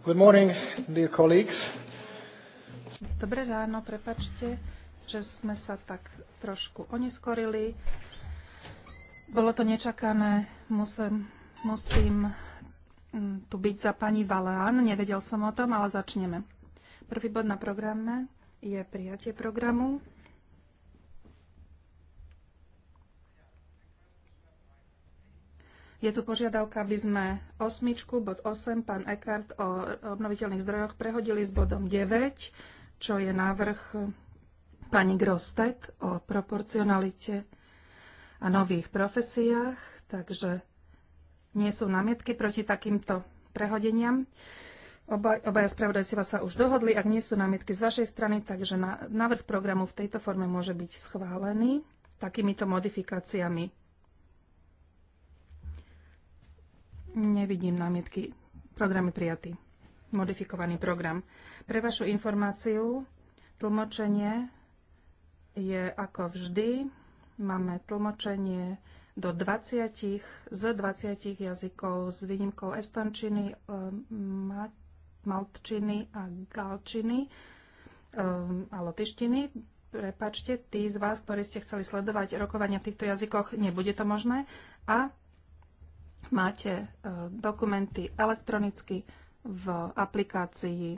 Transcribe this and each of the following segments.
Good morning, dear colleagues. Dobré ráno, prepačte, že sme sa tak trošku oneskorili. Bolo to nečakané, musím, musím tu byť za pani Valán, nevedel som o tom, ale začneme. Prvý bod na programe je prijatie programu. Je tu požiadavka, aby sme osmičku, bod 8, pán Eckart o obnoviteľných zdrojoch prehodili s bodom 9, čo je návrh pani Grostet o proporcionalite a nových profesiách, takže nie sú námietky proti takýmto prehodeniam. Oba, obaja spravodajcovia sa už dohodli, ak nie sú námietky z vašej strany, takže návrh programu v tejto forme môže byť schválený takýmito modifikáciami. Nevidím námietky. Program je prijatý. Modifikovaný program. Pre vašu informáciu, tlmočenie je ako vždy. Máme tlmočenie do 20 z 20 jazykov s výnimkou estončiny, e, maltčiny a galčiny e, a lotištiny. Prepačte, tí z vás, ktorí ste chceli sledovať rokovania v týchto jazykoch, nebude to možné. A Máte e, dokumenty elektronicky v aplikácii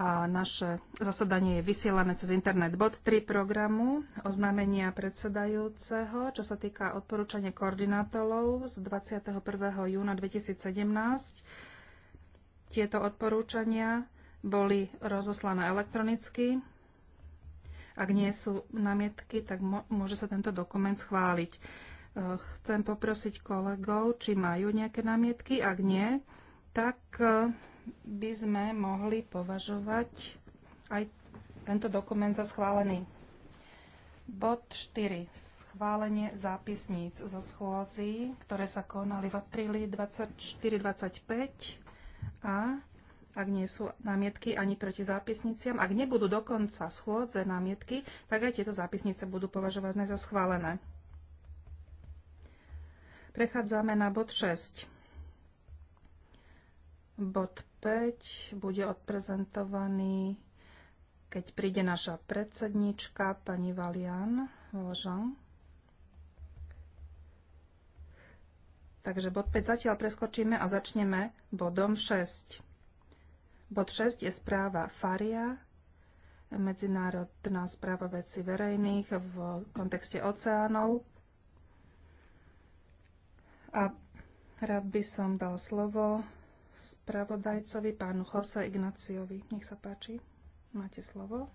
a naše zasadanie je vysielané cez internet. Bod 3 programu oznámenia predsedajúceho, čo sa týka odporúčania koordinátorov z 21. júna 2017. Tieto odporúčania boli rozoslané elektronicky. Ak nie sú namietky, tak môže sa tento dokument schváliť. Chcem poprosiť kolegov, či majú nejaké námietky. Ak nie, tak e, by sme mohli považovať aj tento dokument za schválený. Bod 4. Schválenie zápisníc zo schôdzí, ktoré sa konali v apríli 24-25 a ak nie sú námietky ani proti zápisniciam, ak nebudú dokonca schôdze námietky, tak aj tieto zápisnice budú považované za schválené. Prechádzame na bod 6. Bod 5 bude odprezentovaný, keď príde naša predsednička, pani Valian Ložan. Takže bod 5 zatiaľ preskočíme a začneme bodom 6. Bod 6 je správa Faria, medzinárodná správa veci verejných v kontexte oceánov. A rád by som dal slovo spravodajcovi, pánu Jose Ignáciovi. Nech sa páči, máte slovo.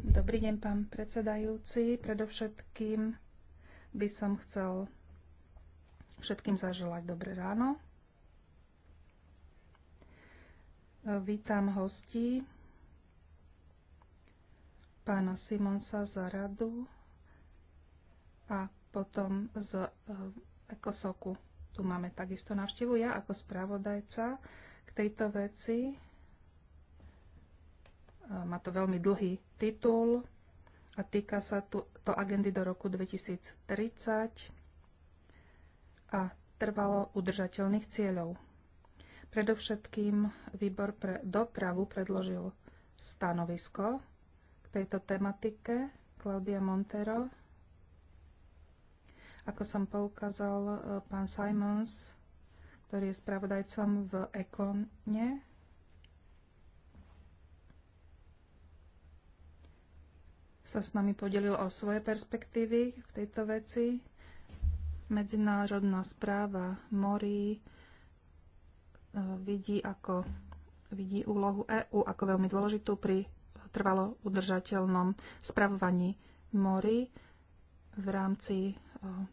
Dobrý deň, pán predsedajúci. Predovšetkým by som chcel všetkým zaželať dobré ráno. Vítam hostí, pána Simonsa radu a potom z e, Ekosoku tu máme takisto návštevu. Ja ako spravodajca k tejto veci e, má to veľmi dlhý titul a týka sa tu, to agendy do roku 2030 a trvalo udržateľných cieľov. Predovšetkým výbor pre dopravu predložil stanovisko k tejto tematike Klaudia Montero ako som poukázal, e, pán Simons, ktorý je spravodajcom v Ekone, sa s nami podelil o svoje perspektívy v tejto veci. Medzinárodná správa morí e, vidí, ako, vidí úlohu EÚ ako veľmi dôležitú pri trvalo udržateľnom spravovaní morí v rámci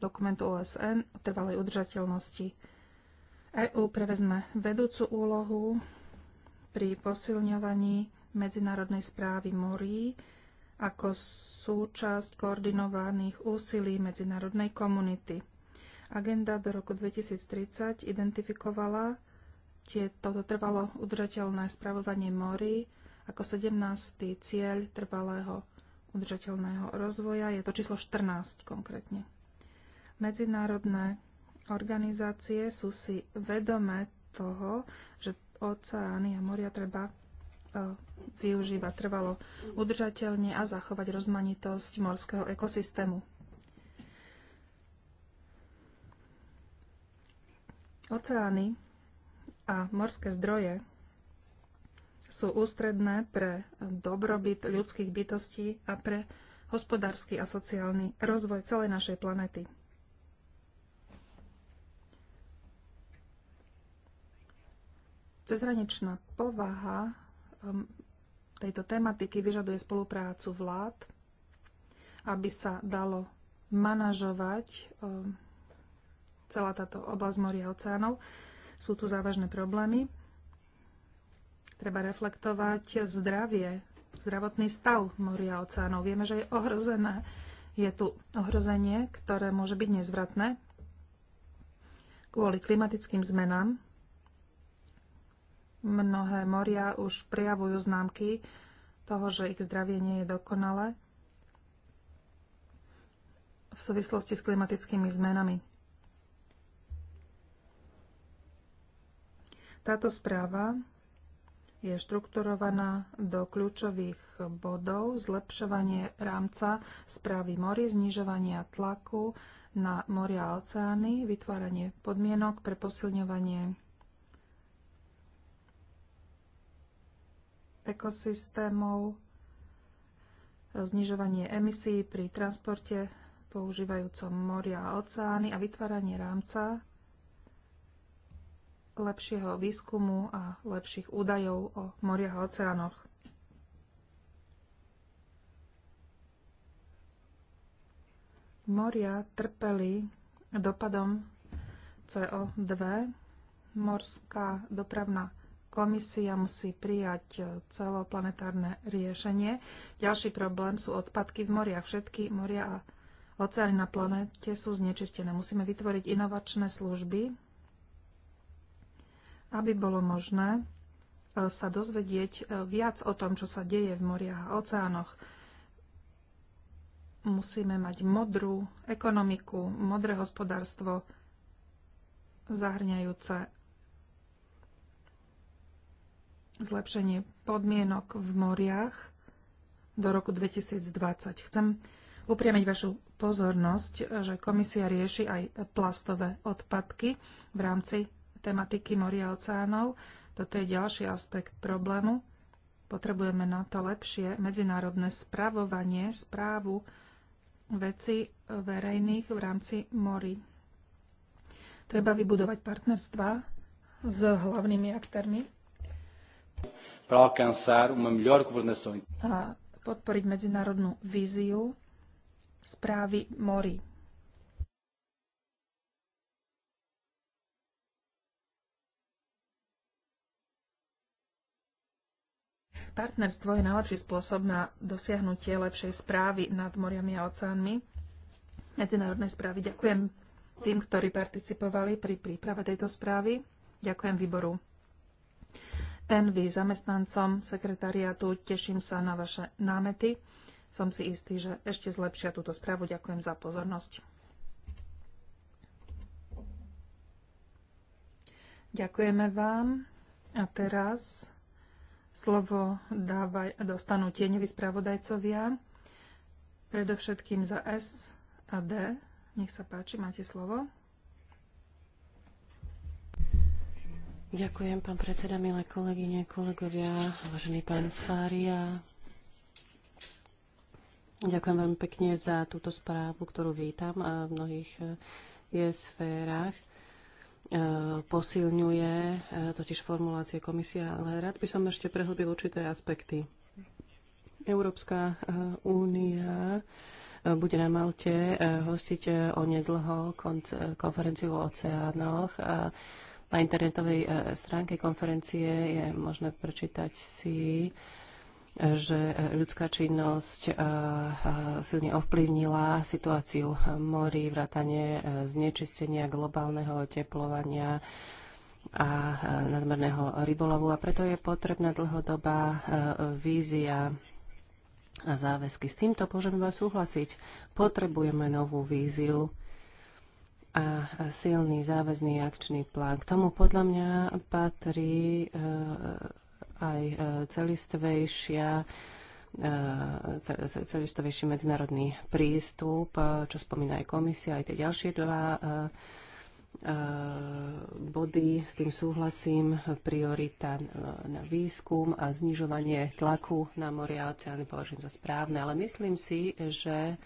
dokumentu OSN o trvalej udržateľnosti. EÚ prevezme vedúcu úlohu pri posilňovaní medzinárodnej správy morí ako súčasť koordinovaných úsilí medzinárodnej komunity. Agenda do roku 2030 identifikovala tieto trvalo udržateľné spravovanie morí ako 17. cieľ trvalého udržateľného rozvoja. Je to číslo 14 konkrétne. Medzinárodné organizácie sú si vedomé toho, že oceány a moria treba e, využívať trvalo udržateľne a zachovať rozmanitosť morského ekosystému. Oceány a morské zdroje sú ústredné pre dobrobyt ľudských bytostí a pre hospodársky a sociálny rozvoj celej našej planety. Cezhraničná povaha um, tejto tematiky vyžaduje spoluprácu vlád, aby sa dalo manažovať um, celá táto oblasť moria a oceánov. Sú tu závažné problémy. Treba reflektovať zdravie, zdravotný stav moria a oceánov. Vieme, že je ohrozené. Je tu ohrozenie, ktoré môže byť nezvratné kvôli klimatickým zmenám, Mnohé moria už prejavujú známky toho, že ich zdravie nie je dokonalé v súvislosti s klimatickými zmenami. Táto správa je štrukturovaná do kľúčových bodov zlepšovanie rámca správy mori, znižovania tlaku na moria a oceány, vytváranie podmienok pre posilňovanie ekosystémov, znižovanie emisí pri transporte používajúcom moria a oceány a vytváranie rámca lepšieho výskumu a lepších údajov o moriach a oceánoch. Moria trpeli dopadom CO2. Morská dopravná Komisia musí prijať e, celoplanetárne riešenie. Ďalší problém sú odpadky v moriach. Všetky moria a oceány na planete sú znečistené. Musíme vytvoriť inovačné služby, aby bolo možné e, sa dozvedieť e, viac o tom, čo sa deje v moriach a oceánoch. Musíme mať modrú ekonomiku, modré hospodárstvo, zahrňajúce zlepšenie podmienok v moriach do roku 2020. Chcem upriamiť vašu pozornosť, že komisia rieši aj plastové odpadky v rámci tematiky moria a oceánov. Toto je ďalší aspekt problému. Potrebujeme na to lepšie medzinárodné spravovanie, správu veci verejných v rámci mori. Treba vybudovať partnerstva s hlavnými aktérmi para alcançar uma melhor governação. A podporiť medzinárodnú víziu správy mori. Partnerstvo je najlepší spôsob na dosiahnutie lepšej správy nad moriami a oceánmi. Medzinárodné správy ďakujem tým, ktorí participovali pri príprave tejto správy. Ďakujem výboru Envy zamestnancom sekretariátu. Teším sa na vaše námety. Som si istý, že ešte zlepšia túto správu. Ďakujem za pozornosť. Ďakujeme vám. A teraz slovo dáva, dostanú tieňoví spravodajcovia, predovšetkým za S a D. Nech sa páči, máte slovo. Ďakujem, pán predseda, milé kolegyne, kolegovia, vážený pán Fária. Ďakujem veľmi pekne za túto správu, ktorú vítam v mnohých e, je sférach. E, posilňuje e, totiž formulácie komisia, ale rád by som ešte prehlbil určité aspekty. Európska únia bude na Malte hostiť onedlho konferenciu o oceánoch. A na internetovej e, stránke konferencie je možné prečítať si e, že e, ľudská činnosť silne ovplyvnila situáciu morí, vrátanie znečistenia, globálneho oteplovania a nadmerného rybolovu. A preto je potrebná dlhodobá vízia a záväzky. S týmto môžeme súhlasiť. Potrebujeme novú víziu a silný záväzný akčný plán. K tomu podľa mňa patrí e, aj e, celistvejšia e, celistovejší medzinárodný prístup, čo spomína aj komisia, aj tie ďalšie dva body, s tým súhlasím, priorita na výskum a znižovanie tlaku na moria a oceány považujem za správne, ale myslím si, že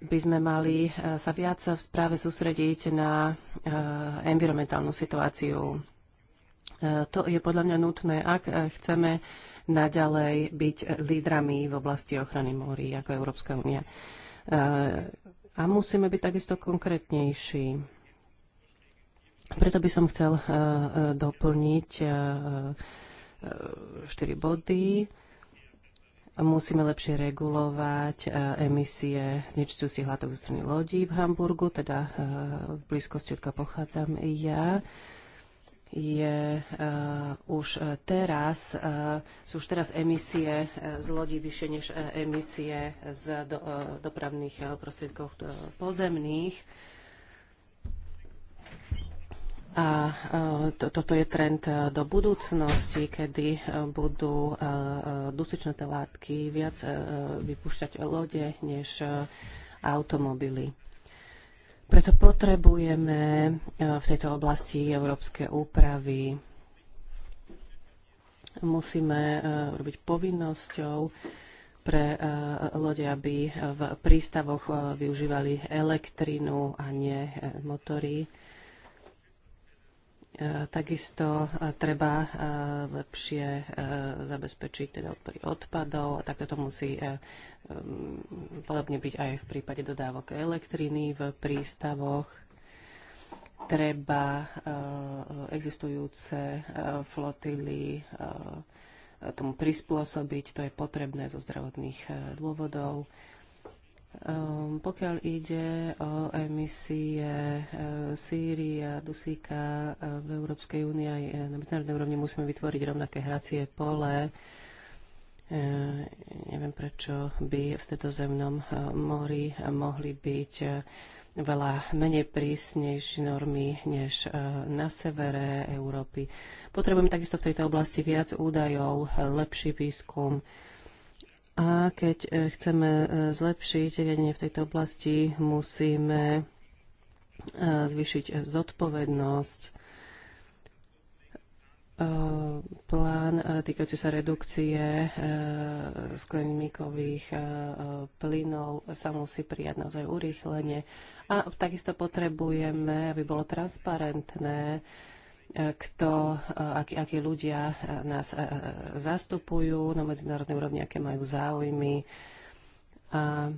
by sme mali e, sa viac práve sústrediť na e, environmentálnu situáciu. E, to je podľa mňa nutné, ak chceme naďalej byť lídrami v oblasti ochrany morí ako Európska únia. A musíme byť takisto konkrétnejší. Preto by som chcel doplniť štyri body Musíme lepšie regulovať e, emisie znečistujúcich látok zo strany lodí v Hamburgu, teda e, v blízkosti, odkiaľ pochádzam ja je uh, už teraz, uh, sú už teraz emisie z lodí vyššie než emisie z do, uh, dopravných prostriedkov pozemných. A e, to, toto je trend e, do budúcnosti, kedy e, budú dusičnaté látky viac vypúšťať lode než automobily. Preto potrebujeme v tejto oblasti európske úpravy. Musíme robiť povinnosťou pre lode, aby v prístavoch využívali elektrinu a nie motory E, takisto e, treba e, lepšie zabezpečiť teda odpory odpadov a takto to musí podobne byť aj v prípade dodávok elektriny v prístavoch. Treba existujúce flotily tomu prispôsobiť, to je potrebné zo zdravotných dôvodov Ehm, pokiaľ ide o emisie e, a dusíka e, v Európskej únii aj e, na medzinárodnej úrovni musíme vytvoriť rovnaké hracie pole. Neviem, prečo by v stredozemnom mori mohli byť veľa menej prísnejšie normy než na severe Európy. Potrebujeme takisto v tejto oblasti viac údajov, lepší výskum, a keď e, chceme e, zlepšiť riadenie v tejto oblasti, musíme e, zvýšiť zodpovednosť. Plán týkajúci sa redukcie skleníkových plynov sa musí prijať naozaj urýchlenie. A takisto potrebujeme, aby bolo transparentné, kto, akí, akí ľudia eh, nás eh, eh, zastupujú na medzinárodnej úrovni, aké majú záujmy. A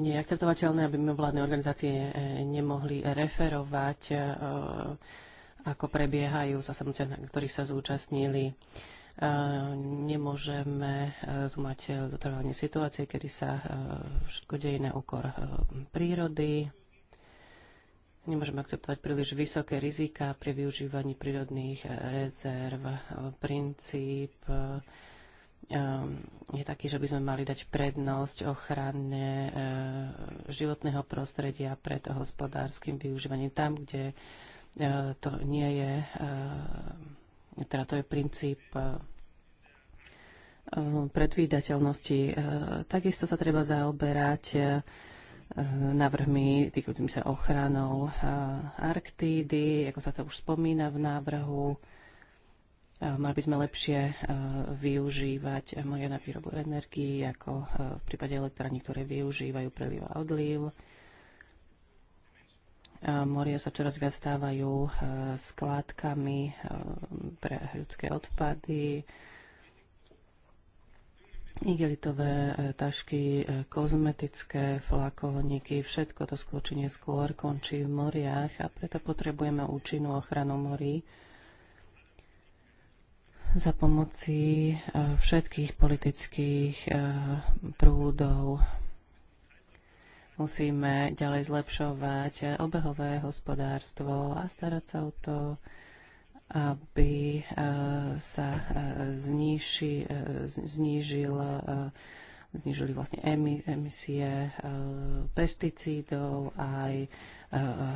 nie je akceptovateľné, aby mimovládne organizácie nemohli referovať, ako prebiehajú zasadnutia, na ktorých sa zúčastnili. Nemôžeme tu mať dotrvanie situácie, kedy sa všetko deje na úkor prírody, Nemôžeme akceptovať príliš vysoké rizika pri využívaní prírodných eh, rezerv. Princíp eh, eh, je taký, že by sme mali dať prednosť ochrane životného prostredia pred hospodárskym využívaním. Tam, kde to nie je, teda to je princíp predvídateľnosti. Takisto sa treba zaoberať návrhmi týkajúcimi sa ochranou eh, Arktídy, ako sa to už spomína v návrhu. Eh, mali by sme lepšie eh, využívať moje na výrobu energii, ako v prípade elektrární, ktoré využívajú preliv a odliv. Moria sa čoraz viac stávajú skládkami pre ľudské odpady Igelitové e, tašky, e, kozmetické flakovníky, všetko to skôr či neskôr končí v moriach a preto potrebujeme účinnú ochranu morí za pomoci e, všetkých politických prúdov. Musíme ďalej zlepšovať obehové hospodárstvo a starať sa o to, aby e, sa e, zniši, e, znižil, znižili vlastne emisie pesticídov aj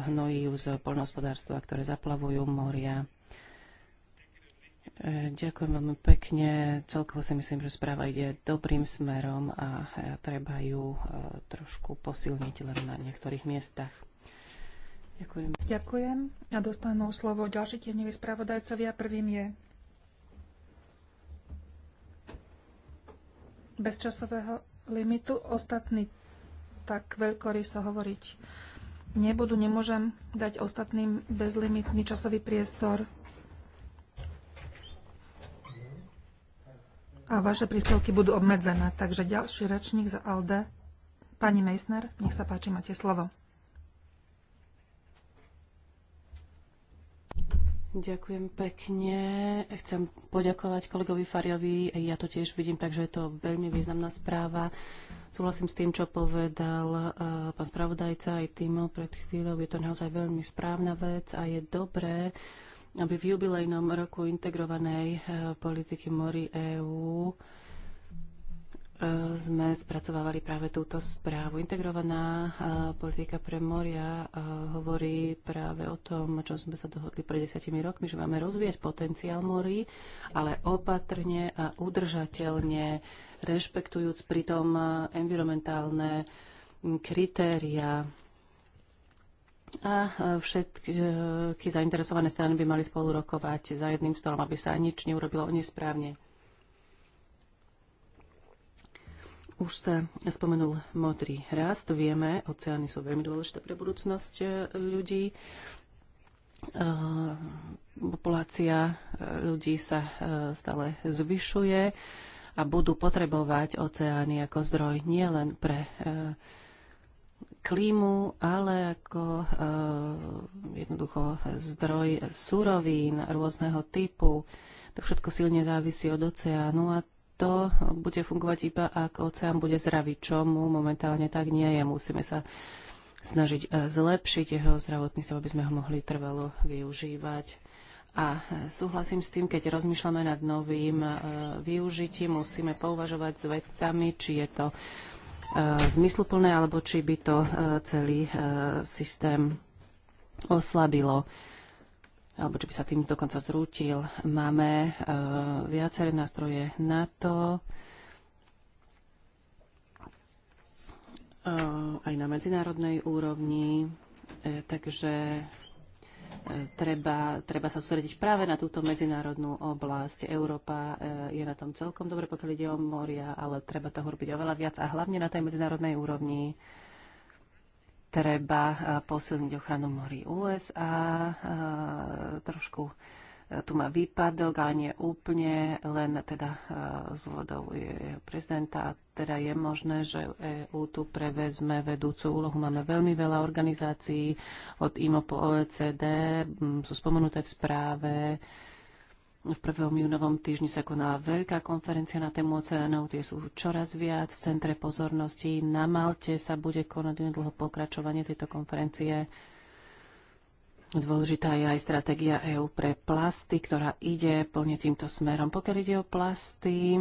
hnojív z poľnohospodárstva, ktoré zaplavujú moria. Ďakujem veľmi pekne. Celkovo si myslím, že správa ide dobrým smerom a treba ju trošku posilniť len na niektorých miestach. Ďakujem. Ďakujem. A dostanú slovo ďalší tieňoví spravodajcovia. Prvým je bez časového limitu. Ostatní tak veľkoryso hovoriť nebudú. Nemôžem dať ostatným bezlimitný časový priestor. A vaše príspevky budú obmedzené. Takže ďalší rečník za ALDE. Pani Meissner, nech sa páči, máte slovo. Ďakujem pekne. Chcem poďakovať kolegovi Fariovi. Ja to tiež vidím, takže je to veľmi významná správa. Súhlasím s tým, čo povedal eh, pán spravodajca aj Timo pred chvíľou. Je to naozaj veľmi správna vec a je dobré, aby v jubilejnom roku integrovanej eh, politiky mori EÚ Eh, sme spracovávali práve túto správu. Integrovaná eh, politika pre moria eh, hovorí práve o tom, čo sme sa dohodli pred desiatimi rokmi, že máme rozvíjať potenciál morí, ale opatrne a udržateľne, rešpektujúc pritom environmentálne hm, kritéria. A všetky zainteresované strany by mali spolu rokovať za jedným stolom, aby sa nič neurobilo nesprávne. Už sa spomenul modrý hráz, to vieme, oceány sú veľmi dôležité pre budúcnosť e, ľudí. E, populácia e, ľudí sa stále zvyšuje a budú potrebovať oceány ako zdroj nielen pre klímu, ale ako jednoducho zdroj surovín rôzneho typu. To všetko silne závisí od oceánu a to bude fungovať iba, ak oceán bude zdravý, mu momentálne tak nie je. Musíme sa snažiť eh, zlepšiť jeho zdravotný stav, aby sme ho mohli trvalo využívať. A eh, súhlasím s tým, keď rozmýšľame nad novým eh, využitím, musíme pouvažovať s vedcami, či je to zmysluplné, alebo či by to celý systém oslabilo alebo či by sa tým dokonca zrútil. Máme e, viaceré nástroje na to, e, aj na medzinárodnej úrovni, e, takže treba, treba sa sústrediť práve na túto medzinárodnú oblasť. Európa je na tom celkom dobre, pokiaľ ide o moria, ale treba toho robiť oveľa viac a hlavne na tej medzinárodnej úrovni treba eh, posilniť ochranu morí USA, eh, trošku eh, tu má výpadok, ale nie úplne, len teda z jeho prezidenta. Teda je možné, že EU tu prevezme vedúcu úlohu. Máme veľmi veľa organizácií od IMO po OECD, mm, sú spomenuté v správe v prvom júnovom týždni sa konala veľká konferencia na tému oceánov, tie sú čoraz viac v centre pozornosti. Na Malte sa bude konať dlho pokračovanie tejto konferencie. Dôležitá je aj stratégia EÚ pre plasty, ktorá ide plne týmto smerom. Pokiaľ ide o plasty,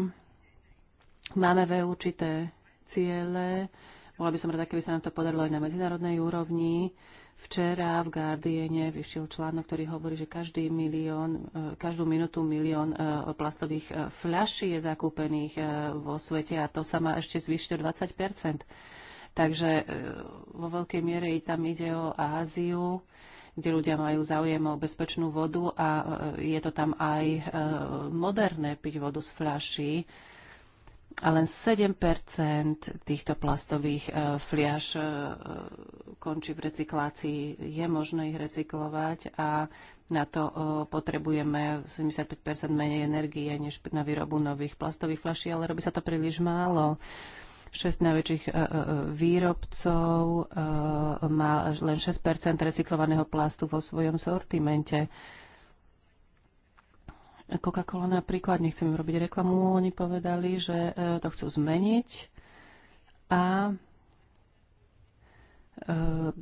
máme ve určité ciele. Bola by som rada, keby sa nám to podarilo aj na medzinárodnej úrovni. Včera v Guardiane vyšiel článok, ktorý hovorí, že každý milión, e, každú minútu milión e, plastových e, fľaší je zakúpených vo svete a to sa má ešte zvýšiť o 20 Takže vo veľkej miere i tam ide o Áziu, kde ľudia majú záujem o bezpečnú vodu a je to tam aj moderné piť vodu z fľaší a len 7 týchto plastových e, fliaž e, končí v recyklácii. Je možné ich recyklovať a na to e, potrebujeme 75 menej energie než na výrobu nových plastových fľaší, ale robí sa to príliš málo. 6 najväčších výrobcov má len 6 recyklovaného plastu vo svojom sortimente. Coca-Cola napríklad, nechcem im robiť reklamu, oni povedali, že e, to chcú zmeniť a e,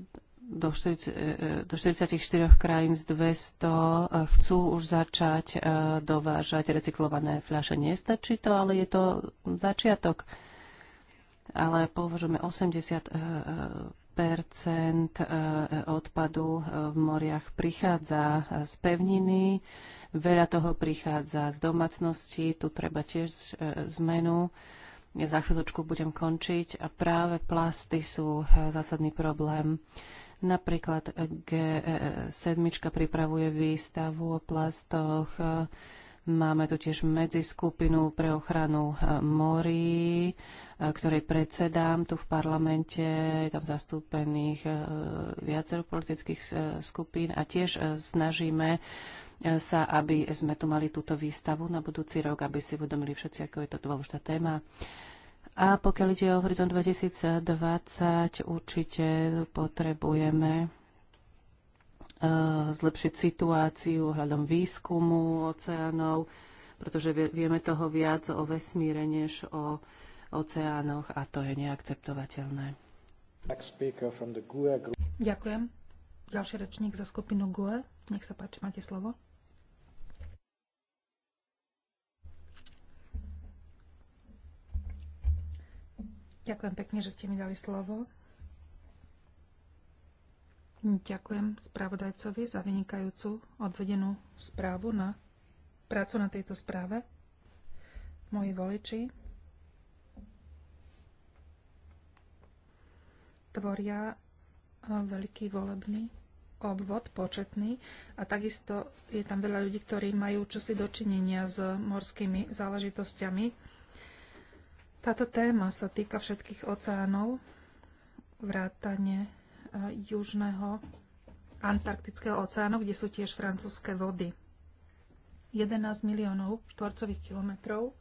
do, 40, e, do 44 krajín z 200 chcú už začať dovážať recyklované fľaše. Nestačí to, ale je to začiatok. Ale považujeme 80 percent odpadu v moriach prichádza z pevniny Veľa toho prichádza z domácnosti, tu treba tiež e, zmenu. Ja za chvíľočku budem končiť a práve plasty sú e, zásadný problém. Napríklad G7 e, pripravuje výstavu o plastoch, Máme tu tiež medziskupinu pre ochranu e, morí, e, ktorej predsedám tu v parlamente. Je tam zastúpených e, viacero politických skupín a tiež snažíme sa, aby sme tu mali túto výstavu na budúci rok, aby si uvedomili všetci, ako je to dôležitá téma. A pokiaľ ide o horizont 2020, určite potrebujeme Eh, zlepšiť situáciu ohľadom výskumu oceánov, pretože vieme toho viac o vesmíre než o oceánoch a to je neakceptovateľné. E Ďakujem. Ďalší rečník za skupinu GUE. Nech sa páči, máte slovo. Ďakujem pekne, že ste mi dali slovo. Ďakujem spravodajcovi za vynikajúcu odvedenú správu na prácu na tejto správe. Moji voliči tvoria e, veľký volebný obvod, početný a takisto je tam veľa ľudí, ktorí majú čosi dočinenia s morskými záležitosťami. Táto téma sa týka všetkých oceánov, vrátane Eh, južného Antarktického oceánu, kde sú tiež francúzske vody. 11 miliónov štvorcových kilometrov.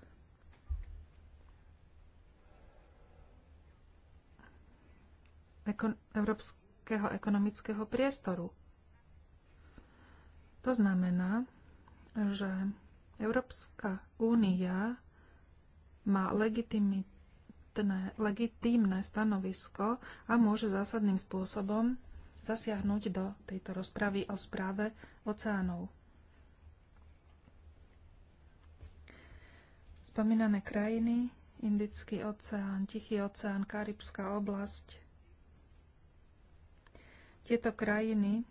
Európskeho ekonomického priestoru. To znamená, že Európska únia má legitimitu legitné, legitímne stanovisko a môže zásadným spôsobom zasiahnuť do tejto rozpravy o správe oceánov. Spomínané krajiny, Indický oceán, Tichý oceán, Karibská oblasť, tieto krajiny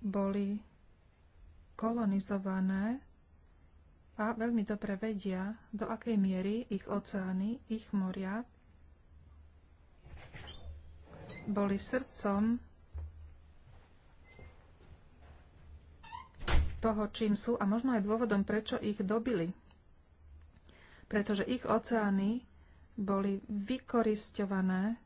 boli kolonizované a veľmi dobre vedia, do akej miery ich oceány, ich moria boli srdcom toho, čím sú a možno aj dôvodom, prečo ich dobili. Pretože ich oceány boli vykoristované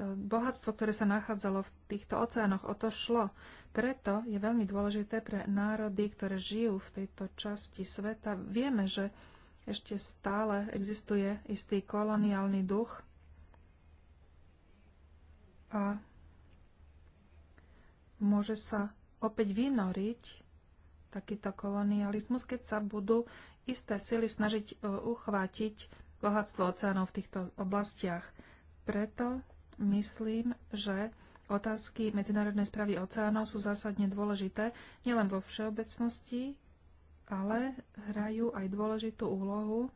bohatstvo, ktoré sa nachádzalo v týchto oceánoch. O to šlo. Preto je veľmi dôležité pre národy, ktoré žijú v tejto časti sveta. Vieme, že ešte stále existuje istý koloniálny duch a môže sa opäť vynoriť takýto kolonializmus, keď sa budú isté sily snažiť e, uchvátiť bohatstvo oceánov v týchto oblastiach. Preto myslím, že otázky medzinárodnej správy oceánov sú zásadne dôležité nielen vo všeobecnosti, ale hrajú aj dôležitú úlohu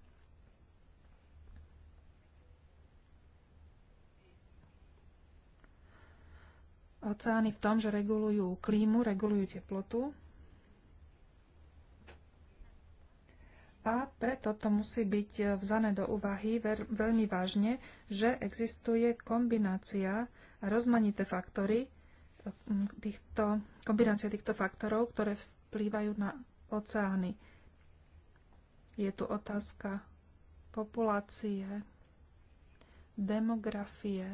oceány v tom, že regulujú klímu, regulujú teplotu A preto to musí byť eh, vzané do úvahy veľmi vážne, že existuje kombinácia a rozmanité faktory, mm, týchto, kombinácia týchto faktorov, ktoré vplývajú na oceány. Je tu otázka populácie, demografie,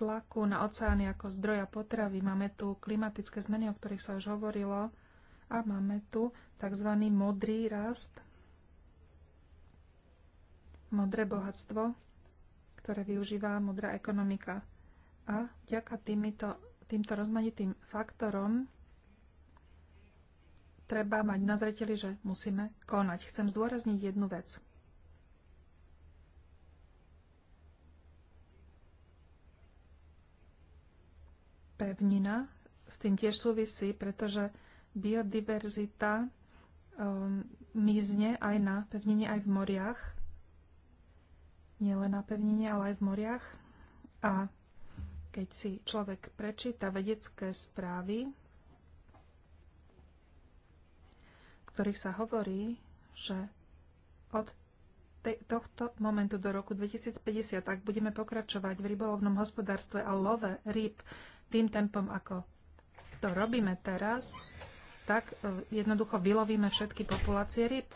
tlaku na oceány ako zdroja potravy. Máme tu klimatické zmeny, o ktorých sa už hovorilo. A máme tu tzv. modrý rast, modré bohatstvo, ktoré využíva modrá ekonomika. A vďaka týmito, týmto rozmanitým faktorom treba mať na zreteli, že musíme konať. Chcem zdôrazniť jednu vec. Pevnina s tým tiež súvisí, pretože biodiverzita um, mizne aj na pevnine, aj v moriach nielen na pevnine, ale aj v moriach. A keď si človek prečíta vedecké správy, ktorých sa hovorí, že od tohto momentu do roku 2050, ak budeme pokračovať v rybolovnom hospodárstve a love rýb tým tempom, ako to robíme teraz, tak e, jednoducho vylovíme všetky populácie rýb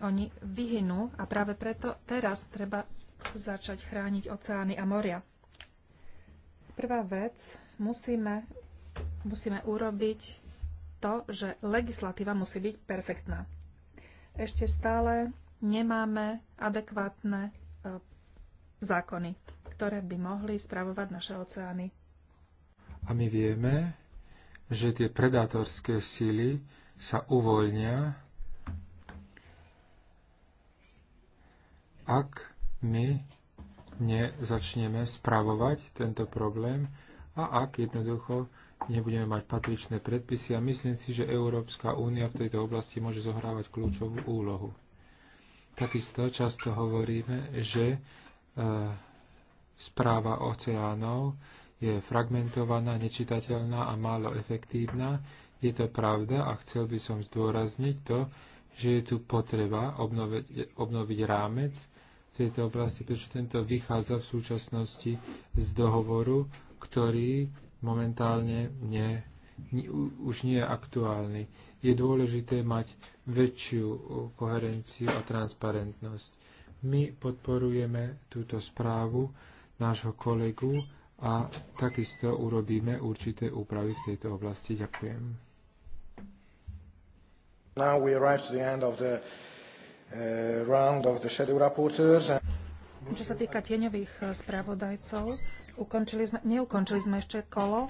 oni vyhynú a práve preto teraz treba začať chrániť oceány a moria. Prvá vec, musíme, musíme urobiť to, že legislatíva musí byť perfektná. Ešte stále nemáme adekvátne e, zákony, ktoré by mohli spravovať naše oceány. A my vieme, že tie predátorské síly sa uvoľnia ak my nezačneme spravovať tento problém a ak jednoducho nebudeme mať patričné predpisy a myslím si, že Európska únia v tejto oblasti môže zohrávať kľúčovú úlohu. Takisto často hovoríme, že e, správa oceánov je fragmentovaná, nečitateľná a málo efektívna. Je to pravda a chcel by som zdôrazniť to, že je tu potreba obnoviť, obnoviť rámec v tejto oblasti, pretože tento vychádza v súčasnosti z dohovoru, ktorý momentálne nie, nie, už nie je aktuálny. Je dôležité mať väčšiu koherenciu a transparentnosť. My podporujeme túto správu nášho kolegu a takisto urobíme určité úpravy v tejto oblasti. Ďakujem. Now we arrive to the end of the uh, round of the shadow rapporteurs. And... Čo sa týka tieňových uh, spravodajcov, ukončili sme, neukončili sme ešte kolo.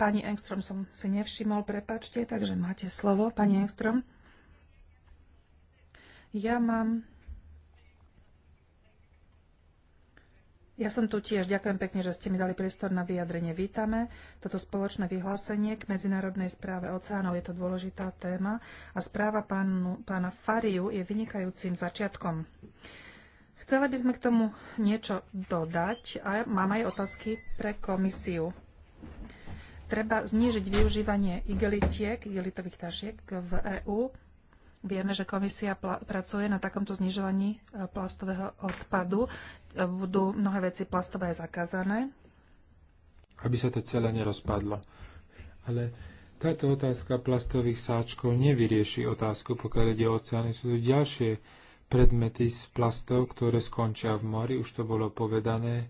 Pani Engström som si nevšimol, prepačte, takže máte slovo, pani Engström. Ja mám Ja som tu tiež. Ďakujem pekne, že ste mi dali priestor na vyjadrenie. Vítame toto spoločné vyhlásenie k medzinárodnej správe oceánov. Je to dôležitá téma a správa pánu, pána Fariu je vynikajúcim začiatkom. Chceli by sme k tomu niečo dodať a mám aj otázky pre komisiu. Treba znížiť využívanie igelitiek, igelitových tašiek v EÚ Vieme, že komisia pracuje na takomto znižovaní e, plastového odpadu. E, budú mnohé veci plastové zakázané. Aby sa to celé nerozpadlo. Ale táto otázka plastových sáčkov nevyrieši otázku, pokiaľ ide o oceány. Sú tu ďalšie predmety z plastov, ktoré skončia v mori, už to bolo povedané.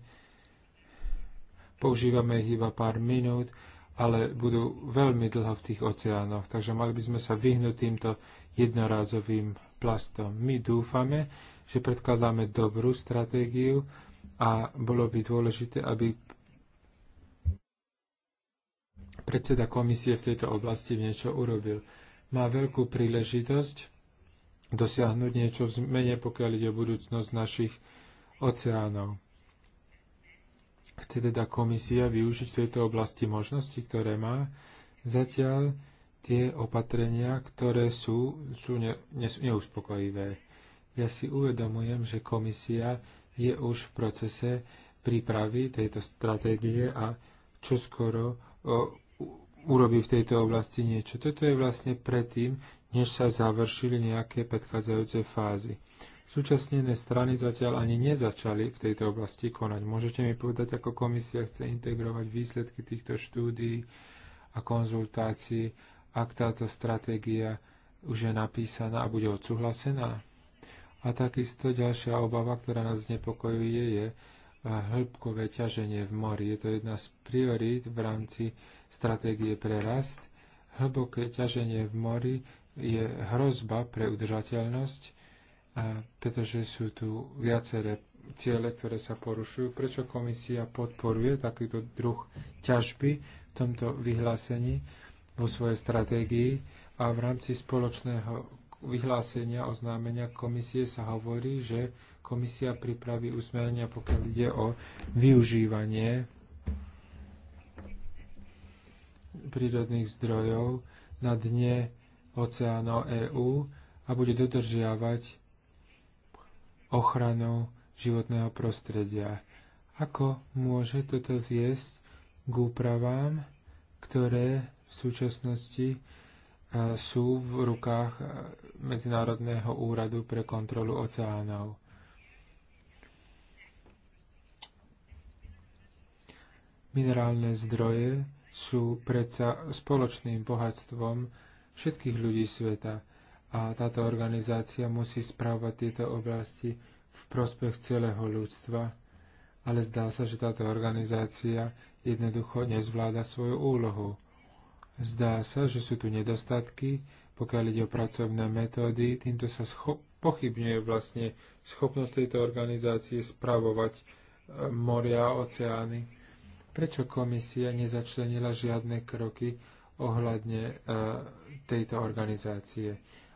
Používame ich iba pár minút ale budú veľmi dlho v tých oceánoch, takže mali by sme sa vyhnúť týmto jednorázovým plastom. My dúfame, že predkladáme dobrú stratégiu a bolo by dôležité, aby predseda komisie v tejto oblasti niečo urobil. Má veľkú príležitosť dosiahnuť niečo v zmene, pokiaľ ide o budúcnosť našich oceánov. Chce teda komisia využiť v tejto oblasti možnosti, ktoré má? Zatiaľ tie opatrenia, ktoré sú, sú ne, ne, neuspokojivé. Ja si uvedomujem, že komisia je už v procese prípravy tejto stratégie a čoskoro skoro urobí v tejto oblasti niečo. Toto je vlastne predtým, než sa završili nejaké predchádzajúce fázy. Súčasnené strany zatiaľ ani nezačali v tejto oblasti konať. Môžete mi povedať, ako komisia chce integrovať výsledky týchto štúdií a konzultácií, ak táto stratégia už je napísaná a bude odsúhlasená? A takisto ďalšia obava, ktorá nás znepokojuje, je eh, hĺbkové ťaženie v mori. Je to jedna z priorít v rámci stratégie pre rast. Hlboké ťaženie v mori je hrozba pre udržateľnosť pretože sú tu viaceré ciele, ktoré sa porušujú. Prečo komisia podporuje takýto druh ťažby v tomto vyhlásení vo svojej stratégii a v rámci spoločného vyhlásenia oznámenia komisie sa hovorí, že komisia pripraví usmerenia, pokiaľ ide o využívanie prírodných zdrojov na dne oceánov EÚ a bude dodržiavať ochranou životného prostredia. Ako môže toto viesť k úpravám, ktoré v súčasnosti e, sú v rukách e, Medzinárodného úradu pre kontrolu oceánov. Minerálne zdroje sú predsa spoločným bohatstvom všetkých ľudí sveta a táto organizácia musí správať tieto oblasti v prospech celého ľudstva, ale zdá sa, že táto organizácia jednoducho nezvláda svoju úlohu. Zdá sa, že sú tu nedostatky, pokiaľ ide o pracovné metódy, týmto sa pochybňuje vlastne schopnosť tejto organizácie spravovať e, moria a oceány. Prečo komisia nezačlenila žiadne kroky ohľadne e, tejto organizácie?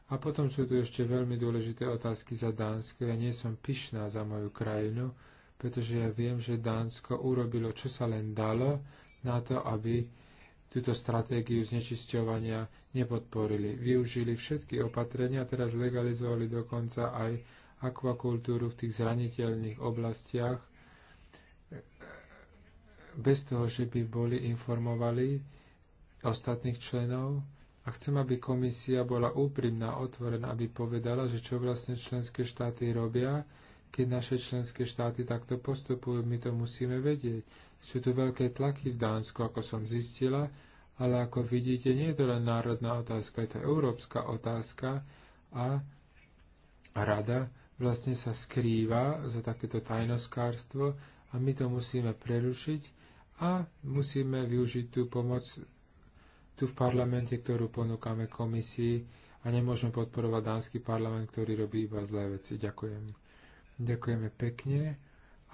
A potom sú tu ešte veľmi dôležité otázky za Dánsko. Ja nie som pyšná za moju krajinu, pretože ja viem, že Dánsko urobilo, čo sa len dalo, na to, aby túto stratégiu znečisťovania nepodporili. Využili všetky opatrenia, teraz legalizovali dokonca aj akvakultúru v tých zraniteľných oblastiach, bez toho, že by boli informovali ostatných členov a chcem, aby komisia bola úprimná, otvorená, aby povedala, že čo vlastne členské štáty robia, keď naše členské štáty takto postupujú, my to musíme vedieť. Sú tu veľké tlaky v Dánsku, ako som zistila, ale ako vidíte, nie je to len národná otázka, je to európska otázka a rada vlastne sa skrýva za takéto tajnoskárstvo a my to musíme prerušiť a musíme využiť tú pomoc tu v parlamente, ktorú ponúkame komisii a nemôžeme podporovať dánsky parlament, ktorý robí iba zlé veci. Ďakujem. Ďakujeme pekne.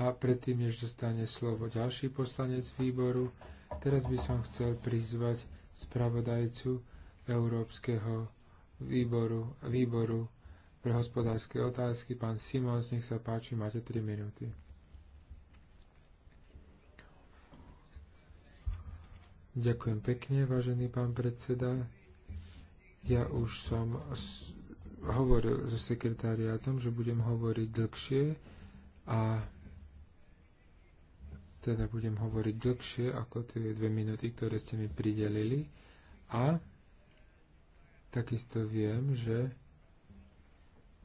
A predtým, než dostane slovo ďalší poslanec výboru, teraz by som chcel prizvať spravodajcu Európskeho výboru, výboru pre hospodárske otázky, pán Simons, nech sa páči, máte 3 minúty. Ďakujem pekne, vážený pán predseda. Ja už som hovoril so sekretariátom, že budem hovoriť dlhšie a teda budem hovoriť dlhšie ako tie dve minúty, ktoré ste mi pridelili. A takisto viem, že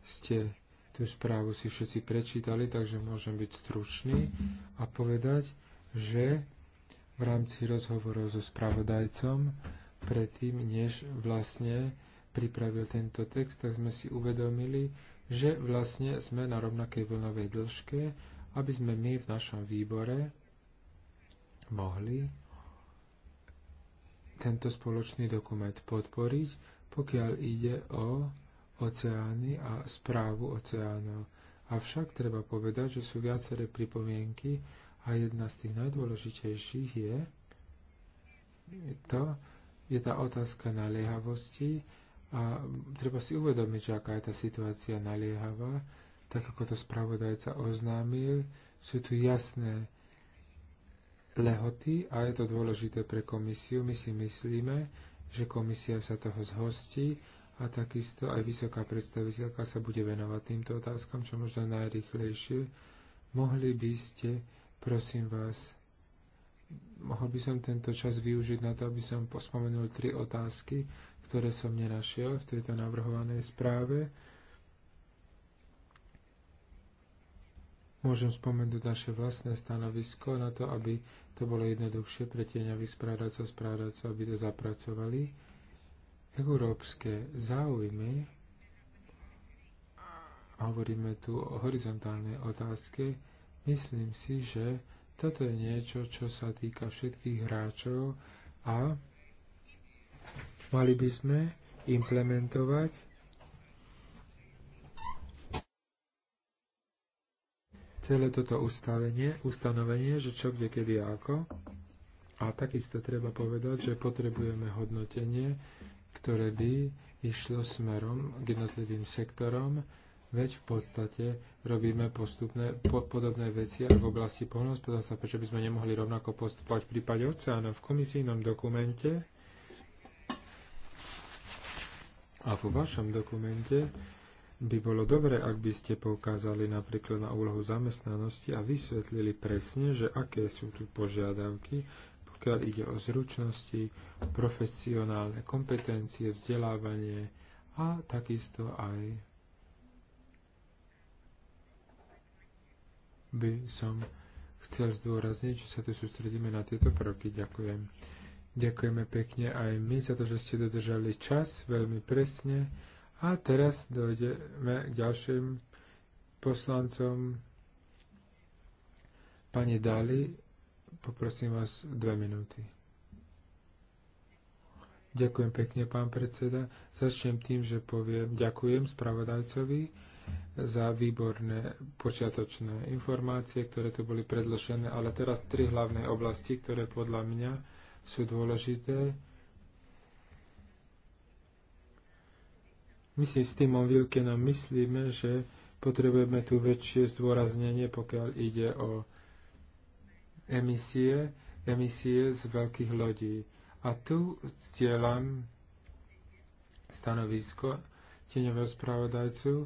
ste tú správu si všetci prečítali, takže môžem byť stručný a povedať, že v rámci rozhovorov so spravodajcom predtým, než vlastne pripravil tento text, tak sme si uvedomili, že vlastne sme na rovnakej vlnovej dĺžke, aby sme my v našom výbore mohli tento spoločný dokument podporiť, pokiaľ ide o oceány a správu oceánov. Avšak treba povedať, že sú viaceré pripomienky, a jedna z tých najdôležitejších je, je to, je tá otázka naliehavosti a treba si uvedomiť, že aká je tá situácia naliehavá. Tak ako to spravodajca oznámil, sú tu jasné lehoty a je to dôležité pre komisiu. My si myslíme, že komisia sa toho zhostí a takisto aj vysoká predstaviteľka sa bude venovať týmto otázkam, čo možno najrychlejšie. Mohli by ste Prosím vás, mohol by som tento čas využiť na to, aby som pospomenul tri otázky, ktoré som nenašiel v tejto navrhovanej správe. Môžem spomenúť naše vlastné stanovisko na to, aby to bolo jednoduchšie pre tieňových správacov, správacov, aby to zapracovali. Európske záujmy, hovoríme tu o horizontálnej otázke, Myslím si, že toto je niečo, čo sa týka všetkých hráčov a mali by sme implementovať celé toto ustavenie, ustanovenie, že čo, kde, kedy, ako. A takisto treba povedať, že potrebujeme hodnotenie, ktoré by išlo smerom k jednotlivým sektorom, Veď v podstate robíme postupné, po, podobné veci aj v oblasti poľnohospodárstva, prečo by sme nemohli rovnako postupovať v prípade oceánov. V komisijnom dokumente a vo vašom dokumente by bolo dobre, ak by ste poukázali napríklad na úlohu zamestnanosti a vysvetlili presne, že aké sú tu požiadavky, pokiaľ ide o zručnosti, profesionálne kompetencie, vzdelávanie a takisto aj by som chcel zdôrazniť, že sa tu sústredíme na tieto prvky. Ďakujem. Ďakujeme pekne aj my za to, že ste dodržali čas veľmi presne. A teraz dojdeme k ďalším poslancom. Pani Dali, poprosím vás dve minúty. Ďakujem pekne, pán predseda. Začnem tým, že poviem ďakujem spravodajcovi za výborné počiatočné informácie, ktoré tu boli predložené, ale teraz tri hlavné oblasti, ktoré podľa mňa sú dôležité. My si s Timom Vilkenom myslíme, že potrebujeme tu väčšie zdôraznenie, pokiaľ ide o emisie, emisie z veľkých lodí. A tu stielam stanovisko tieňového spravodajcu,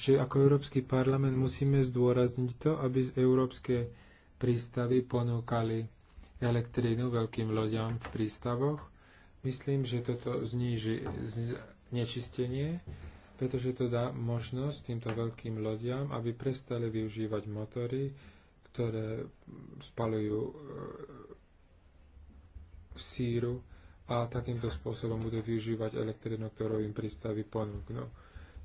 že ako Európsky parlament musíme zdôrazniť to, aby z európske prístavy ponúkali elektrínu veľkým loďam v prístavoch. Myslím, že toto zníži nečistenie, pretože to dá možnosť týmto veľkým lodiam, aby prestali využívať motory, ktoré spalujú e, v síru a takýmto spôsobom budú využívať elektrínu, ktorú im prístavy ponúknú.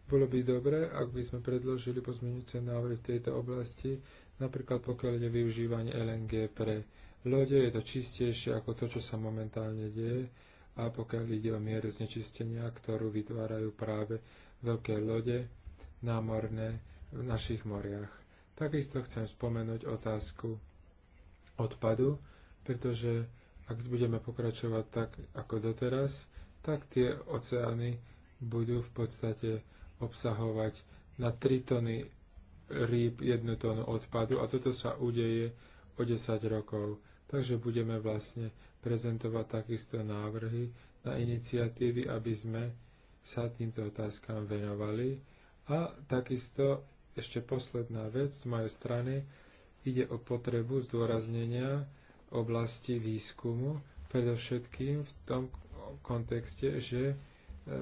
Bolo by dobré, ak by sme predložili pozmeňujúce návrhy v tejto oblasti, napríklad pokiaľ ide využívanie LNG pre lode, je to čistejšie ako to, čo sa momentálne deje a pokiaľ ide o mieru znečistenia, ktorú vytvárajú práve veľké lode námorné v našich moriach. Takisto chcem spomenúť otázku odpadu, pretože ak budeme pokračovať tak ako doteraz, tak tie oceány budú v podstate obsahovať na 3 tony rýb 1 tonu odpadu a toto sa udeje o 10 rokov. Takže budeme vlastne prezentovať takisto návrhy na iniciatívy, aby sme sa týmto otázkam venovali. A takisto ešte posledná vec z mojej strany ide o potrebu zdôraznenia oblasti výskumu, predovšetkým v tom kontexte, že E,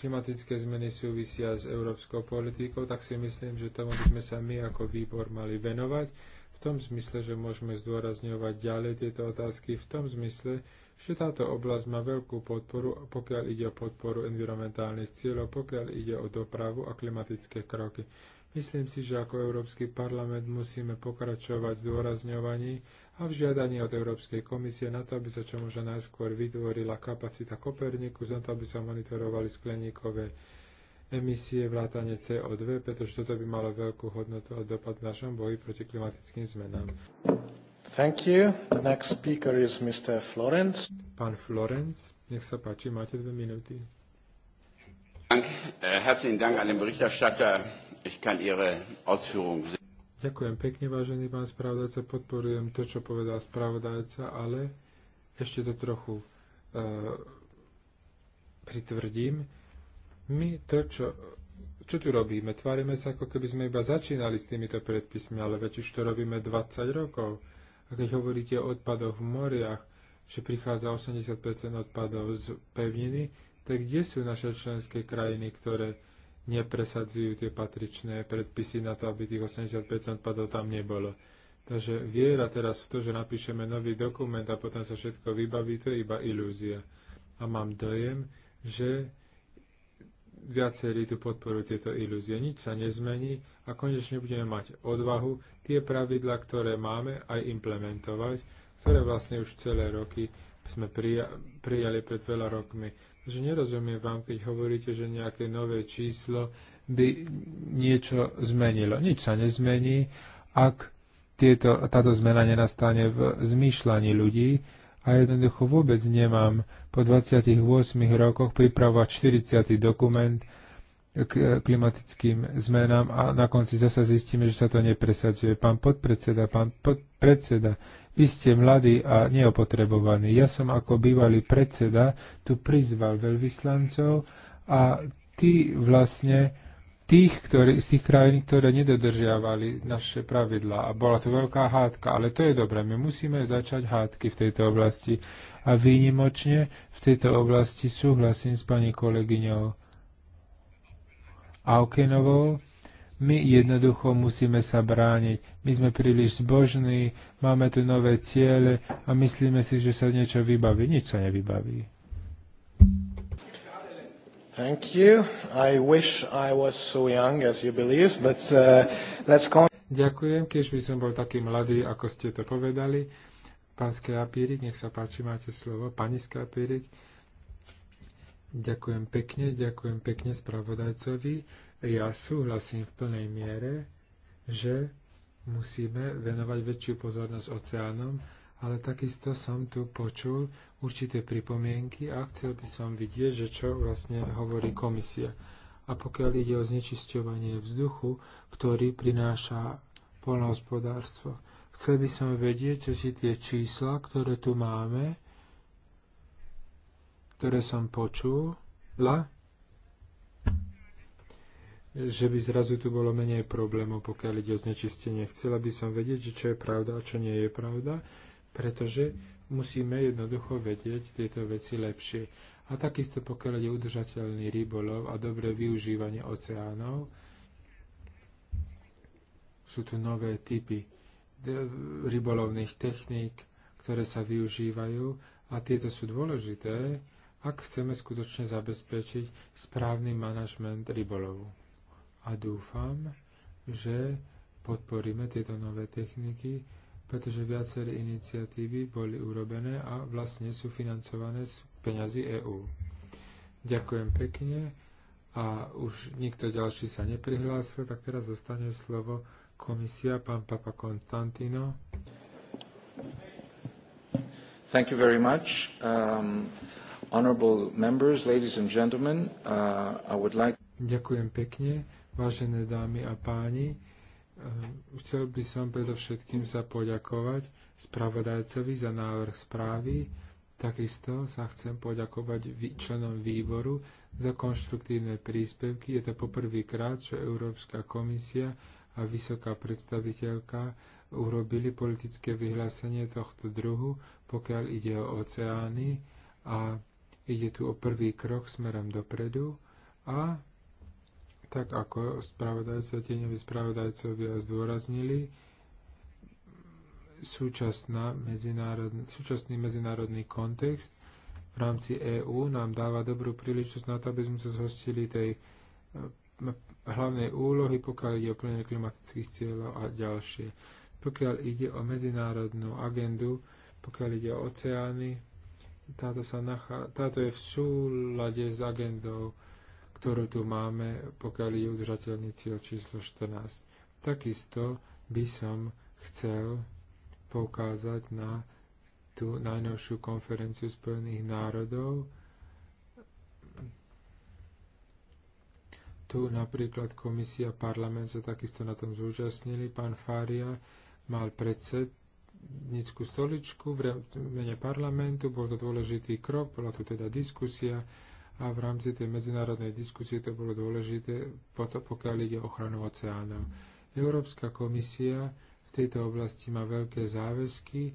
klimatické zmeny súvisia s európskou politikou, tak si myslím, že tomu by sme sa my ako výbor mali venovať v tom zmysle, že môžeme zdôrazňovať ďalej tieto otázky, v tom zmysle, že táto oblasť má veľkú podporu, pokiaľ ide o podporu environmentálnych cieľov, pokiaľ ide o dopravu a klimatické kroky. Myslím si, že ako Európsky parlament musíme pokračovať v zdôrazňovaní a v žiadaní od Európskej komisie na to, aby sa čo možno najskôr vytvorila kapacita Koperniku, na to, aby sa monitorovali skleníkové emisie vrátane CO2, pretože toto by malo veľkú hodnotu a dopad v našom boji proti klimatickým zmenám. Thank you. The next speaker is Mr. Florence. Pán Florence, nech sa páči, máte dve minúty. Äh, Ďakujem pekne, vážený pán spravodajca. Podporujem to, čo povedal spravodajca, ale ešte to trochu e, pritvrdím. My to, čo, čo tu robíme, tvárime sa, ako keby sme iba začínali s týmito predpismi, ale veď už to robíme 20 rokov. A keď hovoríte o odpadoch v moriach, že prichádza 80% odpadov z pevniny, tak kde sú naše členské krajiny, ktoré nepresadzujú tie patričné predpisy na to, aby tých 80% padov tam nebolo. Takže viera teraz v to, že napíšeme nový dokument a potom sa všetko vybaví, to je iba ilúzia. A mám dojem, že viacerí tu podporujú tieto ilúzie. Nič sa nezmení a konečne budeme mať odvahu tie pravidla, ktoré máme, aj implementovať, ktoré vlastne už celé roky sme prija- prijali pred veľa rokmi že nerozumiem vám, keď hovoríte, že nejaké nové číslo by niečo zmenilo. Nič sa nezmení, ak tieto, táto zmena nenastane v zmýšľaní ľudí a jednoducho vôbec nemám po 28 rokoch pripravovať 40. dokument k klimatickým zmenám a na konci zase zistíme, že sa to nepresadzuje. Pán podpredseda, pán podpredseda, vy ste mladí a neopotrebovaní. Ja som ako bývalý predseda tu prizval veľvyslancov a tí vlastne tých, ktorí, z tých krajín, ktoré nedodržiavali naše pravidlá. A bola to veľká hádka, ale to je dobré. My musíme začať hádky v tejto oblasti. A výnimočne v tejto oblasti súhlasím s pani kolegyňou Aukenovou, my jednoducho musíme sa brániť. My sme príliš zbožní, máme tu nové ciele a myslíme si, že sa niečo vybaví. Nič sa nevybaví. Thank you. I wish I was so young as you believe, but uh, let's go. Ďakujem, keď by som bol taký mladý, ako ste to povedali. Pán Skrapírik, nech sa páči, máte slovo. Pani Skrapírik, ďakujem pekne, ďakujem pekne spravodajcovi ja súhlasím v plnej miere, že musíme venovať väčšiu pozornosť oceánom, ale takisto som tu počul určité pripomienky a chcel by som vidieť, že čo vlastne hovorí komisia. A pokiaľ ide o znečisťovanie vzduchu, ktorý prináša polnohospodárstvo. Chcel by som vedieť, si tie čísla, ktoré tu máme, ktoré som počul, la, že by zrazu tu bolo menej problémov, pokiaľ ide o znečistenie. Chcela by som vedieť, že čo je pravda a čo nie je pravda, pretože musíme jednoducho vedieť tieto veci lepšie. A takisto pokiaľ je udržateľný rybolov a dobré využívanie oceánov, sú tu nové typy rybolovných techník, ktoré sa využívajú a tieto sú dôležité, ak chceme skutočne zabezpečiť správny manažment rybolovu a dúfam, že podporíme tieto nové techniky, pretože viaceré iniciatívy boli urobené a vlastne sú financované z peňazí EÚ. Ďakujem pekne a už nikto ďalší sa neprihlásil, tak teraz zostane slovo komisia, pán Papa Konstantino. Thank you very much. Um, honorable members, ladies and gentlemen, uh, I would like... Ďakujem pekne. Vážené dámy a páni, eh, chcel by som predovšetkým sa poďakovať spravodajcovi za návrh správy. Takisto sa chcem poďakovať členom výboru za konštruktívne príspevky. Je to poprvýkrát, čo Európska komisia a vysoká predstaviteľka urobili politické vyhlásenie tohto druhu, pokiaľ ide o oceány a ide tu o prvý krok smerom dopredu a tak ako spravodajca, tieňoví spravodajcovia zdôraznili, súčasná súčasný medzinárodný kontext v rámci EÚ nám dáva dobrú príležitosť na to, aby sme sa zhostili tej eh, hlavnej úlohy, pokiaľ ide o plnenie klimatických cieľov a ďalšie. Pokiaľ ide o medzinárodnú agendu, pokiaľ ide o oceány, táto, sa nachá, táto je v súlade s agendou ktorú tu máme, pokiaľ je udržateľný cieľ číslo 14. Takisto by som chcel poukázať na tú najnovšiu konferenciu Spojených národov. Tu napríklad komisia parlament sa takisto na tom zúčastnili. Pán Fária mal predsednickú stoličku v mene parlamentu. Bol to dôležitý krok, bola tu teda diskusia a v rámci tej medzinárodnej diskusie to bolo dôležité, pokiaľ ide o ochranu oceánov. Európska komisia v tejto oblasti má veľké záväzky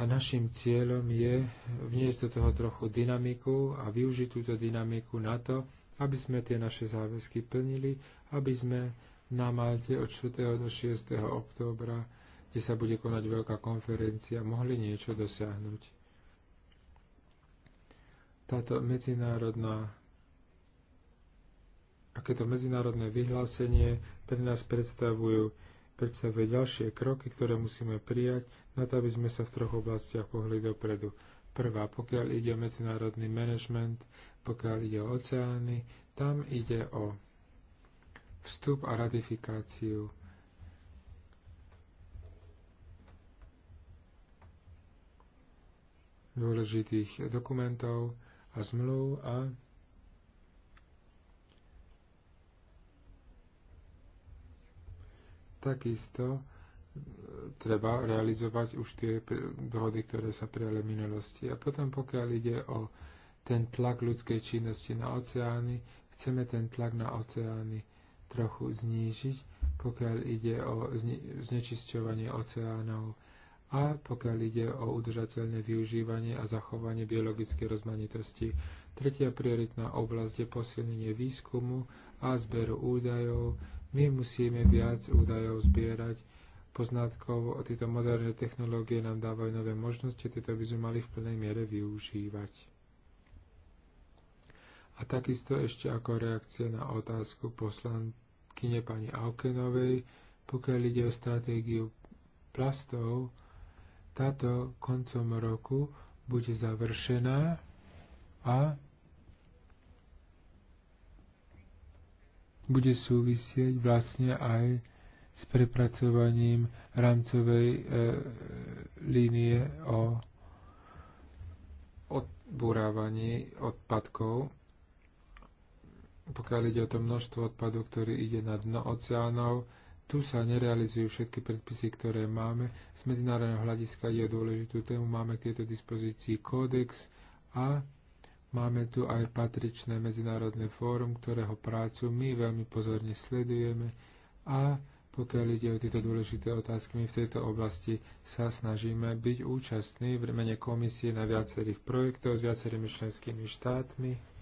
a našim cieľom je vniesť do toho trochu dynamiku a využiť túto dynamiku na to, aby sme tie naše záväzky plnili, aby sme na Malte od 4. do 6. októbra, kde sa bude konať veľká konferencia, mohli niečo dosiahnuť táto medzinárodná akéto medzinárodné vyhlásenie pre nás predstavujú, predstavuje ďalšie kroky, ktoré musíme prijať na to, aby sme sa v troch oblastiach pohli dopredu. Prvá, pokiaľ ide o medzinárodný manažment, pokiaľ ide o oceány, tam ide o vstup a ratifikáciu dôležitých dokumentov, a zmluv a takisto e, treba realizovať už tie dohody, ktoré sa prijali v minulosti. A potom, pokiaľ ide o ten tlak ľudskej činnosti na oceány, chceme ten tlak na oceány trochu znížiť, pokiaľ ide o znečisťovanie oceánov a pokiaľ ide o udržateľné využívanie a zachovanie biologickej rozmanitosti. Tretia prioritná oblasť je posilnenie výskumu a zberu údajov. My musíme viac údajov zbierať. Poznatkov tieto moderné technológie nám dávajú nové možnosti, tieto by sme mali v plnej miere využívať. A takisto ešte ako reakcia na otázku poslankyne pani Aukenovej, pokiaľ ide o stratégiu plastov, táto koncom roku bude završená a bude súvisieť vlastne aj s prepracovaním rámcovej e, línie o odburávaní odpadkov. Pokiaľ ide o to množstvo odpadov, ktorý ide na dno oceánov, tu sa nerealizujú všetky predpisy, ktoré máme. Z medzinárodného hľadiska je dôležitú tému, máme k tejto dispozícii kódex a máme tu aj patričné medzinárodné fórum, ktorého prácu my veľmi pozorne sledujeme a pokiaľ ide o tieto dôležité otázky, my v tejto oblasti sa snažíme byť účastní v mene komisie na viacerých projektoch s viacerými členskými štátmi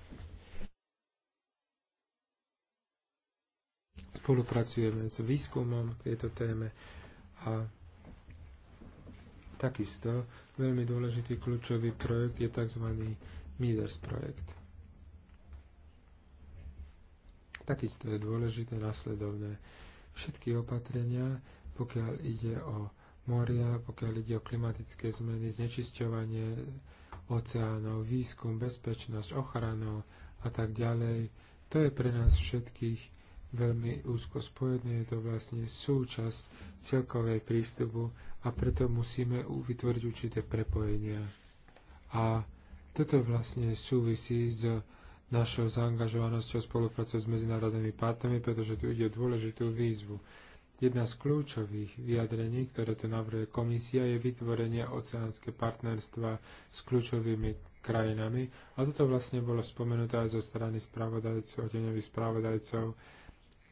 spolupracujeme s výskumom k tejto téme a takisto veľmi dôležitý kľúčový projekt je tzv. MIDERS projekt. Takisto je dôležité nasledovné. Všetky opatrenia, pokiaľ ide o moria, pokiaľ ide o klimatické zmeny, znečisťovanie oceánov, výskum, bezpečnosť, ochranu a tak ďalej, to je pre nás všetkých veľmi úzko spojené, je to vlastne súčasť celkovej prístupu a preto musíme vytvoriť určité prepojenia. A toto vlastne súvisí s našou zaangažovanosťou spoluprácou s medzinárodnými partnermi, pretože tu ide o dôležitú výzvu. Jedna z kľúčových vyjadrení, ktoré tu navrhuje komisia, je vytvorenie oceánske partnerstva s kľúčovými krajinami. A toto vlastne bolo spomenuté aj zo strany spravodajcov, deňových spravodajcov,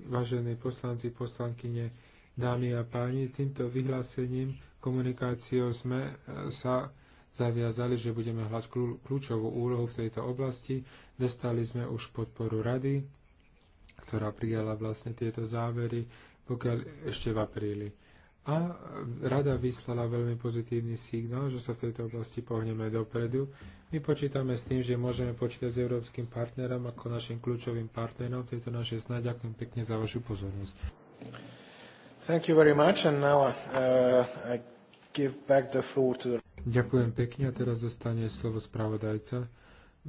vážení poslanci, poslankyne, dámy a páni, týmto vyhlásením komunikáciou sme e, sa zaviazali, že budeme hľať kľúčovú úlohu v tejto oblasti. Dostali sme už podporu rady, ktorá prijala vlastne tieto závery, pokiaľ ešte v apríli. A rada vyslala veľmi pozitívny signál, že sa v tejto oblasti pohneme dopredu. My počítame s tým, že môžeme počítať s európskym partnerom ako našim kľúčovým partnerom v tejto našej snahe. Ďakujem pekne za vašu pozornosť. Thank you very much and now uh, I give back the floor to the... Ďakujem pekne a teraz zostane slovo spravodajca.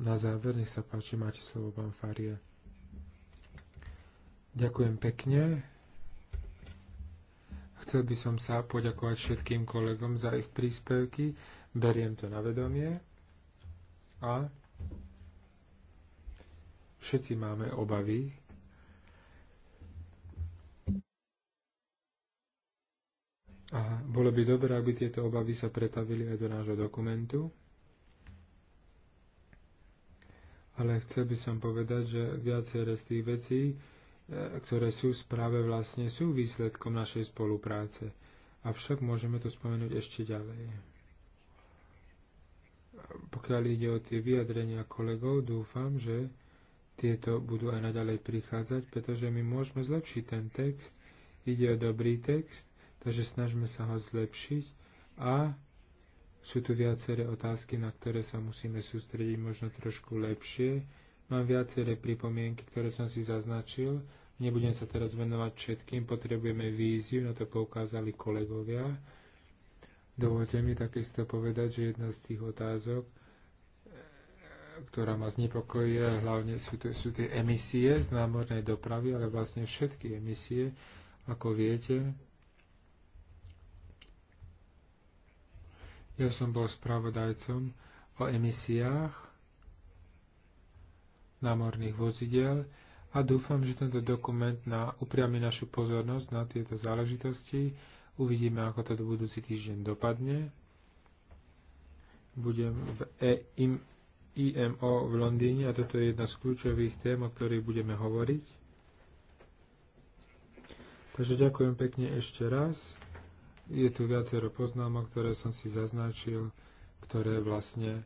Na záver, nech sa páči, máte slovo, pán Faria. Ďakujem pekne. Chcel by som sa poďakovať všetkým kolegom za ich príspevky. Beriem to na vedomie. A všetci máme obavy, A bolo by dobré, aby tieto obavy sa pretavili aj do nášho dokumentu. Ale chcel by som povedať, že viaceré z tých vecí, E, ktoré sú správe vlastne sú výsledkom našej spolupráce. Avšak môžeme to spomenúť ešte ďalej. Pokiaľ ide o tie vyjadrenia kolegov, dúfam, že tieto budú aj naďalej prichádzať, pretože my môžeme zlepšiť ten text. Ide o dobrý text, takže snažme sa ho zlepšiť a sú tu viaceré otázky, na ktoré sa musíme sústrediť možno trošku lepšie Mám viaceré pripomienky, ktoré som si zaznačil. Nebudem sa teraz venovať všetkým, potrebujeme víziu, na to poukázali kolegovia. Dovolte mi takisto povedať, že jedna z tých otázok, ktorá ma znepokojuje, hlavne sú, to, sú tie emisie z námornej dopravy, ale vlastne všetky emisie, ako viete. Ja som bol spravodajcom o emisiách námorných vozidiel a dúfam, že tento dokument na, upriami našu pozornosť na tieto záležitosti. Uvidíme, ako to do budúci týždeň dopadne. Budem v e IMO v Londýne a toto je jedna z kľúčových tém, o ktorých budeme hovoriť. Takže ďakujem pekne ešte raz. Je tu viacero poznámok, ktoré som si zaznačil, ktoré vlastne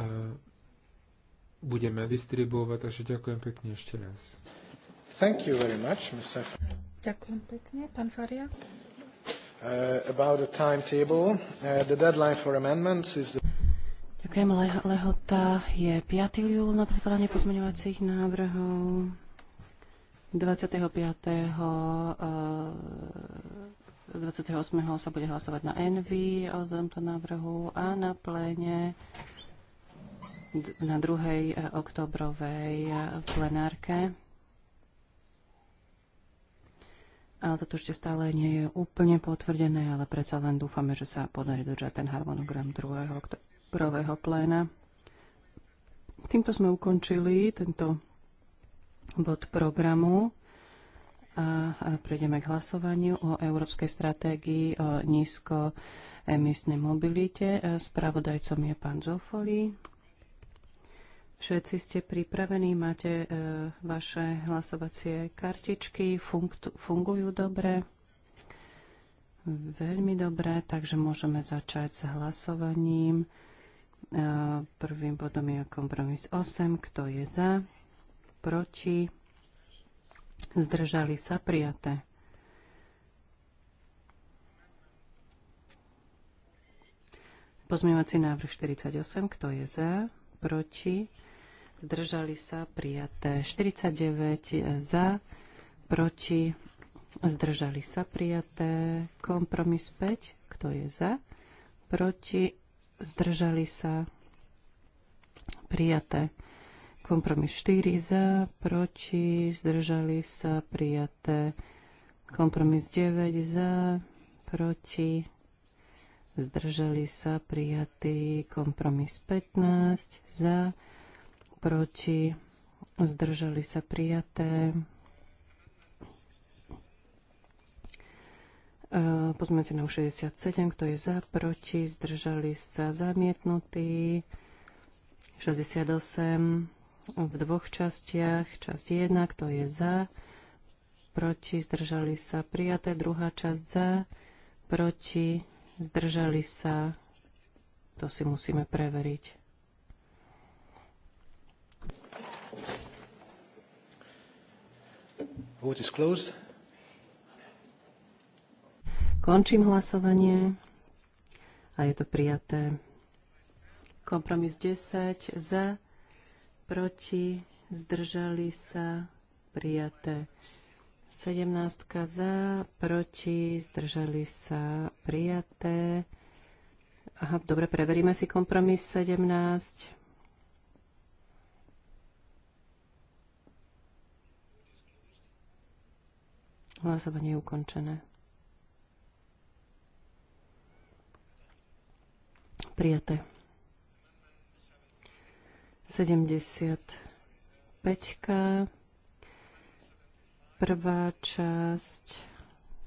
eh, budeme distribuovať, takže ďakujem pekne ešte raz. Thank you very much, Mr. Ďakujem pekne, pán Faria. Uh, about the timetable, uh, the deadline for amendments is the... Ďakujem, le- lehota je 5. júl na predkladanie pozmeňovacích návrhov. 25. Uh, 28. sa bude hlasovať na NV o tomto návrhu a na plene na druhej e, oktobrovej e, plenárke. Ale toto ešte stále nie je úplne potvrdené, ale predsa len dúfame, že sa podarí držať ten harmonogram druhého oktobrového pléna. Týmto sme ukončili tento bod programu a prejdeme k hlasovaniu o Európskej stratégii o nízkoemisnej mobilite. E, spravodajcom je pán Zofoli. Všetci ste pripravení, máte e, vaše hlasovacie kartičky, fungujú dobre, veľmi dobre, takže môžeme začať s hlasovaním. E, prvým bodom je kompromis 8, kto je za, proti, zdržali sa prijaté. Pozmievací návrh 48, kto je za, proti, zdržali sa prijaté. 49 za, proti, zdržali sa prijaté. Kompromis 5, kto je za, proti, zdržali sa prijaté. Kompromis 4 za, proti, zdržali sa prijaté. Kompromis 9 za, proti, zdržali sa prijatý. Kompromis 15 za, proti, proti, zdržali sa prijaté. Pozmeňte na 67, kto je za, proti, zdržali sa zamietnutí. 68 v dvoch častiach. Časť 1, kto je za, proti, zdržali sa prijaté. Druhá časť za, proti, zdržali sa. To si musíme preveriť. Vote is closed. Končím hlasovanie a je to prijaté. Kompromis 10 za, proti, zdržali sa, prijaté. 17 za, proti, zdržali sa, prijaté. Aha, dobre, preveríme si kompromis 17. Hlasovanie je ukončené. Prijaté. 75. Prvá časť.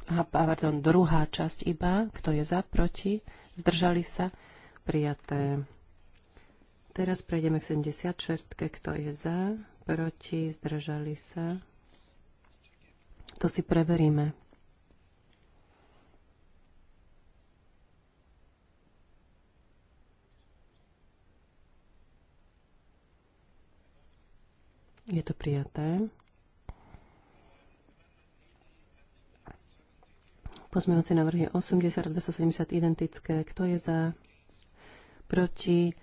Aha, pardon, druhá časť iba. Kto je za, proti? Zdržali sa? Prijaté. Teraz prejdeme k 76. Kto je za, proti? Zdržali sa? To si preveríme. Je to prijaté. návrh je 80 a 270 identické. Kto je za? Proti?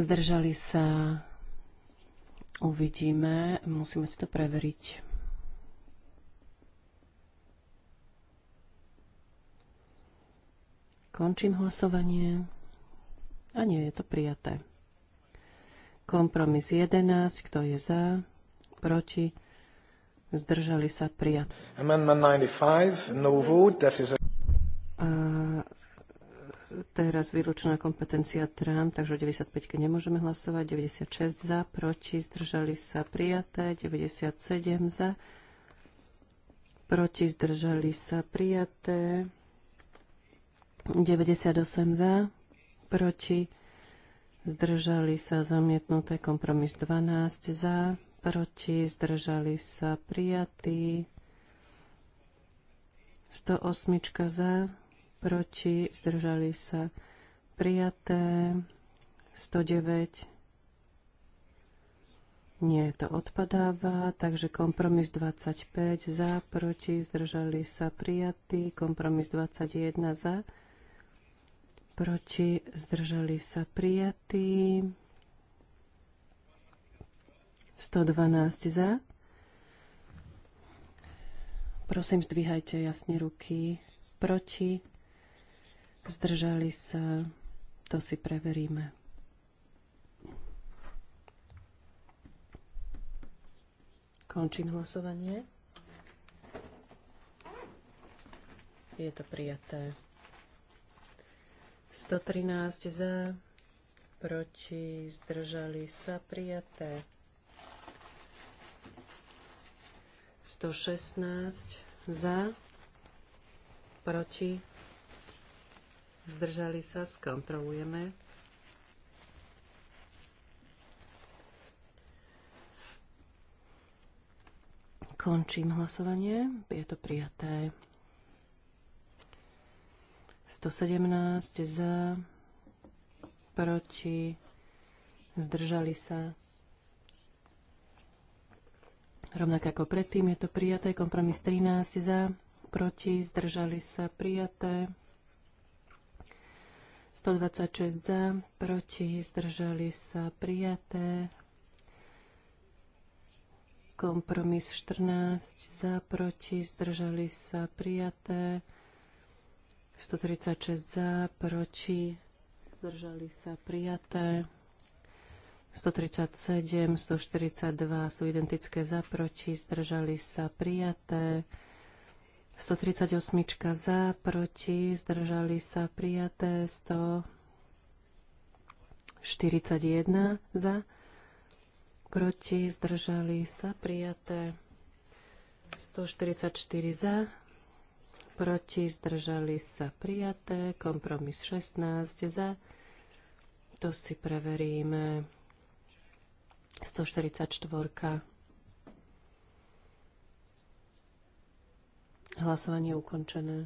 Zdržali sa? Uvidíme. Musíme si to preveriť. Končím hlasovanie. A nie, je to prijaté. Kompromis 11, kto je za, proti, zdržali sa prijat. Amendment 95, no vote, that is a... teraz výlučná kompetencia Trump, takže o 95 nemôžeme hlasovať, 96 za, proti, zdržali sa prijaté, 97 za, proti, zdržali sa prijaté, 98 za, proti, zdržali sa zamietnuté, kompromis 12 za, proti, zdržali sa prijatí, 108 za, proti, zdržali sa prijaté, 109 nie, to odpadáva, takže kompromis 25 za, proti, zdržali sa prijatí, kompromis 21 za, proti, zdržali sa prijatí. 112 za. Prosím, zdvíhajte jasne ruky. Proti, zdržali sa, to si preveríme. Končím hlasovanie. Je to prijaté. 113 za, proti, zdržali sa prijaté. 116 za, proti, zdržali sa, skontrolujeme. Končím hlasovanie, je to prijaté. 117 za, proti, zdržali sa. Rovnako ako predtým je to prijaté. Kompromis 13 za, proti, zdržali sa, prijaté. 126 za, proti, zdržali sa, prijaté. Kompromis 14 za, proti, zdržali sa, prijaté. 136 za, proti, zdržali sa prijaté. 137, 142 sú identické za, proti, zdržali sa prijaté. 138 za, proti, zdržali sa prijaté. 141 za, proti, zdržali sa prijaté. 144 za, proti, zdržali sa prijaté, kompromis 16 za, to si preveríme, 144. Hlasovanie je ukončené.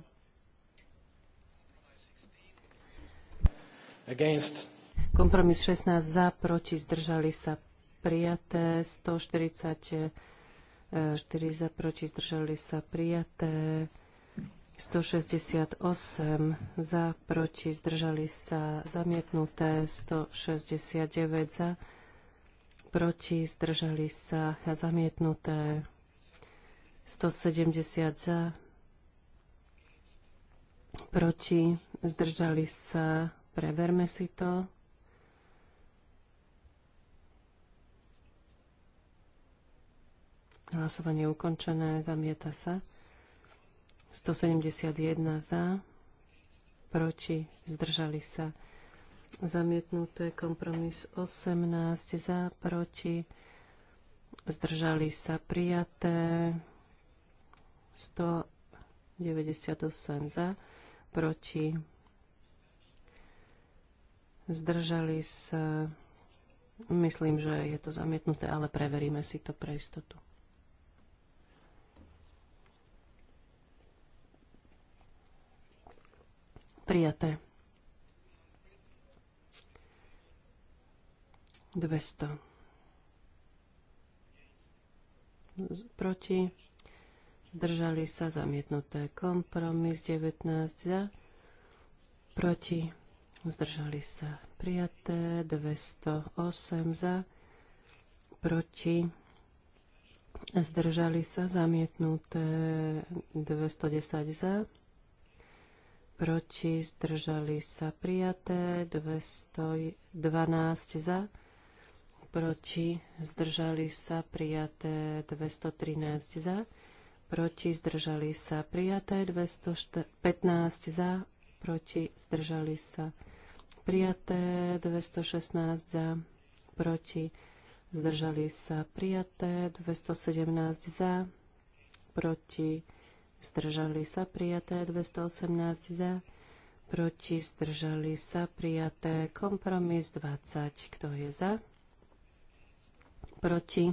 Against. Kompromis 16 za, proti, zdržali sa prijaté, 144 e, za, proti, zdržali sa prijaté. 168 za, proti, zdržali sa zamietnuté, 169 za, proti, zdržali sa zamietnuté, 170 za, proti, zdržali sa, preverme si to. Hlasovanie ukončené, zamieta sa. 171 za, proti, zdržali sa. Zamietnuté kompromis 18 za, proti, zdržali sa. Prijaté 198 za, proti, zdržali sa. Myslím, že je to zamietnuté, ale preveríme si to pre istotu. Prijaté. 200. Proti. Zdržali sa zamietnuté. Kompromis 19 za. Proti. Zdržali sa prijaté. 208 za. Proti. Zdržali sa zamietnuté. 210 za proti, zdržali sa prijaté, 212 za, proti, zdržali sa prijaté, 213 za, proti, zdržali sa prijaté, 215 za, proti, zdržali sa prijaté, 216 za, proti, zdržali sa prijaté, 217 za, proti, zdržali sa prijaté 218 za, proti zdržali sa prijaté kompromis 20. Kto je za? Proti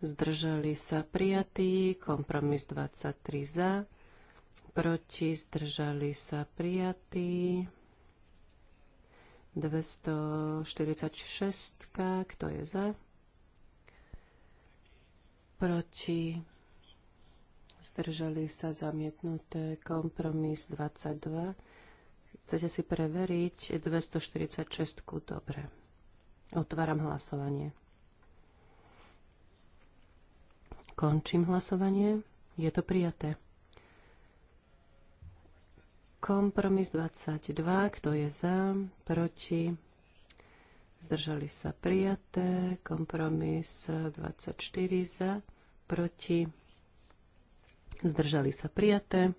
zdržali sa prijatý kompromis 23 za, proti zdržali sa prijatý 246. Kto je za? Proti Zdržali sa zamietnuté. Kompromis 22. Chcete si preveriť 246. Dobre. Otváram hlasovanie. Končím hlasovanie. Je to prijaté. Kompromis 22. Kto je za? Proti? Zdržali sa prijaté. Kompromis 24 za. Proti? zdržali sa prijaté.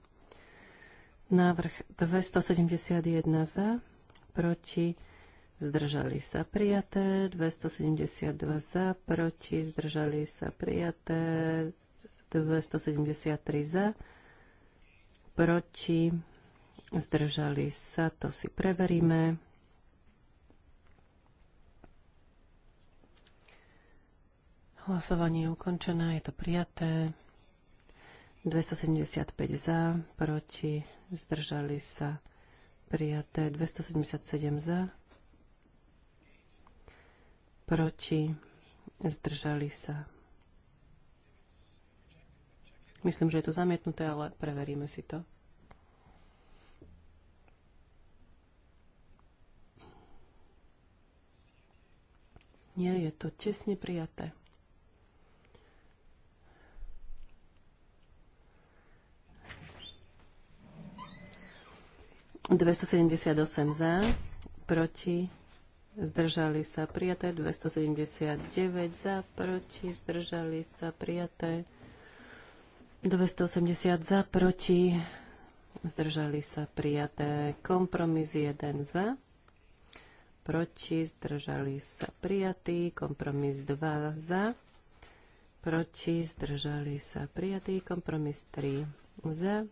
Návrh 271 za, proti, zdržali sa prijaté. 272 za, proti, zdržali sa prijaté. 273 za, proti, zdržali sa, to si preveríme. Hlasovanie je ukončené, je to prijaté. 275 za, proti, zdržali sa prijaté 277 za, proti, zdržali sa. Myslím, že je to zamietnuté, ale preveríme si to. Nie, je to tesne prijaté. 278 za, proti, zdržali sa prijaté, 279 za, proti, zdržali sa prijaté, 280 za, proti, zdržali sa prijaté, kompromis 1 za, proti, zdržali sa prijatý, kompromis 2 za, proti, zdržali sa prijatý, kompromis 3 za,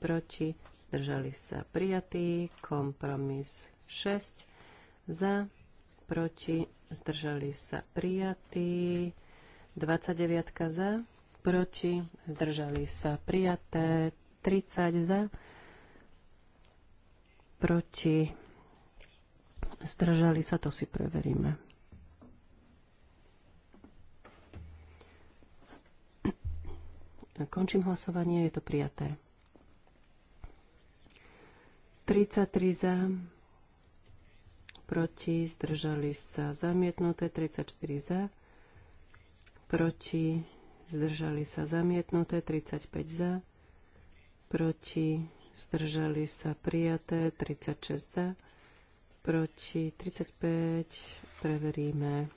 proti, zdržali sa prijatí, kompromis 6 za, proti, zdržali sa prijatí, 29 za, proti, zdržali sa prijaté, 30 za, proti, zdržali sa, to si preveríme. Končím hlasovanie, je to prijaté. 33 za, proti, zdržali sa zamietnuté, 34 za, proti, zdržali sa zamietnuté, 35 za, proti, zdržali sa prijaté, 36 za, proti, 35, preveríme.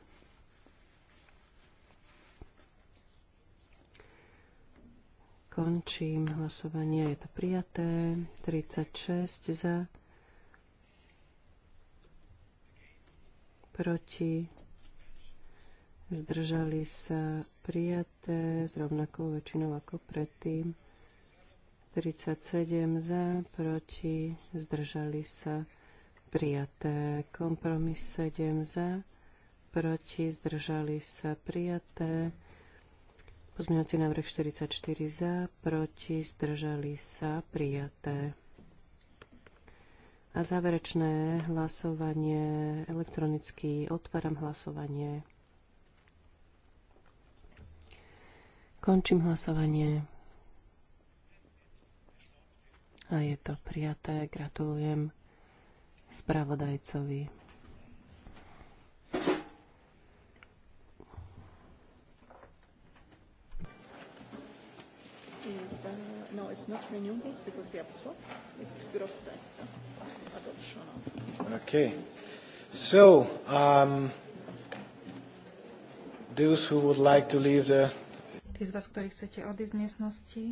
Končím hlasovanie. Je to prijaté. 36 za. Proti. Zdržali sa prijaté s rovnakou väčšinou ako predtým. 37 za, proti, zdržali sa prijaté. Kompromis 7 za, proti, zdržali sa prijaté. Pozmeňovací návrh 44 za, proti, zdržali sa, prijaté. A záverečné hlasovanie elektronicky. Otváram hlasovanie. Končím hlasovanie. A je to prijaté. Gratulujem spravodajcovi. No, it's not renewables because we have swap. It's gross debt adoption Okay. So, um, those who would like to leave the... Tí z vás, ktorí chcete odísť z miestnosti,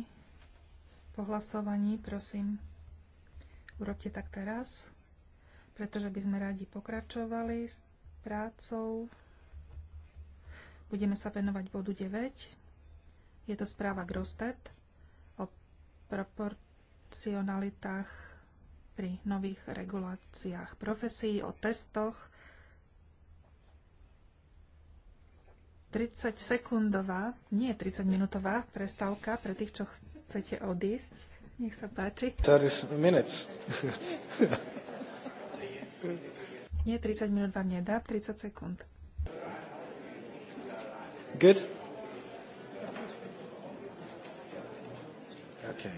po hlasovaní, prosím, urobte tak teraz, pretože by sme radi pokračovali s prácou. Budeme sa venovať bodu 9. Je to správa Grostet proporcionalitách pri nových reguláciách profesí, o testoch. 30 sekundová, nie 30 minútová prestávka pre tých, čo chcete odísť. Nech sa páči. 30 minutes. nie, 30 minút vám nedá, 30 sekúnd. Good. Okay.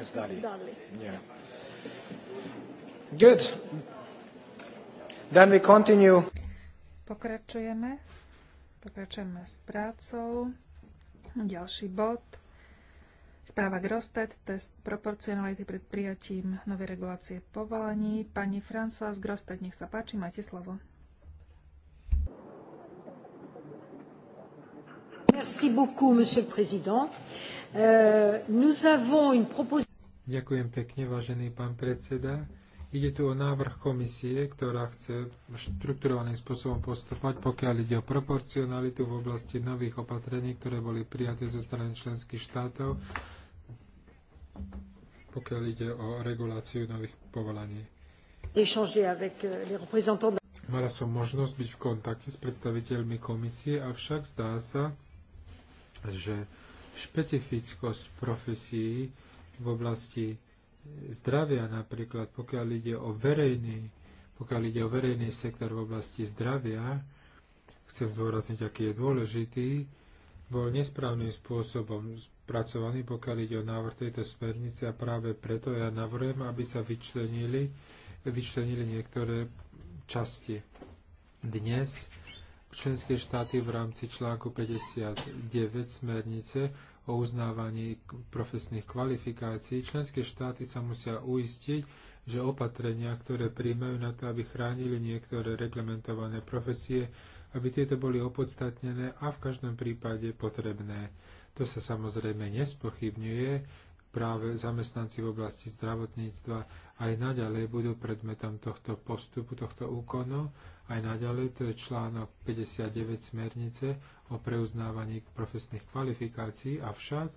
It's Dali. Dali. Yeah. Good. Then we continue. Pokračujeme. Pokračujeme s prácou. Ďalší bod. Správa Grosted, test proporcionality pred prijatím novej regulácie povolení. Pani Françoise Grosted, nech sa páči, máte slovo. Merci beaucoup, monsieur le président. Eh, Ďakujem pekne, vážený pán predseda. Ide tu o návrh komisie, ktorá chce štrukturovaným spôsobom postupovať, pokiaľ ide o proporcionalitu v oblasti nových opatrení, ktoré boli prijaté zo strany členských štátov, pokiaľ ide o reguláciu nových povolaní. Euh, Mala som možnosť byť v kontakte s predstaviteľmi komisie, avšak zdá sa, že špecifickosť profesí v oblasti zdravia napríklad, pokiaľ ide o verejný, pokiaľ ide o verejný sektor v oblasti zdravia, chcem zdôrazniť, aký je dôležitý, bol nesprávnym spôsobom spracovaný, pokiaľ ide o návrh tejto smernice a práve preto ja navrhujem, aby sa vyčlenili, vyčlenili niektoré časti. Dnes členské štáty v rámci článku 59 smernice o uznávaní profesných kvalifikácií, členské štáty sa musia uistiť, že opatrenia, ktoré príjmajú na to, aby chránili niektoré reglementované profesie, aby tieto boli opodstatnené a v každom prípade potrebné. To sa samozrejme nespochybňuje, práve zamestnanci v oblasti zdravotníctva aj naďalej budú predmetom tohto postupu, tohto úkonu. Aj naďalej to je článok 59 smernice o preuznávaní profesných kvalifikácií, avšak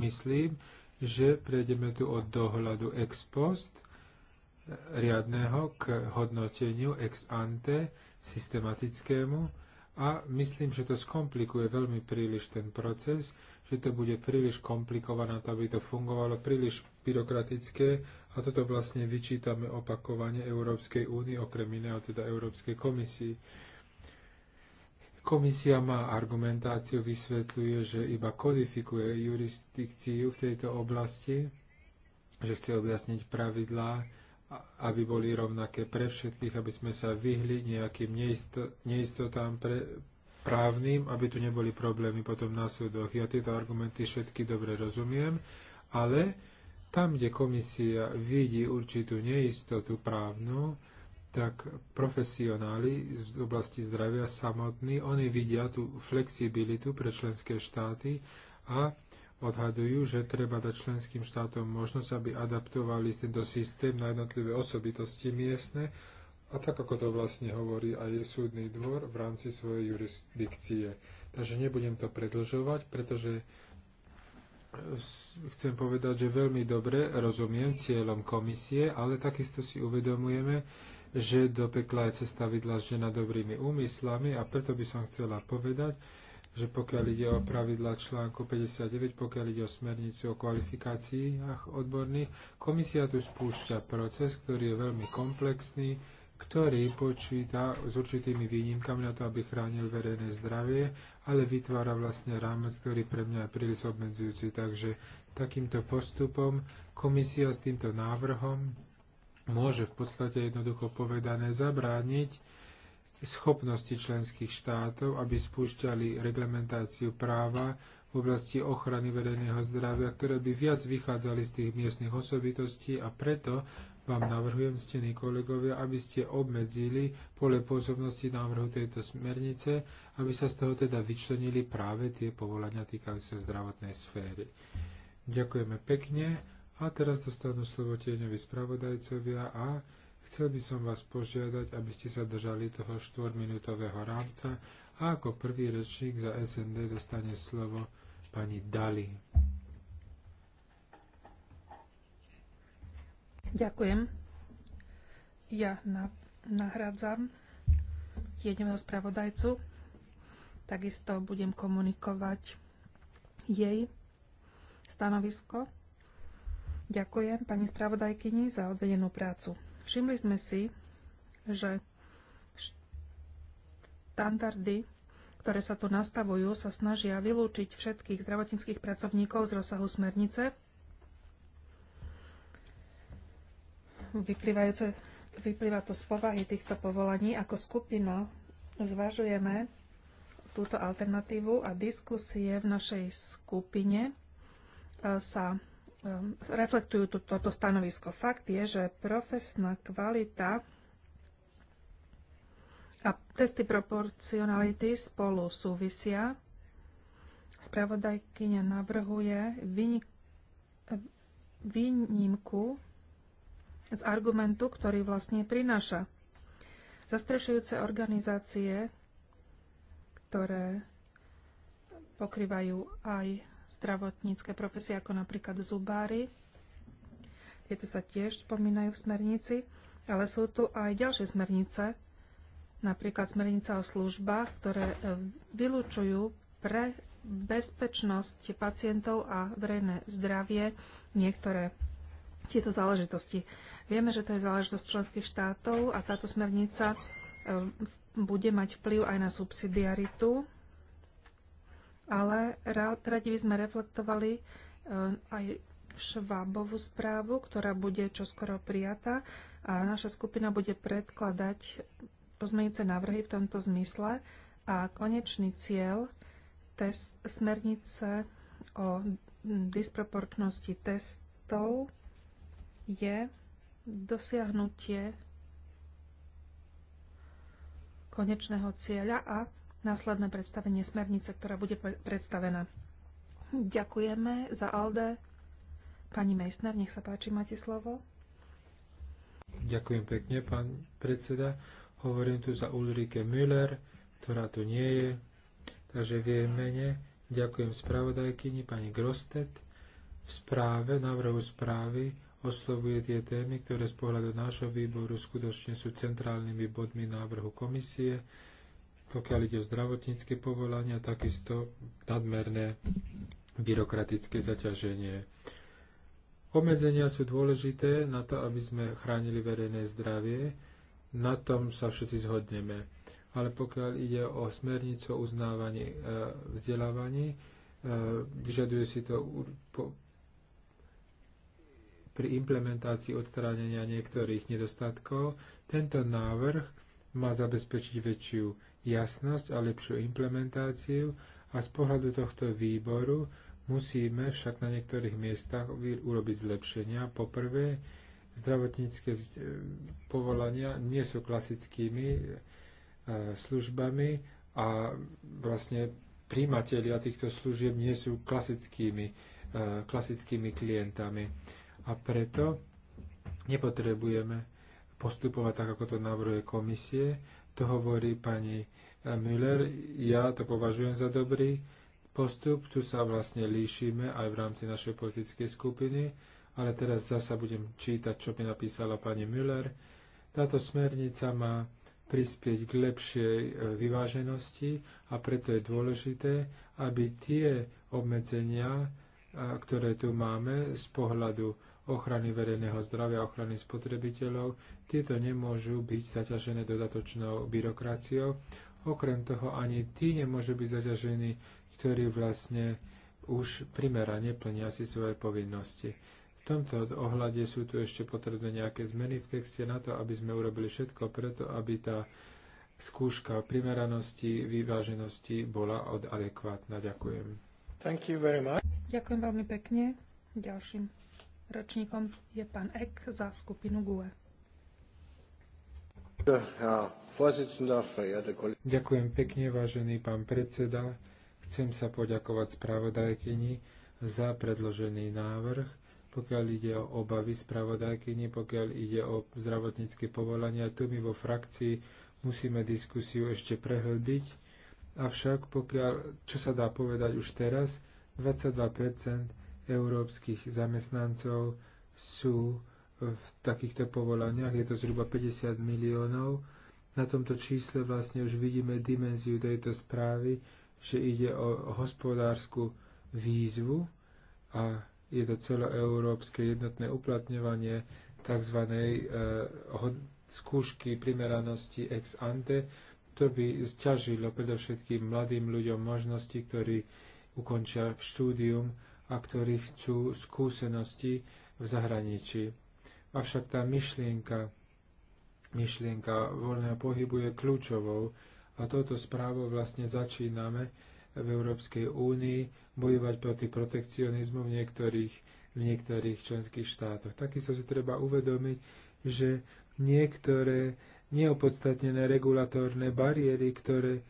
myslím, že prejdeme tu od dohľadu ex post riadného k hodnoteniu ex ante systematickému a myslím, že to skomplikuje veľmi príliš ten proces, že to bude príliš komplikované, to aby to fungovalo, príliš byrokratické a toto vlastne vyčítame opakovane Európskej únie, okrem iného teda Európskej komisii. Komisia má argumentáciu, vysvetľuje, že iba kodifikuje jurisdikciu v tejto oblasti, že chce objasniť pravidlá, aby boli rovnaké pre všetkých, aby sme sa vyhli nejakým neistotám pre právnym, aby tu neboli problémy potom na súdoch. Ja tieto argumenty všetky dobre rozumiem, ale tam, kde komisia vidí určitú neistotu právnu, tak profesionáli z oblasti zdravia samotní, oni vidia tú flexibilitu pre členské štáty a odhadujú, že treba dať členským štátom možnosť, aby adaptovali tento systém na jednotlivé osobitosti miestne a tak, ako to vlastne hovorí aj súdny dvor v rámci svojej jurisdikcie. Takže nebudem to predlžovať, pretože e, chcem povedať, že veľmi dobre rozumiem cieľom komisie, ale takisto si uvedomujeme, že do pekla je cesta vydlažená dobrými úmyslami a preto by som chcela povedať, že pokiaľ ide o pravidla článku 59, pokiaľ ide o smernicu o kvalifikáciách odborných, komisia tu spúšťa proces, ktorý je veľmi komplexný, ktorý počíta s určitými výnimkami na to, aby chránil verejné zdravie, ale vytvára vlastne rámec, ktorý pre mňa je príliš obmedzujúci. Takže takýmto postupom komisia s týmto návrhom môže v podstate jednoducho povedané zabrániť schopnosti členských štátov, aby spúšťali reglementáciu práva v oblasti ochrany verejného zdravia, ktoré by viac vychádzali z tých miestnych osobitostí a preto vám navrhujem, stení kolegovia, aby ste obmedzili pole pôsobnosti návrhu tejto smernice, aby sa z toho teda vyčlenili práve tie povolania týkajúce zdravotnej sféry. Ďakujeme pekne a teraz dostanú slovo tieňovi spravodajcovia a chcel by som vás požiadať, aby ste sa držali toho 4-minútového rámca a ako prvý rečník za SND dostane slovo pani Dali. Ďakujem. Ja na, nahradzam jedného spravodajcu. Takisto budem komunikovať jej stanovisko. Ďakujem pani spravodajkyni za odvedenú prácu. Všimli sme si, že štandardy, ktoré sa tu nastavujú, sa snažia vylúčiť všetkých zdravotníckých pracovníkov z rozsahu smernice vyplývajúce, vyplýva to z povahy týchto povolaní. Ako skupina zvažujeme túto alternatívu a diskusie v našej skupine e, sa e, reflektujú to, toto stanovisko. Fakt je, že profesná kvalita a testy proporcionality spolu súvisia. Spravodajkyňa navrhuje e, výnimku z argumentu, ktorý vlastne prináša. Zastrešujúce organizácie, ktoré pokrývajú aj zdravotnícke profesie, ako napríklad zubári. Tieto sa tiež spomínajú v smernici, ale sú tu aj ďalšie smernice, napríklad smernica o službách, ktoré e, vylúčujú pre bezpečnosť pacientov a verejné zdravie niektoré tieto záležitosti. Vieme, že to je záležitosť členských štátov a táto smernica ehm, bude mať vplyv aj na subsidiaritu, ale radi by sme reflektovali ehm, aj Švábovú správu, ktorá bude čoskoro prijatá a naša skupina bude predkladať pozmeňujúce návrhy v tomto zmysle a konečný cieľ test, smernice o disproporčnosti testov je dosiahnutie konečného cieľa a následné predstavenie smernice, ktorá bude predstavená. Ďakujeme za ALDE. Pani Mejsner, nech sa páči, máte slovo. Ďakujem pekne, pán predseda. Hovorím tu za Ulrike Müller, ktorá tu nie je, takže v jej mene ďakujem spravodajkyni pani Grostet v správe, návrhu správy oslovuje tie témy, ktoré z pohľadu nášho výboru skutočne sú centrálnymi bodmi návrhu komisie, pokiaľ ide o zdravotnícke povolania, takisto nadmerné byrokratické zaťaženie. Obmedzenia sú dôležité na to, aby sme chránili verejné zdravie, na tom sa všetci zhodneme. Ale pokiaľ ide o smernicu o uznávaní e, vzdelávaní, e, vyžaduje si to pri implementácii odstránenia niektorých nedostatkov. Tento návrh má zabezpečiť väčšiu jasnosť a lepšiu implementáciu a z pohľadu tohto výboru musíme však na niektorých miestach urobiť zlepšenia. Poprvé, zdravotnícke povolania nie sú klasickými e, službami a vlastne príjmatelia týchto služieb nie sú klasickými, e, klasickými klientami a preto nepotrebujeme postupovať tak, ako to navrhuje komisie. To hovorí pani eh, Müller. Ja to považujem za dobrý postup. Tu sa vlastne líšime aj v rámci našej politickej skupiny, ale teraz zasa budem čítať, čo mi napísala pani Müller. Táto smernica má prispieť k lepšej eh, vyváženosti a preto je dôležité, aby tie obmedzenia, eh, ktoré tu máme z pohľadu ochrany verejného zdravia, ochrany spotrebiteľov, tieto nemôžu byť zaťažené dodatočnou byrokraciou. Okrem toho ani tí nemôžu byť zaťažení, ktorí vlastne už primerane plnia si svoje povinnosti. V tomto ohľade sú tu ešte potrebné nejaké zmeny v texte na to, aby sme urobili všetko preto, aby tá skúška primeranosti, vyváženosti bola adekvátna. Ďakujem. Thank you very much. Ďakujem veľmi pekne. Ďalším Ročníkom je pán Ek za skupinu GUE. Ďakujem pekne, vážený pán predseda. Chcem sa poďakovať spravodajkyni za predložený návrh, pokiaľ ide o obavy spravodajkyni, pokiaľ ide o zdravotnícke povolania. Tu my vo frakcii musíme diskusiu ešte prehlbiť, avšak pokiaľ, čo sa dá povedať už teraz, 22 európskych zamestnancov sú v takýchto povolaniach. Je to zhruba 50 miliónov. Na tomto čísle vlastne už vidíme dimenziu tejto správy, že ide o hospodárskú výzvu a je to celoeurópske jednotné uplatňovanie tzv. Eh, skúšky primeranosti ex ante. To by zťažilo predovšetkým mladým ľuďom možnosti, ktorí ukončia štúdium a ktorí chcú skúsenosti v zahraničí. Avšak tá myšlienka, myšlienka voľného pohybu je kľúčovou a touto správou vlastne začíname v Európskej únii bojovať proti protekcionizmu v niektorých, v niektorých členských štátoch. Takisto si treba uvedomiť, že niektoré neopodstatnené regulatórne bariéry, ktoré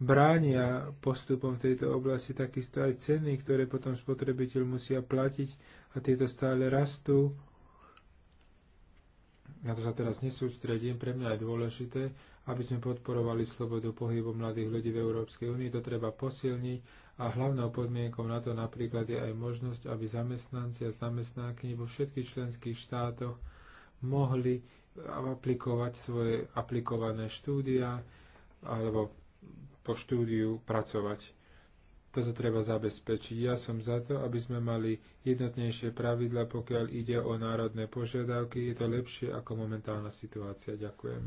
bránia postupom v tejto oblasti, takisto aj ceny, ktoré potom spotrebiteľ musia platiť a tieto stále rastú. Na to sa teraz nesústredím, pre mňa je dôležité, aby sme podporovali slobodu pohybu mladých ľudí v Európskej únii, to treba posilniť a hlavnou podmienkou na to napríklad je aj možnosť, aby zamestnanci a zamestnanky vo všetkých členských štátoch mohli aplikovať svoje aplikované štúdia alebo po štúdiu pracovať. Toto treba zabezpečiť. Ja som za to, aby sme mali jednotnejšie pravidla, pokiaľ ide o národné požiadavky. Je to lepšie ako momentálna situácia. Ďakujem.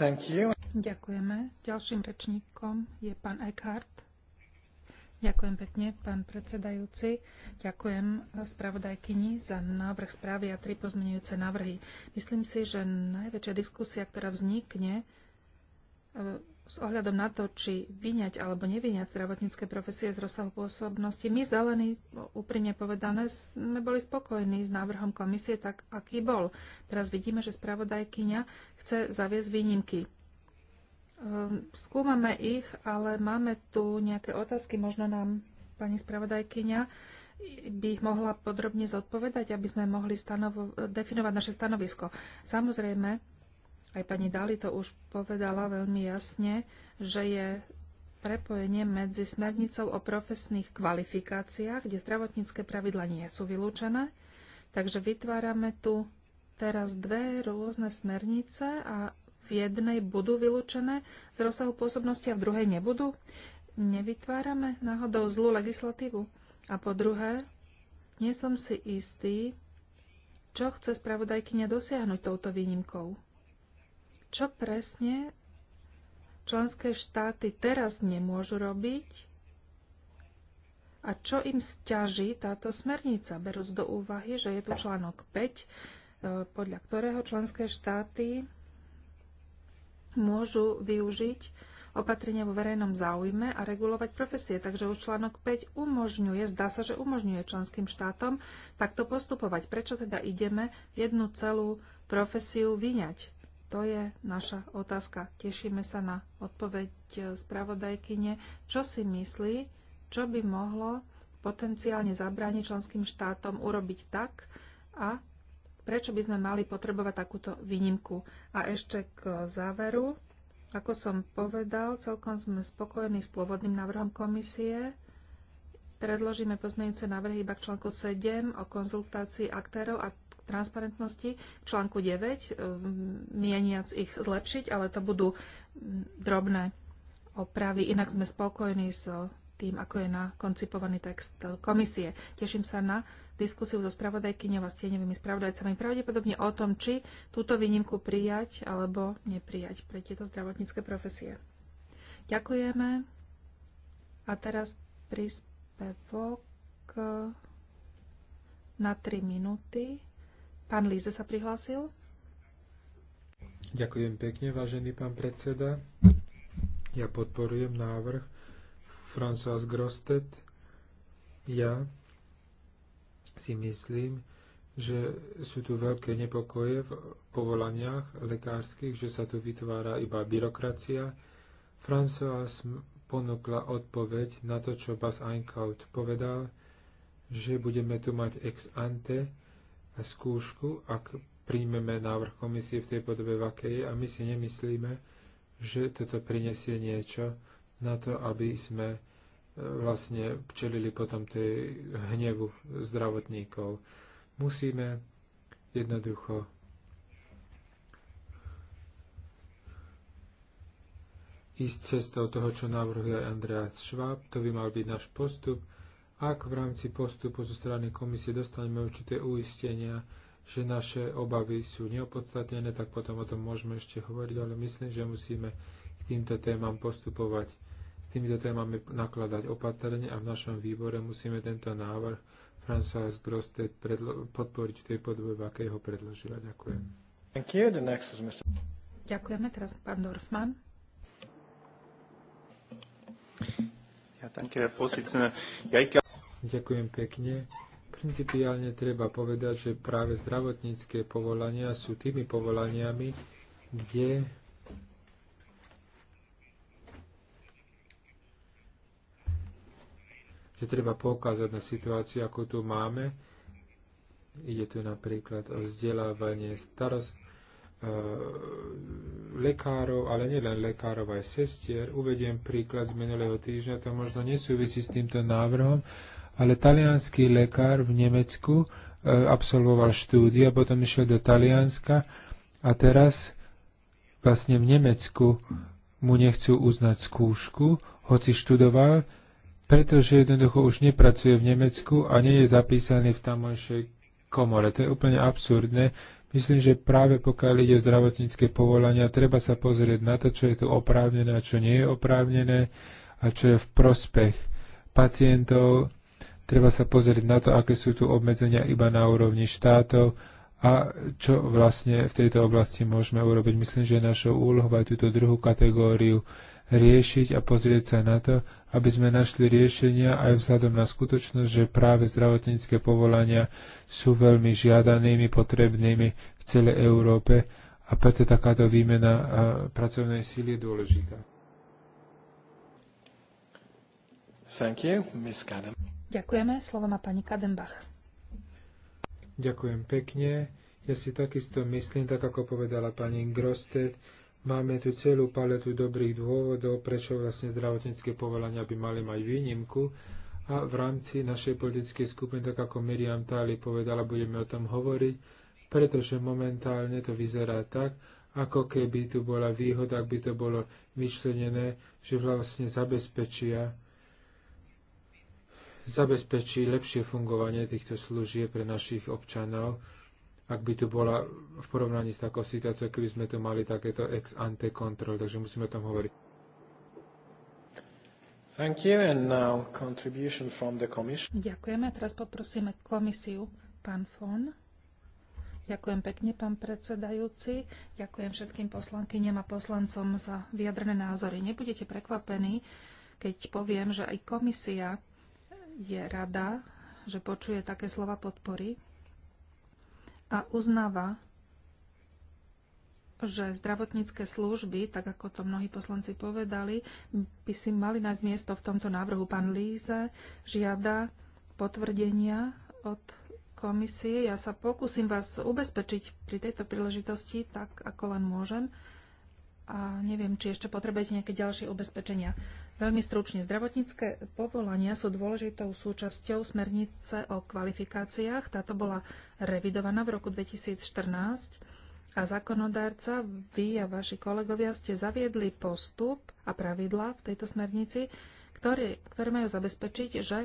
Thank you. Ďakujeme. Ďalším rečníkom je pán Eckhart. Ďakujem pekne, pán predsedajúci. Ďakujem spravodajkyni za návrh správy a tri pozmenujúce návrhy. Myslím si, že najväčšia diskusia, ktorá vznikne e, s ohľadom na to, či vyňať alebo nevyňať zdravotnícke profesie z rozsahu pôsobnosti, my zelení, e, úprimne povedané, sme boli spokojní s návrhom komisie tak, aký bol. Teraz vidíme, že spravodajkyňa chce zaviesť výnimky Ehm, skúmame ich, ale máme tu nejaké otázky, možno nám pani spravodajkyňa by ich mohla podrobne zodpovedať, aby sme mohli stanovo- definovať naše stanovisko. Samozrejme, aj pani Dali to už povedala veľmi jasne, že je prepojenie medzi smernicou o profesných kvalifikáciách, kde zdravotnícke pravidla nie sú vylúčené. Takže vytvárame tu teraz dve rôzne smernice a v jednej budú vylúčené z rozsahu pôsobnosti a v druhej nebudú? Nevytvárame náhodou zlú legislatívu? A po druhé, nie som si istý, čo chce spravodajkyňa dosiahnuť touto výnimkou. Čo presne členské štáty teraz nemôžu robiť, a čo im stiaží táto smernica, berúc do úvahy, že je tu článok 5, eh, podľa ktorého členské štáty môžu využiť opatrenia vo verejnom záujme a regulovať profesie. Takže už článok 5 umožňuje, zdá sa, že umožňuje členským štátom takto postupovať. Prečo teda ideme jednu celú profesiu vyňať? To je naša otázka. Tešíme sa na odpoveď e, spravodajkyne. Čo si myslí, čo by mohlo potenciálne zabrániť členským štátom urobiť tak, a prečo by sme mali potrebovať takúto výnimku. A ešte k záveru. Ako som povedal, celkom sme spokojení s pôvodným návrhom komisie. Predložíme pozmeňujúce návrhy iba k článku 7 o konzultácii aktérov a transparentnosti, článku 9, um, mieniac ich zlepšiť, ale to budú um, drobné opravy. Inak sme spokojní s so tým, ako je nakoncipovaný text komisie. Teším sa na diskusiu so spravodajkyňou a stieňovými spravodajcami pravdepodobne o tom, či túto výnimku prijať alebo neprijať pre tieto zdravotnícke profesie. Ďakujeme. A teraz príspevok na 3 minúty. Pán Líze sa prihlásil. Ďakujem pekne, vážený pán predseda. Ja podporujem návrh François Grostet. Ja si myslím, že sú tu veľké nepokoje v povolaniach lekárskych, že sa tu vytvára iba byrokracia. François ponúkla odpoveď na to, čo Bas Einkaut povedal, že budeme tu mať ex ante skúšku, ak príjmeme návrh komisie v tej podobe, v akej je, a my si nemyslíme, že toto prinesie niečo na to, aby sme vlastne čelili potom tej hnevu zdravotníkov. Musíme jednoducho ísť cestou toho, čo navrhuje Andreas Schwab. To by mal byť náš postup. Ak v rámci postupu zo strany komisie dostaneme určité uistenia, že naše obavy sú neopodstatnené, tak potom o tom môžeme ešte hovoriť, ale myslím, že musíme k týmto témam postupovať s týmito témami nakladať opatrne a v našom výbore musíme tento návrh François Grosted podporiť v tej podobe, v akej ho predložila. Ďakujem. Thank you. The next is Mr. Ďakujeme. Teraz pán Dorfman. Ďakujem pekne. Principiálne treba povedať, že práve zdravotnícke povolania sú tými povolaniami, kde že treba poukázať na situáciu, ako tu máme. Ide tu napríklad o vzdelávanie starost, e, lekárov, ale nielen lekárov, aj sestier. Uvediem príklad z minulého týždňa, to možno nesúvisí s týmto návrhom, ale talianský lekár v Nemecku e, absolvoval štúdia, potom išiel do Talianska a teraz vlastne v Nemecku mu nechcú uznať skúšku, hoci študoval pretože jednoducho už nepracuje v Nemecku a nie je zapísaný v tamojšej komore. To je úplne absurdné. Myslím, že práve pokiaľ ide o zdravotnícke povolania, treba sa pozrieť na to, čo je tu oprávnené a čo nie je oprávnené a čo je v prospech pacientov. Treba sa pozrieť na to, aké sú tu obmedzenia iba na úrovni štátov a čo vlastne v tejto oblasti môžeme urobiť. Myslím, že našou úlohou aj túto druhú kategóriu riešiť a pozrieť sa na to, aby sme našli riešenia aj vzhľadom na skutočnosť, že práve zdravotnícke povolania sú veľmi žiadanými, potrebnými v celej Európe a preto takáto výmena pracovnej síly je dôležitá. Thank you, Ms. Kadem. Ďakujeme. Slovo má pani Kadenbach. Ďakujem pekne. Ja si takisto myslím, tak ako povedala pani Grosted, Máme tu celú paletu dobrých dôvodov, prečo vlastne zdravotnícke povolania by mali mať výnimku. A v rámci našej politickej skupiny, tak ako Miriam Tali povedala, budeme o tom hovoriť, pretože momentálne to vyzerá tak, ako keby tu bola výhoda, ak by to bolo vyčlenené, že vlastne zabezpečia zabezpečí lepšie fungovanie týchto služieb pre našich občanov, ak by tu bola v porovnaní s takou situáciou, keby sme tu mali takéto ex ante kontrol, takže musíme o tom hovoriť. Thank you and now contribution from the commission. Ďakujeme. Teraz poprosíme komisiu. Pán Fon. Ďakujem pekne, pán predsedajúci. Ďakujem všetkým poslankyňam a poslancom za vyjadrené názory. Nebudete prekvapení, keď poviem, že aj komisia je rada, že počuje také slova podpory a uznáva, že zdravotnícke služby, tak ako to mnohí poslanci povedali, by si mali nájsť miesto v tomto návrhu. Pán Líze žiada potvrdenia od komisie. Ja sa pokúsim vás ubezpečiť pri tejto príležitosti, tak ako len môžem. A neviem, či ešte potrebujete nejaké ďalšie ubezpečenia. Veľmi stručne, zdravotnícke povolania sú dôležitou súčasťou smernice o kvalifikáciách. Táto bola revidovaná v roku 2014 a zákonodárca, vy a vaši kolegovia ste zaviedli postup a pravidla v tejto smernici, ktoré, ktoré majú zabezpečiť, že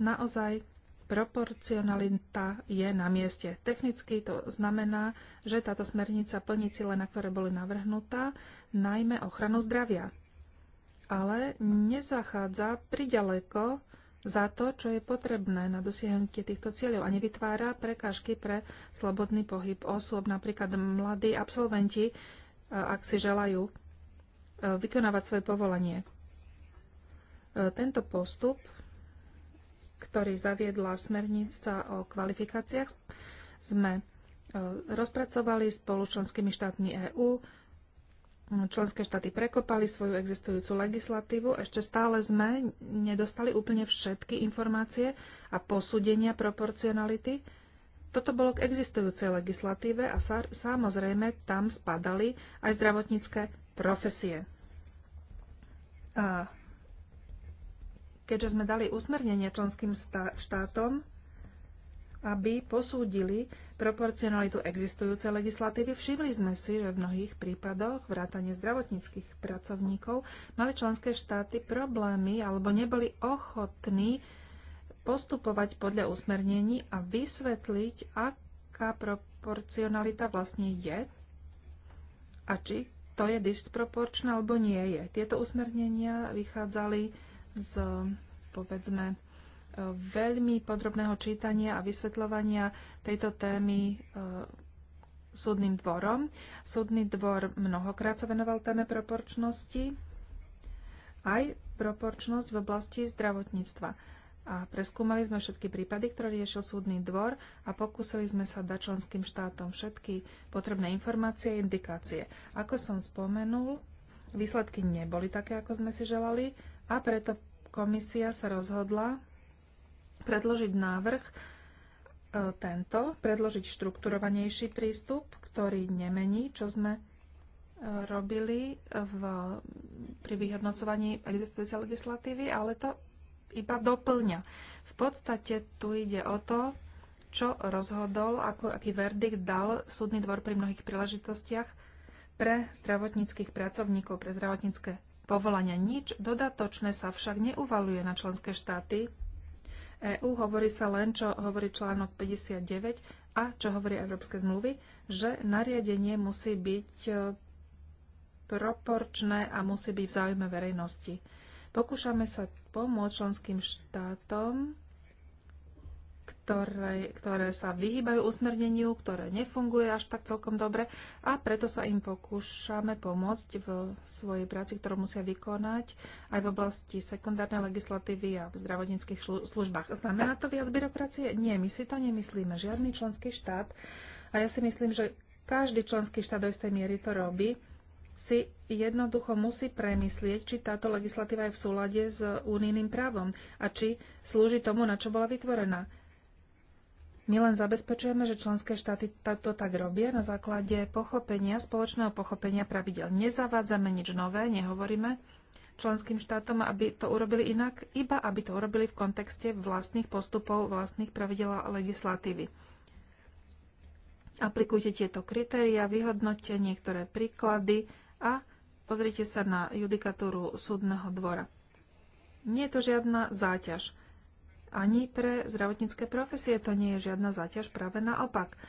naozaj proporcionalita je na mieste. Technicky to znamená, že táto smernica plní cíle, na ktoré boli navrhnutá, najmä ochranu zdravia ale nezachádza priďaleko za to, čo je potrebné na dosiahnutie týchto cieľov a nevytvára prekážky pre slobodný pohyb osôb. Napríklad mladí absolventi, e, ak si želajú e, vykonávať svoje povolanie. E, tento postup, ktorý zaviedla smernica o kvalifikáciách, sme rozpracovali spolu členskými štátmi EÚ členské štáty prekopali svoju existujúcu legislatívu. Ešte stále sme nedostali úplne všetky informácie a posúdenia proporcionality. Toto bolo k existujúcej legislatíve a sa, samozrejme tam spadali aj zdravotnícke profesie. A keďže sme dali usmernenie členským štátom, aby posúdili proporcionalitu existujúcej legislatívy. Všimli sme si, že v mnohých prípadoch vrátane zdravotníckých pracovníkov mali členské štáty problémy alebo neboli ochotní postupovať podľa usmernení a vysvetliť, aká proporcionalita vlastne je a či to je disproporčné alebo nie je. Tieto usmernenia vychádzali z, povedzme, veľmi podrobného čítania a vysvetľovania tejto témy e, súdnym dvorom. Súdny dvor mnohokrát sa venoval téme proporčnosti, aj proporčnosť v oblasti zdravotníctva. A preskúmali sme všetky prípady, ktoré riešil súdny dvor a pokúsili sme sa dať členským štátom všetky potrebné informácie a indikácie. Ako som spomenul, výsledky neboli také, ako sme si želali a preto komisia sa rozhodla predložiť návrh e, tento, predložiť štrukturovanejší prístup, ktorý nemení, čo sme e, robili v, pri vyhodnocovaní existujúcej legislatívy, ale to iba doplňa. V podstate tu ide o to, čo rozhodol, ako, aký verdikt dal súdny dvor pri mnohých príležitostiach pre zdravotníckých pracovníkov, pre zdravotnícke povolania. Nič dodatočné sa však neuvaluje na členské štáty EÚ, hovorí sa len, čo hovorí článok 59 a čo hovorí Európske zmluvy, že nariadenie musí byť e, proporčné a musí byť v záujme verejnosti. Pokúšame sa pomôcť členským štátom ktoré, ktoré sa vyhýbajú usmerneniu, ktoré nefunguje až tak celkom dobre a preto sa im pokúšame pomôcť v svojej práci, ktorú musia vykonať aj v oblasti sekundárnej legislatívy a v zdravotníckých službách. Znamená to viac byrokracie? Nie, my si to nemyslíme. Žiadny členský štát. A ja si myslím, že každý členský štát do istej miery to robí si jednoducho musí premyslieť, či táto legislatíva je v súlade s unijným právom a či slúži tomu, na čo bola vytvorená. My len zabezpečujeme, že členské štáty to tak robia na základe pochopenia, spoločného pochopenia pravidel. Nezavádzame nič nové, nehovoríme členským štátom, aby to urobili inak, iba aby to urobili v kontexte vlastných postupov, vlastných pravidel a legislatívy. Aplikujte tieto kritéria, vyhodnote niektoré príklady a pozrite sa na judikatúru súdneho dvora. Nie je to žiadna záťaž ani pre zdravotnícke profesie to nie je žiadna záťaž, práve naopak.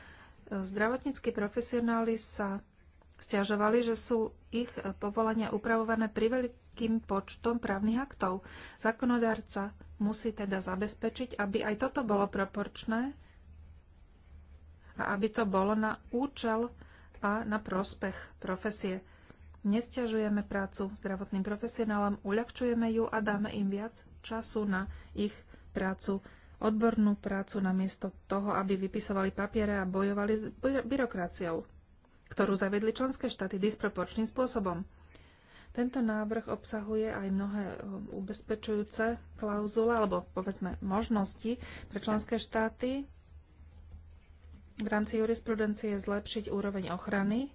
Zdravotníckí profesionáli sa stiažovali, že sú ich povolania upravované veľkým počtom právnych aktov. Zákonodárca musí teda zabezpečiť, aby aj toto bolo proporčné a aby to bolo na účel a na prospech profesie. Nestiažujeme prácu zdravotným profesionálom, uľahčujeme ju a dáme im viac času na ich prácu, odbornú prácu namiesto toho, aby vypisovali papiere a bojovali s byrokraciou, ktorú zavedli členské štáty disproporčným spôsobom. Tento návrh obsahuje aj mnohé eh, ubezpečujúce klauzule alebo povedzme možnosti pre členské štáty v rámci jurisprudencie zlepšiť úroveň ochrany,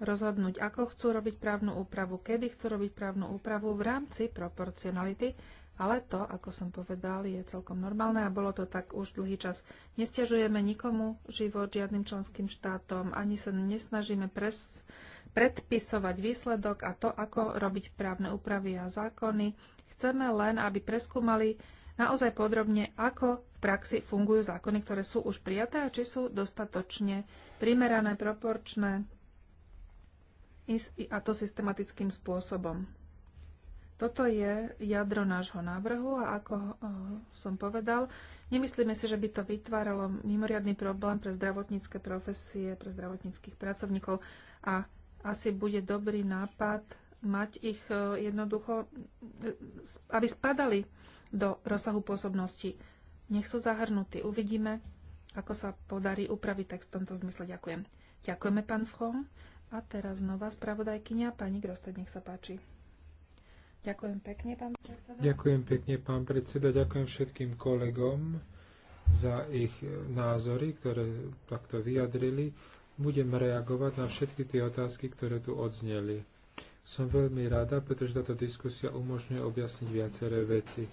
rozhodnúť, ako chcú robiť právnu úpravu, kedy chcú robiť právnu úpravu v rámci proporcionality ale to, ako som povedal, je celkom normálne a bolo to tak už dlhý čas. Nestiažujeme nikomu život, žiadnym členským štátom, ani sa nesnažíme pres, predpisovať výsledok a to, ako robiť právne úpravy a zákony. Chceme len, aby preskúmali naozaj podrobne, ako v praxi fungujú zákony, ktoré sú už prijaté a či sú dostatočne primerané, proporčné a to systematickým spôsobom. Toto je jadro nášho návrhu a ako eh, som povedal, nemyslíme si, že by to vytváralo mimoriadný problém pre zdravotnícke profesie, pre zdravotníckých pracovníkov a asi bude dobrý nápad mať ich eh, jednoducho, eh, aby spadali do rozsahu pôsobnosti. Nech sú zahrnutí. Uvidíme, ako sa podarí upraviť text v tomto zmysle. Ďakujem. Ďakujeme, pán Fron. A teraz nová spravodajkynia, pani Grosted, nech sa páči. Ďakujem pekne, pán predseda. Ďakujem pekne, pán predseda. Ďakujem všetkým kolegom za ich názory, ktoré takto vyjadrili. Budem reagovať na všetky tie otázky, ktoré tu odzneli. Som veľmi rada, pretože táto diskusia umožňuje objasniť viaceré veci.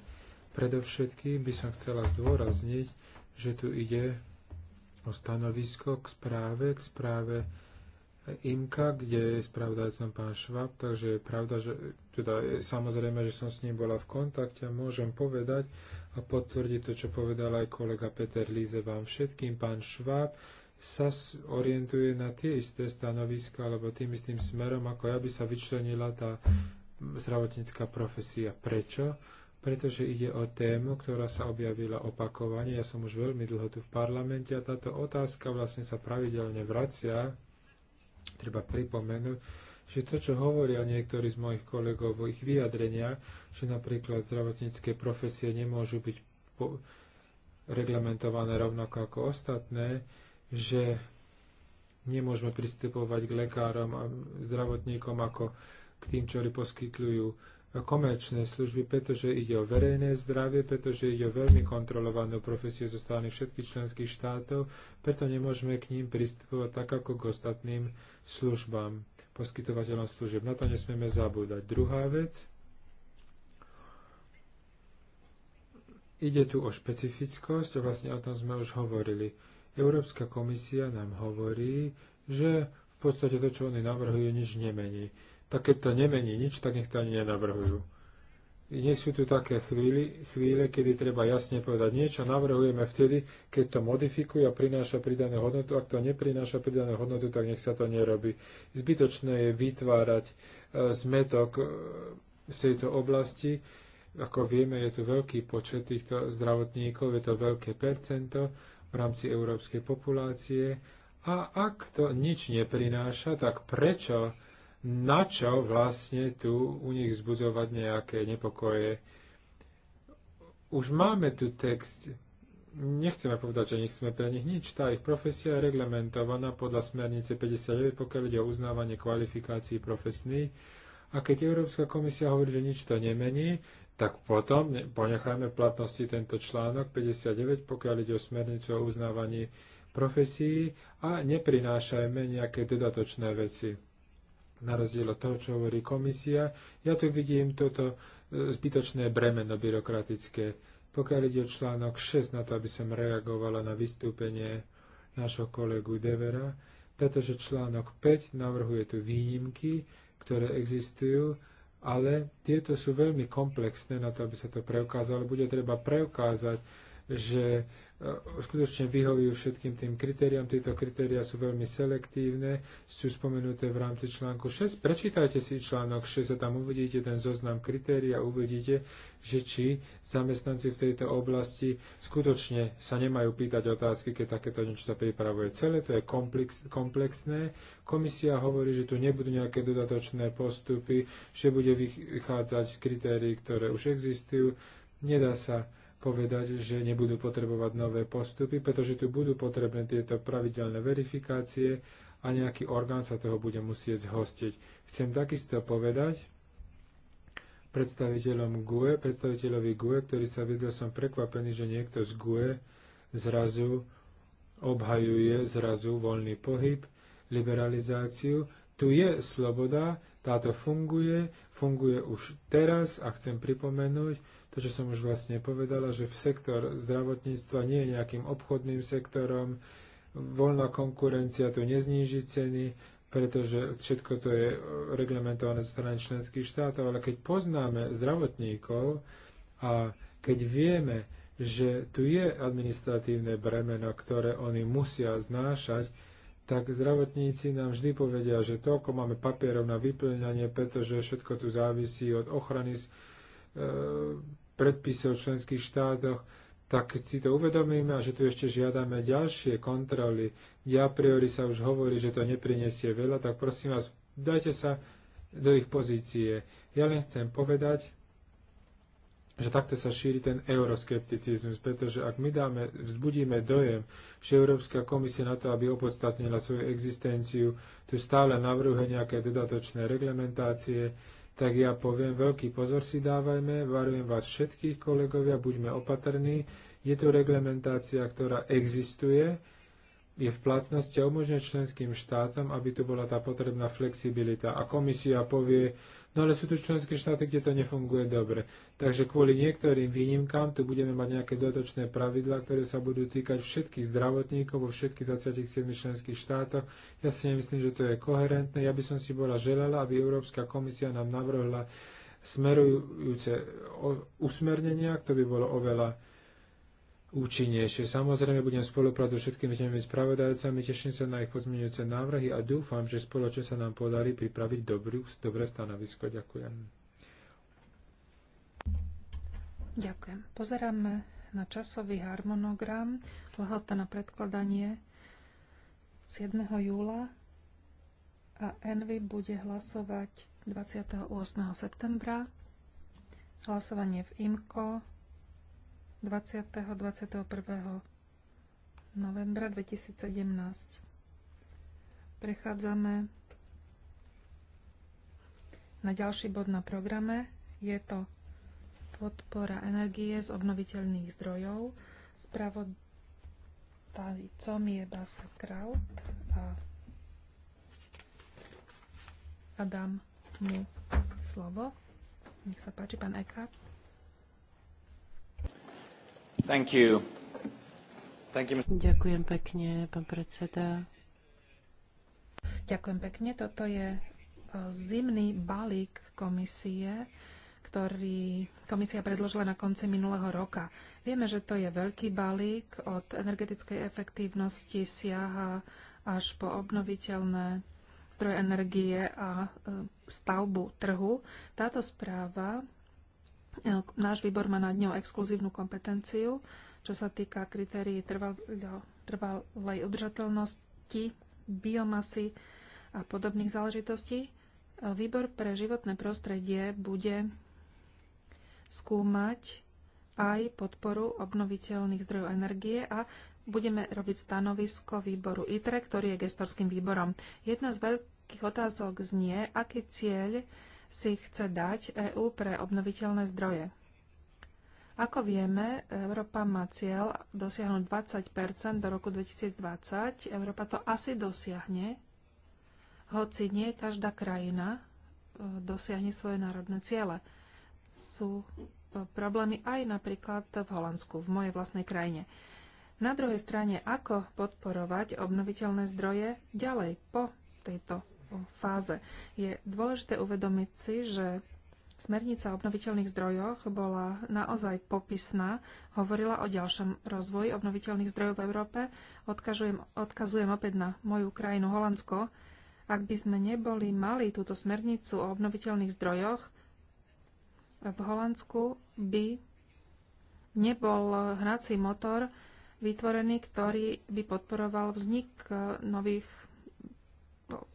Predovšetkým by som chcela zdôrazniť, že tu ide o stanovisko k správe, k správe IMKA, kde je spravodajcom pán Švab, takže je pravda, že teda samozrejme, že som s ním bola v kontakte a môžem povedať a potvrdiť to, čo povedal aj kolega Peter Líze vám všetkým. Pán Švab sa orientuje na tie isté stanoviska alebo tým istým smerom, ako ja by sa vyčlenila tá zdravotnícka profesia. Prečo? pretože ide o tému, ktorá sa objavila opakovane. Ja som už veľmi dlho tu v parlamente a táto otázka vlastne sa pravidelne vracia treba pripomenúť, že to, čo hovoria niektorí z mojich kolegov vo ich vyjadreniach, že napríklad zdravotnícke profesie nemôžu byť po- reglementované rovnako ako ostatné, že nemôžeme pristupovať k lekárom a zdravotníkom ako k tým, ktorí poskytujú komerčné služby, pretože ide o verejné zdravie, pretože ide o veľmi kontrolovanú profesiu zo strany všetkých členských štátov, preto nemôžeme k ním pristupovať tak ako k ostatným službám, poskytovateľom služieb. Na to nesmieme zabúdať. Druhá vec, ide tu o špecifickosť, a vlastne o tom sme už hovorili. Európska komisia nám hovorí, že v podstate to, čo oni navrhujú, nič nemení tak keď to nemení nič, tak nech to ani nenavrhujú. Nie sú tu také chvíli, chvíle, kedy treba jasne povedať niečo, navrhujeme vtedy, keď to modifikuje a prináša pridanú hodnotu. Ak to neprináša pridanú hodnotu, tak nech sa to nerobí. Zbytočné je vytvárať e, zmetok e, v tejto oblasti. Ako vieme, je tu veľký počet týchto zdravotníkov, je to veľké percento v rámci európskej populácie. A ak to nič neprináša, tak prečo na čo vlastne tu u nich zbudzovať nejaké nepokoje. Už máme tu text, nechceme povedať, že nechceme pre nich nič, tá ich profesia je reglementovaná podľa smernice 59, pokiaľ ide o uznávanie kvalifikácií profesných. A keď Európska komisia hovorí, že nič to nemení, tak potom ponechajme v platnosti tento článok 59, pokiaľ ide o smernicu o uznávaní profesí a neprinášajme nejaké dodatočné veci na rozdiel od toho, čo hovorí komisia. Ja tu vidím toto e, zbytočné bremeno byrokratické. Pokiaľ ide o článok 6, na to, aby som reagovala na vystúpenie nášho kolegu Devera, pretože článok 5 navrhuje tu výnimky, ktoré existujú, ale tieto sú veľmi komplexné na to, aby sa to preukázalo. Bude treba preukázať, že e, skutočne vyhovujú všetkým tým kritériám. Tieto kritéria sú veľmi selektívne, sú spomenuté v rámci článku 6. Prečítajte si článok 6 a tam uvidíte ten zoznam kritérií a uvidíte, že či zamestnanci v tejto oblasti skutočne sa nemajú pýtať otázky, keď takéto niečo sa pripravuje. Celé to je komplex, komplexné. Komisia hovorí, že tu nebudú nejaké dodatočné postupy, že bude vychádzať z kritérií, ktoré už existujú. Nedá sa povedať, že nebudú potrebovať nové postupy, pretože tu budú potrebné tieto pravidelné verifikácie a nejaký orgán sa toho bude musieť zhostiť. Chcem takisto povedať predstaviteľom GUE, predstaviteľovi GUE, ktorý sa videl, som prekvapený, že niekto z GUE zrazu obhajuje zrazu voľný pohyb, liberalizáciu. Tu je sloboda, táto funguje, funguje už teraz a chcem pripomenúť, to, čo som už vlastne povedala, že v sektor zdravotníctva nie je nejakým obchodným sektorom, voľná konkurencia tu nezníži ceny, pretože všetko to je e, reglementované zo strany členských štátov, ale keď poznáme zdravotníkov a keď vieme, že tu je administratívne bremeno, ktoré oni musia znášať, tak zdravotníci nám vždy povedia, že toľko máme papierov na vyplňanie, pretože všetko tu závisí od ochrany E, predpisov v členských štátoch, tak si to uvedomíme a že tu ešte žiadame ďalšie kontroly. Ja priori sa už hovorí, že to neprinesie veľa, tak prosím vás, dajte sa do ich pozície. Ja len chcem povedať, že takto sa šíri ten euroskepticizmus, pretože ak my dáme, vzbudíme dojem, že Európska komisia na to, aby opodstatnila svoju existenciu, tu stále navrhuje nejaké dodatočné reglementácie, tak ja poviem, veľký pozor si dávajme, varujem vás všetkých kolegovia, buďme opatrní. Je to reglementácia, ktorá existuje, je v platnosti a umožňuje členským štátom, aby tu bola tá potrebná flexibilita. A komisia povie, No ale sú tu členské štáty, kde to nefunguje dobre. Takže kvôli niektorým výnimkám tu budeme mať nejaké dotočné pravidlá, ktoré sa budú týkať všetkých zdravotníkov vo všetkých 27 členských štátoch. Ja si nemyslím, že to je koherentné. Ja by som si bola želala, aby Európska komisia nám navrhla smerujúce usmernenia, to by bolo oveľa účinnejšie. Samozrejme budem spolupracovať s všetkými tými spravodajcami, teším sa na ich pozmeňujúce návrhy a dúfam, že spoločne sa nám podarí pripraviť dobrú, dobré stanovisko. Ďakujem. Ďakujem. Pozeráme na časový harmonogram. lhota na predkladanie 7. júla a Envy bude hlasovať 28. septembra. Hlasovanie v IMKO 20. 21. novembra 2017. Prechádzame na ďalší bod na programe. Je to podpora energie z obnoviteľných zdrojov. Spravodajcom je Basa Kraut a a dám mu slovo. Nech sa páči, pán Eckhart. Ďakujem pekne, pán predseda. Ďakujem pekne. Toto je e, zimný balík komisie, ktorý komisia predložila na konci minulého roka. Vieme, že to je veľký balík, od energetickej efektívnosti siaha až po obnoviteľné zdroje energie a e, stavbu trhu. Táto správa E, náš výbor má nad ňou exkluzívnu kompetenciu, čo sa týka kritérií trvalej udržateľnosti, biomasy a podobných záležitostí. E, výbor pre životné prostredie bude skúmať aj podporu obnoviteľných zdrojov energie a budeme robiť stanovisko výboru ITRE, ktorý je gestorským výborom. Jedna z veľkých otázok znie, aký cieľ si chce dať EÚ pre obnoviteľné zdroje. Ako vieme, Európa má cieľ dosiahnuť 20 do roku 2020. Európa to asi dosiahne, hoci nie každá krajina e, dosiahne svoje národné ciele. Sú e, problémy aj napríklad v Holandsku, v mojej vlastnej krajine. Na druhej strane, ako podporovať obnoviteľné zdroje ďalej po tejto fáze. Je dôležité uvedomiť si, že Smernica o obnoviteľných zdrojoch bola naozaj popisná, hovorila o ďalšom rozvoji obnoviteľných zdrojov v Európe. Odkazujem, odkazujem opäť na moju krajinu Holandsko. Ak by sme neboli mali túto smernicu o obnoviteľných zdrojoch, v Holandsku by nebol hnací motor vytvorený, ktorý by podporoval vznik nových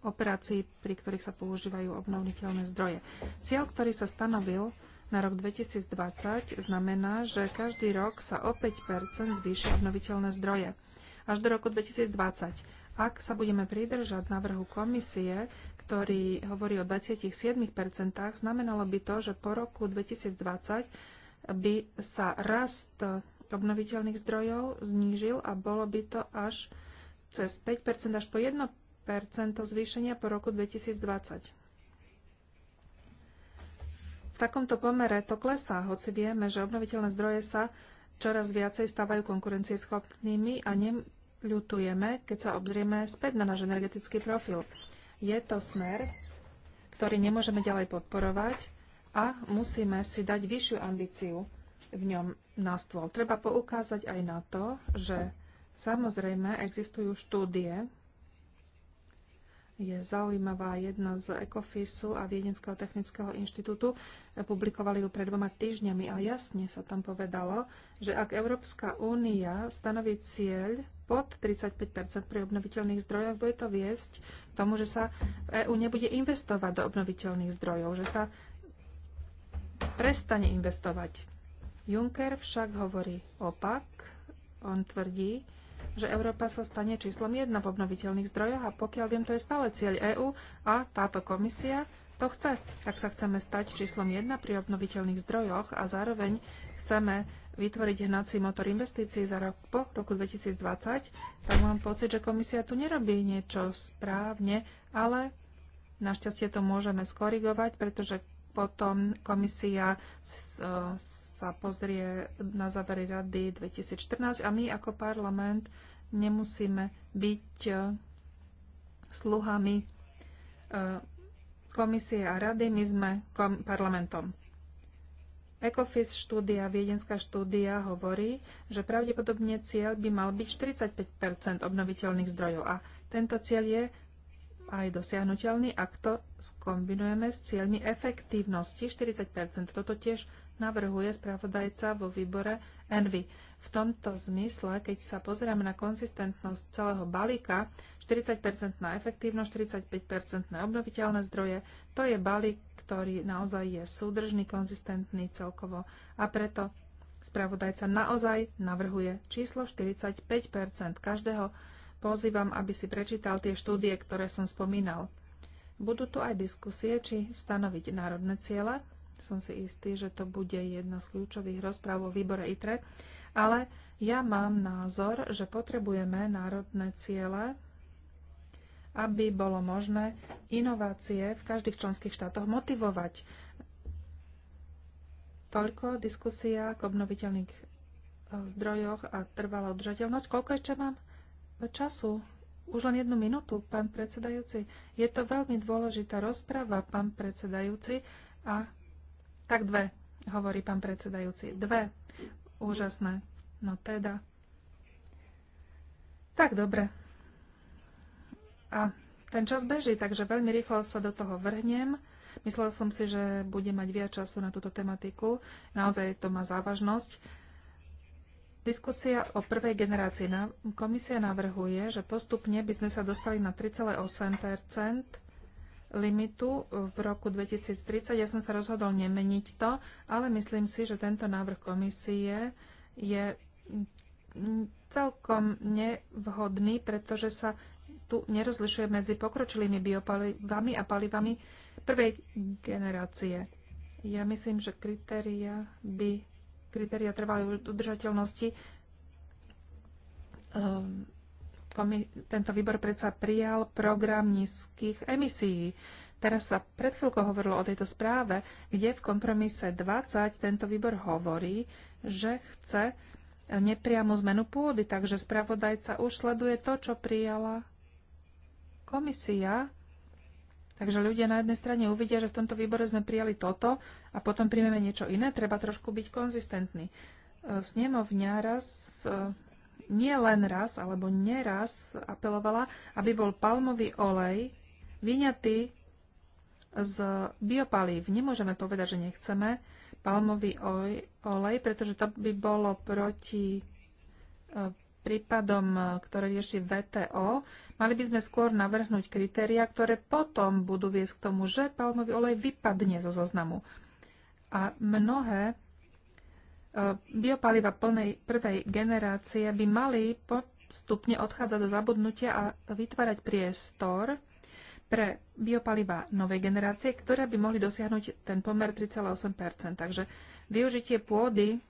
operácií, pri ktorých sa používajú obnoviteľné zdroje. Cieľ, ktorý sa stanovil na rok 2020, znamená, že každý rok sa o 5 zvýšia obnoviteľné zdroje až do roku 2020. Ak sa budeme pridržať návrhu komisie, ktorý hovorí o 27%, znamenalo by to, že po roku 2020 by sa rast obnoviteľných zdrojov znížil a bolo by to až cez 5 až po 1 zvýšenia po roku 2020. V takomto pomere to klesá, hoci vieme, že obnoviteľné zdroje sa čoraz viacej stávajú konkurencieschopnými a neľutujeme, keď sa obzrieme späť na náš energetický profil. Je to smer, ktorý nemôžeme ďalej podporovať a musíme si dať vyššiu ambíciu v ňom na stôl. Treba poukázať aj na to, že samozrejme existujú štúdie, je zaujímavá. Jedna z Ecofisu a Viedenského technického inštitútu publikovali ju pred dvoma týždňami a jasne sa tam povedalo, že ak Európska únia stanoví cieľ pod 35 pri obnoviteľných zdrojoch, bude to viesť k tomu, že sa EÚ nebude investovať do obnoviteľných zdrojov, že sa prestane investovať. Juncker však hovorí opak. On tvrdí, že Európa sa stane číslom 1 v obnoviteľných zdrojoch a pokiaľ viem, to je stále cieľ EÚ a táto komisia to chce. Ak sa chceme stať číslom 1 pri obnoviteľných zdrojoch a zároveň chceme vytvoriť hnací motor investícií za rok po roku 2020, tak mám pocit, že komisia tu nerobí niečo správne, ale našťastie to môžeme skorigovať, pretože potom komisia sa pozrie na závery rady 2014 a my ako parlament nemusíme byť e, sluhami e, komisie a rady, my sme parlamentom. Ecofis štúdia, viedenská štúdia hovorí, že pravdepodobne cieľ by mal byť 45 obnoviteľných zdrojov. A tento cieľ je aj dosiahnuteľný, ak to skombinujeme s cieľmi efektívnosti 40 Toto tiež navrhuje spravodajca vo výbore Envy. V tomto zmysle, keď sa pozrieme na konzistentnosť celého balíka, 40% na efektívnosť, 45% na obnoviteľné zdroje, to je balík, ktorý naozaj je súdržný, konzistentný celkovo a preto spravodajca naozaj navrhuje číslo 45% každého. Pozývam, aby si prečítal tie štúdie, ktoré som spomínal. Budú tu aj diskusie, či stanoviť národné ciele som si istý, že to bude jedna z kľúčových rozpráv o výbore ITRE, ale ja mám názor, že potrebujeme národné ciele, aby bolo možné inovácie v každých členských štátoch motivovať. Toľko diskusia k obnoviteľných e, zdrojoch a trvalá udržateľnosť. Koľko ešte mám času? Už len jednu minútu, pán predsedajúci. Je to veľmi dôležitá rozpráva, pán predsedajúci, a tak dve, hovorí pán predsedajúci. Dve. Úžasné. No teda. Tak dobre. A ten čas beží, takže veľmi rýchlo sa do toho vrhnem. Myslel som si, že bude mať viac času na túto tematiku. Naozaj to má závažnosť. Diskusia o prvej generácii. Komisia navrhuje, že postupne by sme sa dostali na 3,8 limitu v roku 2030. Ja som sa rozhodol nemeniť to, ale myslím si, že tento návrh komisie je celkom nevhodný, pretože sa tu nerozlišuje medzi pokročilými biopalivami a palivami prvej generácie. Ja myslím, že kritéria by kritéria trvalej udržateľnosti um, tento výbor predsa prijal program nízkych emisií. Teraz sa pred chvíľkou hovorilo o tejto správe, kde v kompromise 20 tento výbor hovorí, že chce nepriamo zmenu pôdy, takže spravodajca už sleduje to, čo prijala komisia. Takže ľudia na jednej strane uvidia, že v tomto výbore sme prijali toto a potom príjmeme niečo iné. Treba trošku byť konzistentný. E, snemovňa raz e, nie len raz alebo neraz apelovala, aby bol palmový olej vyňatý z biopalív. Nemôžeme povedať, že nechceme palmový olej, pretože to by bolo proti e, prípadom, e, ktoré rieši VTO, mali by sme skôr navrhnúť kritéria, ktoré potom budú viesť k tomu, že palmový olej vypadne zo zoznamu. A mnohé biopaliva plnej prvej generácie by mali postupne odchádzať do zabudnutia a vytvárať priestor pre biopaliva novej generácie, ktoré by mohli dosiahnuť ten pomer 3,8 Takže využitie pôdy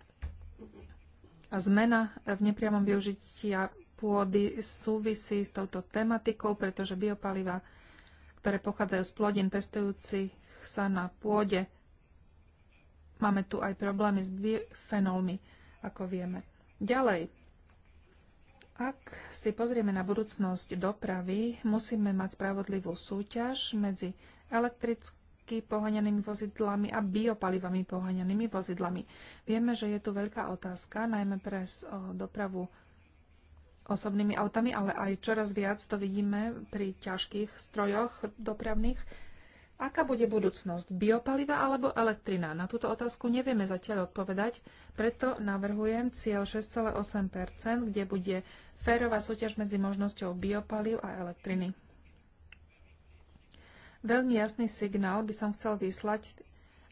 a zmena v nepriamom využitia pôdy súvisí s touto tematikou, pretože biopaliva, ktoré pochádzajú z plodín pestujúcich sa na pôde Máme tu aj problémy s bifenolmi, ako vieme. Ďalej, ak si pozrieme na budúcnosť dopravy, musíme mať spravodlivú súťaž medzi elektricky pohaňanými vozidlami a biopalivami pohaňanými vozidlami. Vieme, že je tu veľká otázka, najmä pre dopravu osobnými autami, ale aj čoraz viac to vidíme pri ťažkých strojoch dopravných, Aká bude budúcnosť? Biopaliva alebo elektrina? Na túto otázku nevieme zatiaľ odpovedať, preto navrhujem cieľ 6,8%, kde bude férová súťaž medzi možnosťou biopaliv a elektriny. Veľmi jasný signál by som chcel vyslať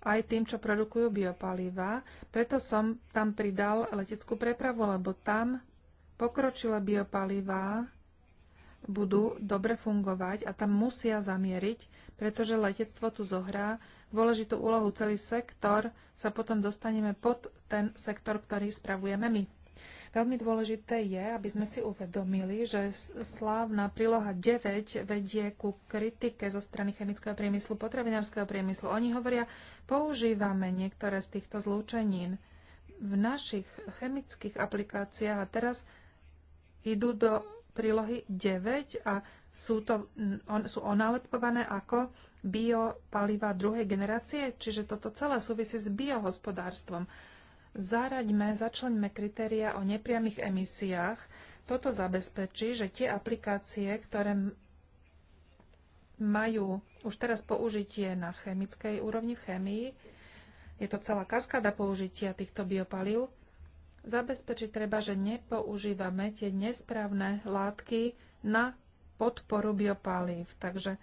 aj tým, čo produkujú biopaliva, preto som tam pridal leteckú prepravu, lebo tam pokročila biopaliva budú dobre fungovať a tam musia zamieriť, pretože letectvo tu zohrá dôležitú úlohu. Celý sektor sa potom dostaneme pod ten sektor, ktorý spravujeme my. Veľmi dôležité je, aby sme si uvedomili, že slávna príloha 9 vedie ku kritike zo strany chemického priemyslu, potravinárskeho priemyslu. Oni hovoria, používame niektoré z týchto zlúčenín v našich chemických aplikáciách a teraz idú do prílohy 9 a sú, to, on, sú onálepkované ako biopaliva druhej generácie, čiže toto celé súvisí s biohospodárstvom. Záraďme, začleňme kritéria o nepriamých emisiách. Toto zabezpečí, že tie aplikácie, ktoré majú už teraz použitie na chemickej úrovni v chemii, je to celá kaskáda použitia týchto biopalív, Zabezpečiť treba, že nepoužívame tie nesprávne látky na podporu biopalív. Takže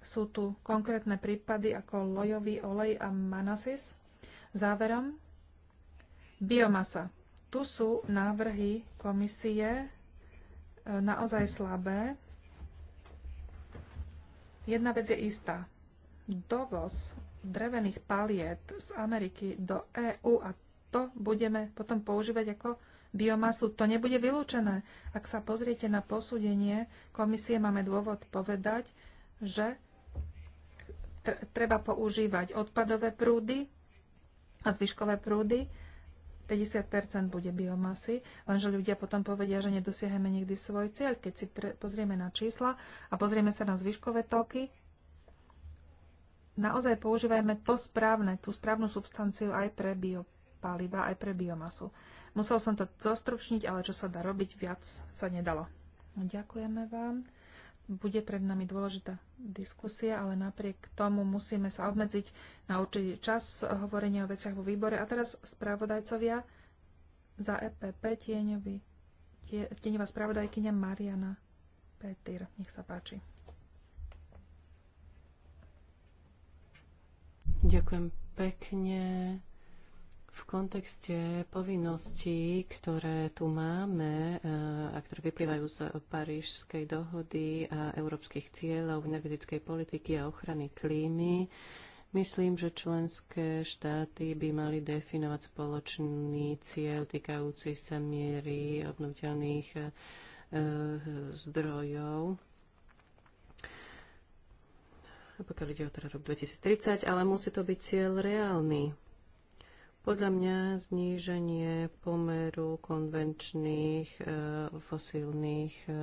sú tu konkrétne prípady ako lojový olej a manasis. Záverom, biomasa. Tu sú návrhy komisie e, naozaj slabé. Jedna vec je istá. Dovoz drevených paliet z Ameriky do EÚ a to budeme potom používať ako biomasu. To nebude vylúčené. Ak sa pozriete na posúdenie komisie, máme dôvod povedať, že treba používať odpadové prúdy a zvyškové prúdy. 50 bude biomasy, lenže ľudia potom povedia, že nedosiahneme nikdy svoj cieľ. Keď si pre, pozrieme na čísla a pozrieme sa na zvyškové toky, naozaj používajme to správne, tú správnu substanciu aj pre bio paliva aj pre biomasu. Musel som to zostručniť, ale čo sa dá robiť, viac sa nedalo. Ďakujeme vám. Bude pred nami dôležitá diskusia, ale napriek tomu musíme sa obmedziť na určitý čas hovorenia o veciach vo výbore. A teraz správodajcovia za EPP tieňovi, tie, tieňová spravodajkynia Mariana Petir. Nech sa páči. Ďakujem pekne. V kontexte povinností, ktoré tu máme eh, a ktoré vyplývajú z Parížskej dohody a európskych cieľov energetickej politiky a ochrany klímy, Myslím, že členské štáty by mali definovať spoločný cieľ týkajúci sa miery obnoviteľných eh, zdrojov. Pokiaľ ide o teda rok 2030, ale musí to byť cieľ reálny. Podľa mňa zníženie pomeru konvenčných e, fosílnych e, e,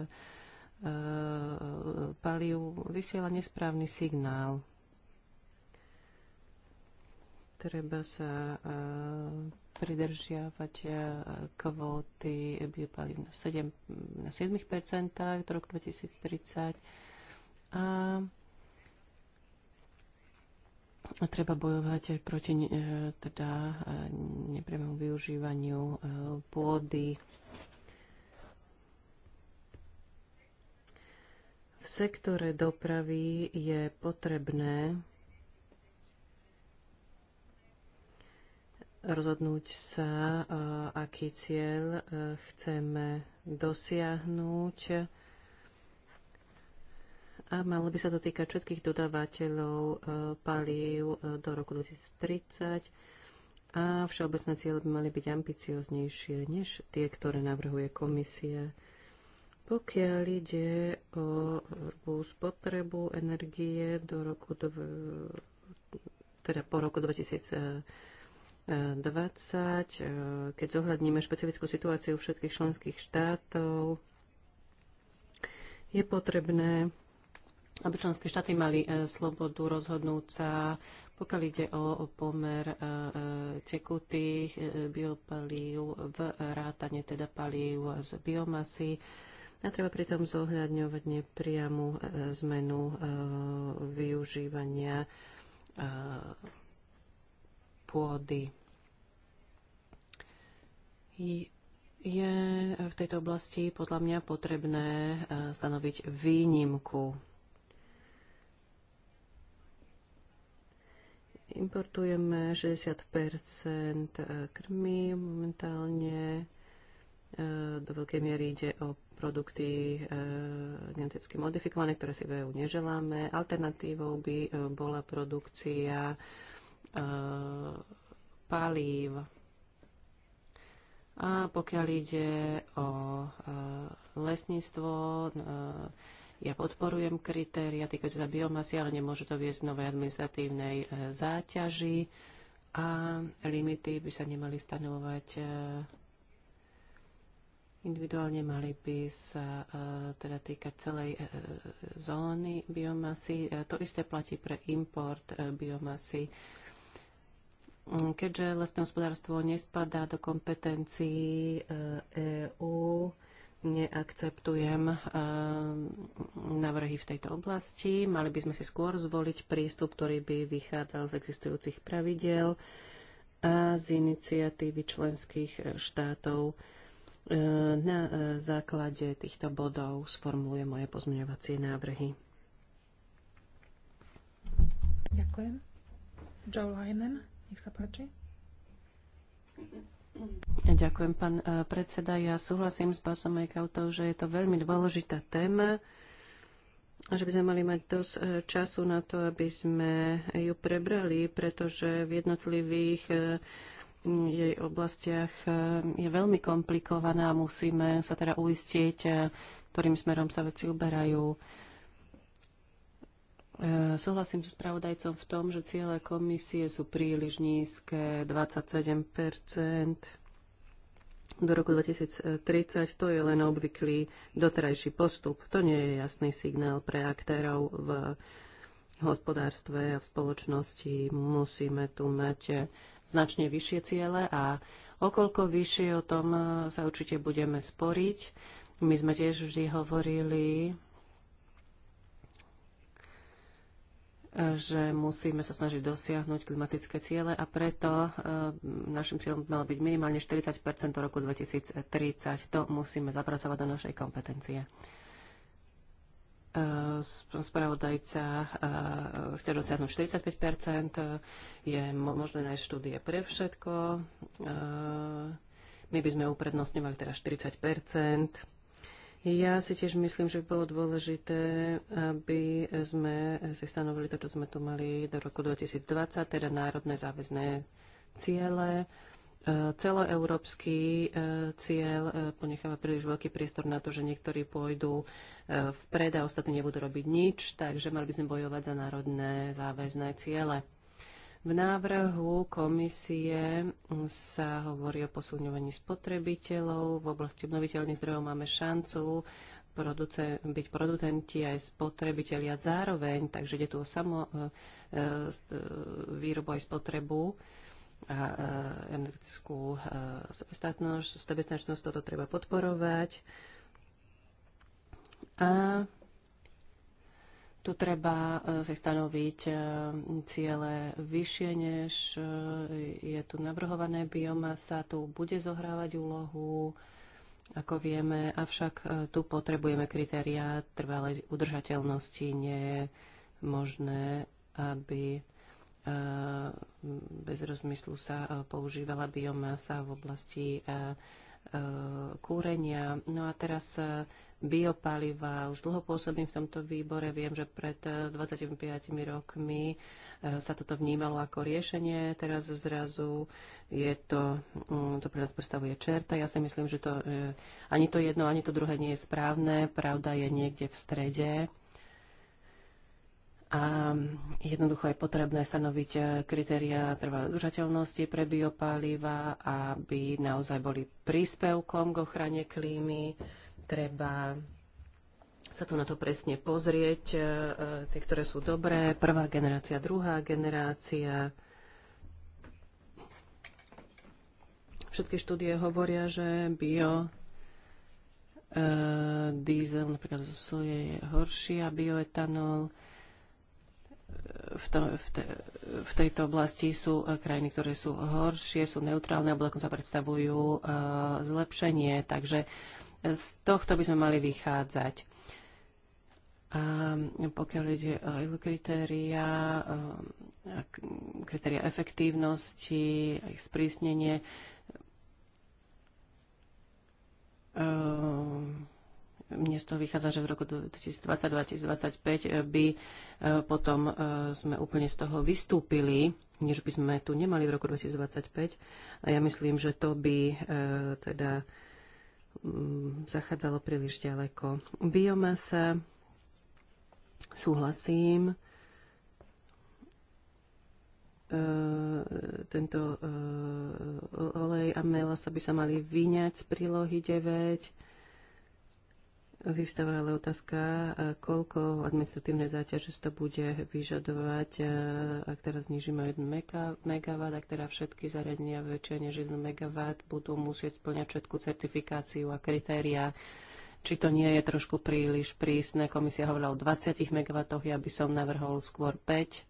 palív vysiela nesprávny signál. Treba sa e, pridržiavať e, kvóty biopalív na, 7, na 7% do roku 2030 a a treba bojovať aj proti e, teda, e, nepriamému využívaniu e, pôdy. V sektore dopravy je potrebné rozhodnúť sa, aký cieľ chceme dosiahnuť a malo by sa to týkať všetkých dodávateľov e, palív e, do roku 2030 a všeobecné ciele by mali byť ambicioznejšie než tie, ktoré navrhuje komisia. Pokiaľ ide o spotrebu energie do roku dv... teda po roku 2020, e, keď zohľadníme špecifickú situáciu všetkých členských štátov, je potrebné aby členské štáty mali e, slobodu rozhodnúť sa, pokiaľ ide o pomer e, e, tekutých biopalív v rátane teda palív z biomasy. A treba pritom zohľadňovať nepriamu zmenu využívania pôdy. Je v tejto oblasti podľa mňa potrebné stanoviť výnimku Importujeme 60 e, krmy momentálne. E, do veľkej miery ide o produkty e, geneticky modifikované, ktoré si v EU neželáme. Alternatívou by bola produkcia palív. A pokiaľ ide o lesníctvo, ja podporujem kritéria týkajúce sa biomasy, ale nemôže to viesť novej administratívnej e, záťaži a limity by sa nemali stanovovať e, individuálne, mali by sa e, teda týkať celej zóny biomasy. To isté platí pre import biomasy. Mm, keďže lesné hospodárstvo nespadá do kompetencií EÚ, neakceptujem eh, návrhy v tejto oblasti. Mali by sme si skôr zvoliť prístup, ktorý by vychádzal z existujúcich pravidel a z iniciatívy členských štátov. Eh, na eh, základe týchto bodov sformuluje moje pozmeňovacie návrhy. Ďakujem. Joe Linen, nech sa páči. Ďakujem, pán eh, predseda. Ja súhlasím s pásom Majkautou, že je to veľmi dôležitá téma a že by sme mali mať dosť eh, času na to, aby sme ju prebrali, pretože v jednotlivých eh, jej oblastiach je veľmi komplikovaná a musíme sa teda uistieť, ktorým smerom sa veci uberajú. E, súhlasím s spravodajcom v tom, že ciele komisie sú príliš nízke, 27 do roku 2030. To je len obvyklý doterajší postup. To nie je jasný signál pre aktérov v hospodárstve a v spoločnosti. Musíme tu mať značne vyššie ciele a okolko vyššie o tom sa určite budeme sporiť. My sme tiež vždy hovorili, že musíme sa snažiť dosiahnuť klimatické ciele a preto e, našim cieľom malo byť minimálne 40 do roku 2030. To musíme zapracovať do našej kompetencie. E, spravodajca e, chce dosiahnuť 45 je možné nájsť štúdie pre všetko. My by sme uprednostňovali teraz teda 40 ja si tiež myslím, že by bolo dôležité, aby sme si stanovili to, čo sme tu mali do roku 2020, teda národné záväzné ciele. E, celoeurópsky e, cieľ e, ponecháva príliš veľký priestor na to, že niektorí pôjdu vpred a ostatní nebudú robiť nič, takže mali by sme bojovať za národné záväzné ciele. V návrhu komisie sa hovorí o posilňovaní spotrebiteľov. V oblasti obnoviteľných zdrojov máme šancu produce, byť producenti aj spotrebitelia zároveň, takže ide tu o samo e, e, výrobu aj spotrebu a e, energetickú sebestačnosť. Sebestačnosť toto treba podporovať. A tu treba e, si stanoviť e, ciele vyššie, než e, je tu navrhované. Biomasa tu bude zohrávať úlohu, ako vieme, avšak tu potrebujeme kritériá trvalej udržateľnosti. Nie je možné, aby bez rozmyslu sa používala biomasa v oblasti kúrenia. No a teraz biopaliva. Už dlho pôsobím v tomto výbore. Viem, že pred 25 eh, rokmi eh, sa toto vnímalo ako riešenie. Teraz zrazu je to, mm, to pre nás predstavuje čerta. Ja si myslím, že to eh, ani to jedno, ani to druhé nie je správne. Pravda je niekde v strede. A jednoducho je potrebné stanoviť kritéria trvalej udržateľnosti pre biopáliva, aby naozaj boli príspevkom k ochrane klímy Treba sa tu na to presne pozrieť, e, e, tie, ktoré sú dobré, prvá generácia, druhá generácia. Všetky štúdie hovoria, že bio uh, diesel napríklad zo je horší a bioetanol. V, to, v, te, v tejto oblasti sú krajiny, ktoré sú horšie, sú neutrálne alebo dokonca predstavujú uh, zlepšenie. Takže uh, z tohto by sme mali vychádzať. A pokiaľ ide o kritéria, e, kritéria efektívnosti ich sprísnenie, e, mne z toho vychádza, že v roku 2020-2025 by e, potom sme úplne z toho vystúpili, než by sme tu nemali v roku 2025. A ja myslím, že to by teda Mm, zachádzalo príliš ďaleko. Biomasa, súhlasím, e, tento e, olej a mela sa by sa mali vyňať z prílohy 9 Vyvstáva ale otázka, koľko administratívne záťaže to bude vyžadovať, ak teraz znižíme 1 MW, ak teda všetky zariadenia väčšie než 1 MW budú musieť splňať všetku certifikáciu a kritériá. Či to nie je trošku príliš prísne? Komisia hovorila o 20 MW, ja by som navrhol skôr 5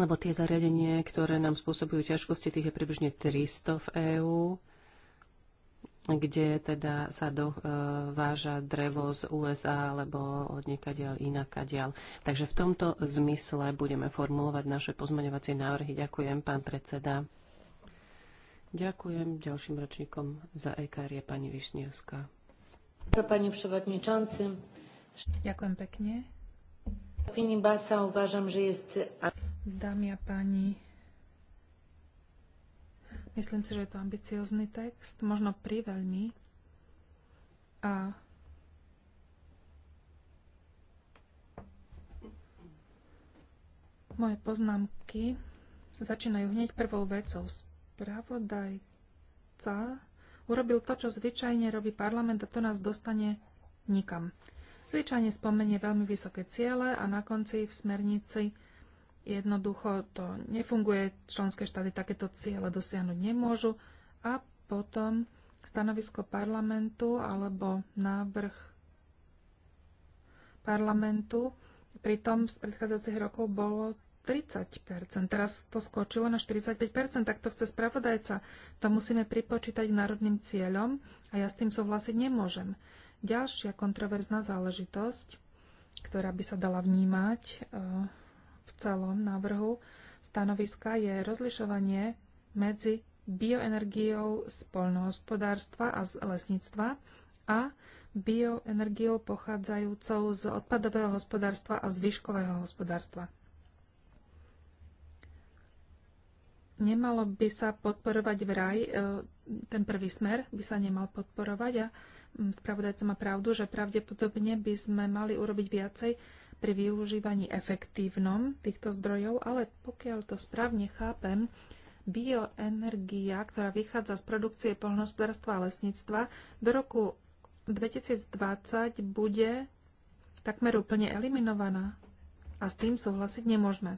lebo tie zariadenie, ktoré nám spôsobujú ťažkosti, tých je približne 300 v EÚ kde teda sa dováža drevo z USA alebo od niekadiaľ inakadiaľ. Takže v tomto zmysle budeme formulovať naše pozmeňovacie návrhy. Ďakujem, pán predseda. Ďakujem ďalším ročníkom za EKR je pani Višňovská. Za pani przewodniczący. Ďakujem pekne. Pani Basa uważam, že jest... Dámy a páni, Myslím si, že je to ambiciózny text, možno priveľmi. A moje poznámky začínajú hneď prvou vecou. Spravodajca urobil to, čo zvyčajne robí parlament a to nás dostane nikam. Zvyčajne spomenie veľmi vysoké ciele a na konci v smernici Jednoducho to nefunguje, členské štáty takéto ciele dosiahnuť nemôžu a potom stanovisko parlamentu alebo návrh parlamentu pritom z predchádzajúcich rokov bolo 30%. Teraz to skočilo na 45%, tak to chce spravodajca. To musíme pripočítať k národným cieľom a ja s tým súhlasiť nemôžem. Ďalšia kontroverzná záležitosť, ktorá by sa dala vnímať eh, celom návrhu stanoviska je rozlišovanie medzi bioenergiou z polnohospodárstva a z lesníctva a bioenergiou pochádzajúcou z odpadového hospodárstva a zvyškového hospodárstva. Nemalo by sa podporovať v RAJ, e, ten prvý smer by sa nemal podporovať a mm, spravodajca má pravdu, že pravdepodobne by sme mali urobiť viacej, pri využívaní efektívnom týchto zdrojov, ale pokiaľ to správne chápem, bioenergia, ktorá vychádza z produkcie polnospodárstva a lesníctva, do roku 2020 bude takmer úplne eliminovaná. A s tým súhlasiť nemôžeme.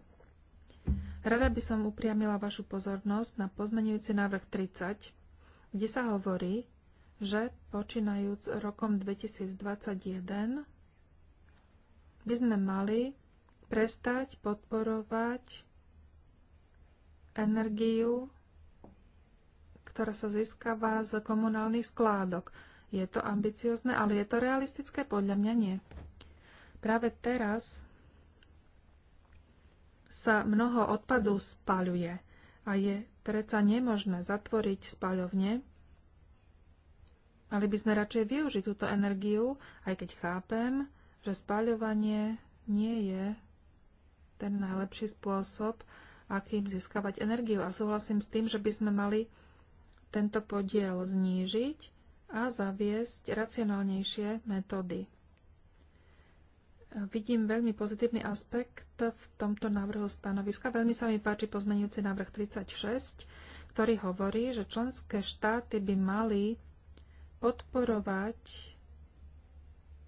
Rada by som upriamila vašu pozornosť na pozmenujúci návrh 30, kde sa hovorí, že počínajúc rokom 2021 by sme mali prestať podporovať energiu, ktorá sa získava z komunálnych skládok. Je to ambiciozne, ale je to realistické? Podľa mňa nie. Práve teraz sa mnoho odpadu spaľuje a je predsa nemožné zatvoriť spaľovne. Mali by sme radšej využiť túto energiu, aj keď chápem, že spáľovanie nie je ten najlepší spôsob, akým získavať energiu. A súhlasím s tým, že by sme mali tento podiel znížiť a zaviesť racionálnejšie metódy. Vidím veľmi pozitívny aspekt v tomto návrhu stanoviska. Veľmi sa mi páči pozmenujúci návrh 36, ktorý hovorí, že členské štáty by mali podporovať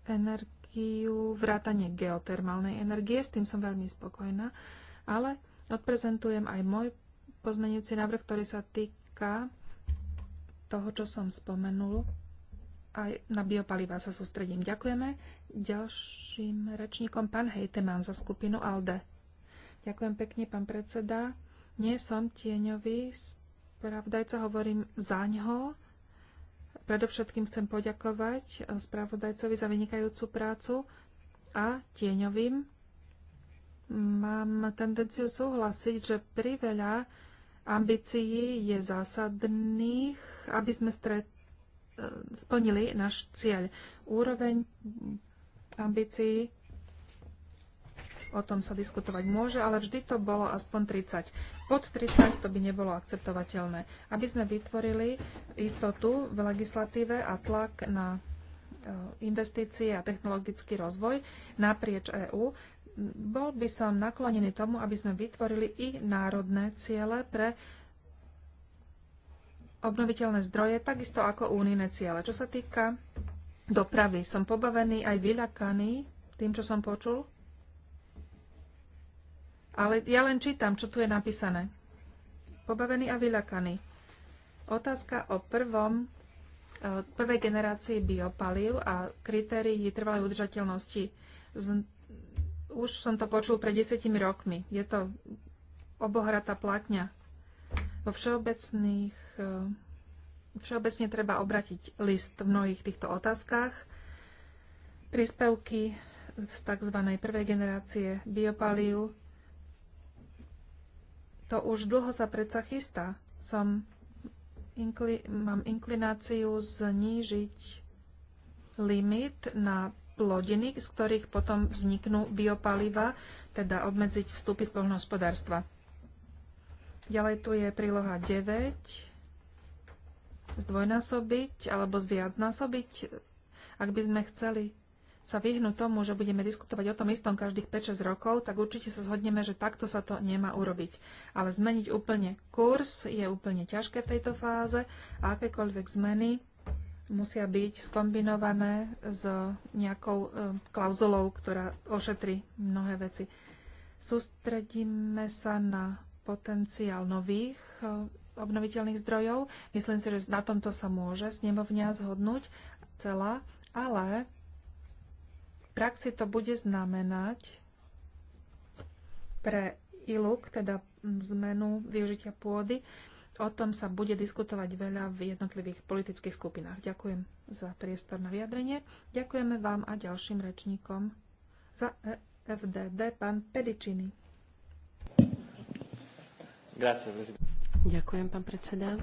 energi- energiu, vrátanie geotermálnej energie, s tým som veľmi spokojná, ale odprezentujem aj môj pozmenujúci návrh, ktorý sa týka toho, čo som spomenul. Aj na biopalivá sa sústredím. Ďakujeme. Ďalším rečníkom pán Hejteman za skupinu ALDE. Ďakujem pekne, pán predseda. Nie som tieňový, pravdajca hovorím za ňoho Predovšetkým chcem poďakovať spravodajcovi za vynikajúcu prácu a tieňovým. Mám tendenciu súhlasiť, že pri veľa ambícií je zásadných, aby sme stret, e, splnili náš cieľ. Úroveň ambícií o tom sa diskutovať môže, ale vždy to bolo aspoň 30. Pod 30 to by nebolo akceptovateľné. Aby sme vytvorili istotu v legislatíve a tlak na e, investície a technologický rozvoj naprieč EÚ, bol by som naklonený tomu, aby sme vytvorili i národné ciele pre obnoviteľné zdroje, takisto ako únijné ciele. Čo sa týka dopravy, som pobavený aj vyľakaný tým, čo som počul ale ja len čítam, čo tu je napísané. Pobavený a vyľakaný. Otázka o prvom, eh, prvej generácii biopaliv a kritérií trvalej udržateľnosti. Už som to počul pred desetimi rokmi. Je to obohratá platňa. Vo všeobecných eh, všeobecne treba obratiť list v mnohých týchto otázkach. Príspevky z tzv. prvej generácie biopaliu to už dlho sa predsa chystá. Som, inkli, mám inklináciu znížiť limit na plodiny, z ktorých potom vzniknú biopaliva, teda obmedziť vstupy z poľnohospodárstva. Ďalej tu je príloha 9. Zdvojnásobiť alebo zviacnásobiť, ak by sme chceli sa vyhnú tomu, že budeme diskutovať o tom istom každých 5-6 rokov, tak určite sa zhodneme, že takto sa to nemá urobiť. Ale zmeniť úplne kurz je úplne ťažké v tejto fáze a akékoľvek zmeny musia byť skombinované s nejakou e, klauzulou, ktorá ošetri mnohé veci. Sústredíme sa na potenciál nových e, obnoviteľných zdrojov. Myslím si, že na tomto sa môže snemovňa zhodnúť celá, ale praxi to bude znamenať pre ILUK, teda zmenu využitia pôdy, O tom sa bude diskutovať veľa v jednotlivých politických skupinách. Ďakujem za priestor na vyjadrenie. Ďakujeme vám a ďalším rečníkom za e FDD, pán Pedičiny. Ďakujem, pán predseda.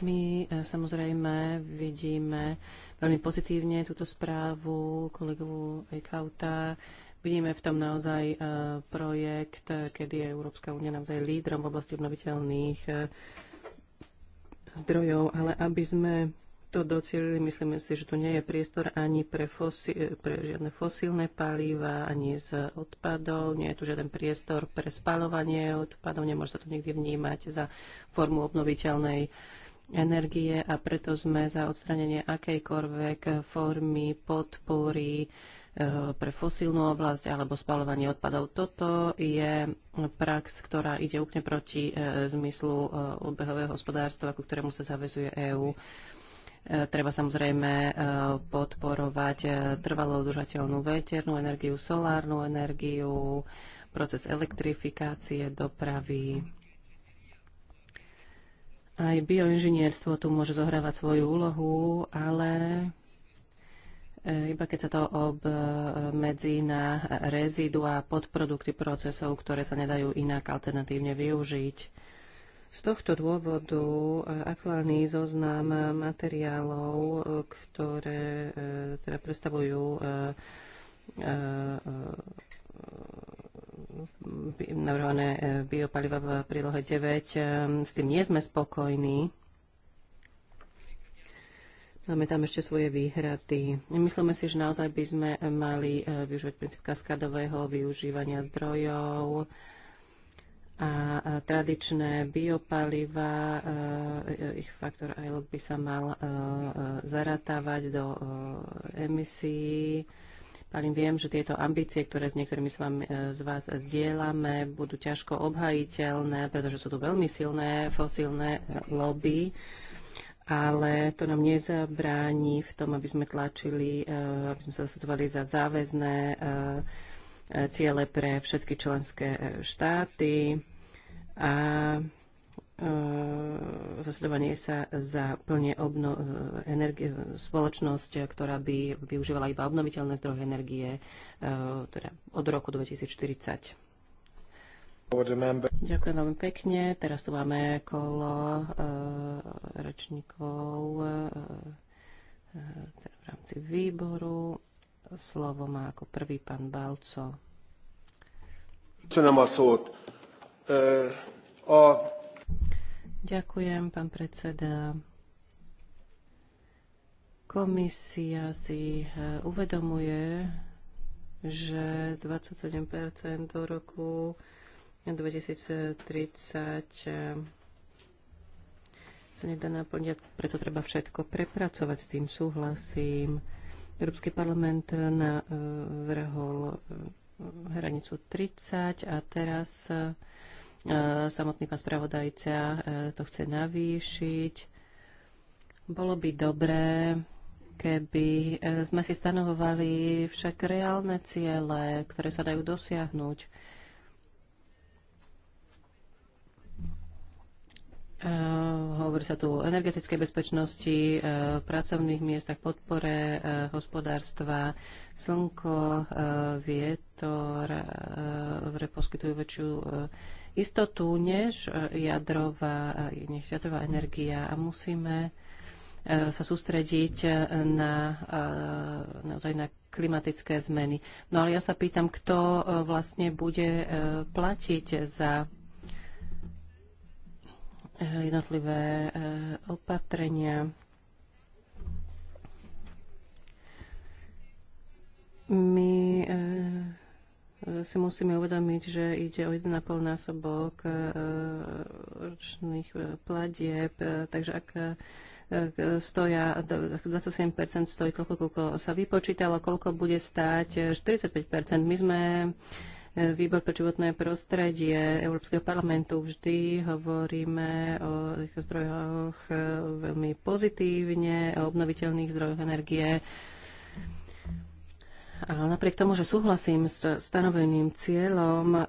My e, samozrejme vidíme veľmi pozitívne túto správu kolegu Eichauta. Vidíme v tom naozaj e, projekt, kedy je Európska únia naozaj lídrom v oblasti obnoviteľných e, zdrojov, ale aby sme to docielili, myslím si, že tu nie je priestor ani pre, fosí, pre žiadne fosílne palíva, ani z odpadov, nie je tu žiaden priestor pre spalovanie odpadov, nemôže sa to niekde vnímať za formu obnoviteľnej uh, energie a preto sme za odstranenie akejkoľvek formy podpory eh, pre fosílnu oblasť alebo spalovanie odpadov. Toto je prax, ktorá ide úplne proti eh, zmyslu eh, obehového hospodárstva, ku ktorému sa zavezuje EÚ. Treba samozrejme podporovať trvalo udržateľnú veternú energiu, solárnu energiu, proces elektrifikácie dopravy aj bioinžinierstvo tu môže zohrávať svoju úlohu, ale e, iba keď sa to obmedzí na rezidua a podprodukty procesov, ktoré sa nedajú inak alternatívne využiť. Z tohto dôvodu e, aktuálny zoznam materiálov, e, ktoré teda predstavujú navrhované e, biopaliva v prílohe 9. E, s tým nie sme spokojní. Máme tam ešte svoje výhrady. Myslíme si, že naozaj by sme mali e, využívať princíp kaskadového využívania zdrojov a tradičné biopaliva, ich faktor ILOG by sa mal zaratávať do emisí Palin, viem, že tieto ambície, ktoré s niektorými z, vám, e, z vás zdieľame, budú ťažko obhajiteľné, pretože sú tu veľmi silné fosílne lobby, ale to nám nezabráni v tom, aby sme tlačili, e, aby sme sa zasadzovali za záväzné e, ciele pre všetky členské štáty a Ehm, zasledovanie sa za plne obno- eh, energie, spoločnosť, ktorá by využívala iba obnoviteľné zdroje energie eh, teda od roku 2040. Ďakujem veľmi pekne. Teraz tu máme kolo eh, rečníkov teda v rámci výboru. Slovo má ako prvý pán Balco. Köszönöm a szót. A Ďakujem, pán predseda. Komisia si eh, uvedomuje, že 27 do roku 2030 eh, sa nedá naplniť, preto treba všetko prepracovať, s tým súhlasím. Európsky parlament navrhol eh, hranicu 30 a teraz E, samotný pán spravodajca e, to chce navýšiť. Bolo by dobré, keby e, sme si stanovovali však reálne ciele, ktoré sa dajú dosiahnuť. Uh, hovorí sa tu o energetickej bezpečnosti, uh, pracovných miestach, podpore uh, hospodárstva, slnko, vietor, uh, poskytujú väčšiu istotu než e, jadrová, e, než jadrová energia a musíme e, sa sústrediť na, naozaj na klimatické zmeny. No ale ja sa pýtam, kto vlastne bude platiť za jednotlivé opatrenia. My si musíme uvedomiť, že ide o 1,5 násobok e, ročných e, platieb, e, takže ak stoja 27% stojí koľko, koľko sa vypočítalo, koľko bude stáť 45%. My sme Výbor pre životné prostredie Európskeho parlamentu vždy hovoríme o zdrojoch veľmi pozitívne, o obnoviteľných zdrojoch energie, a napriek tomu, že súhlasím s stanoveným cieľom,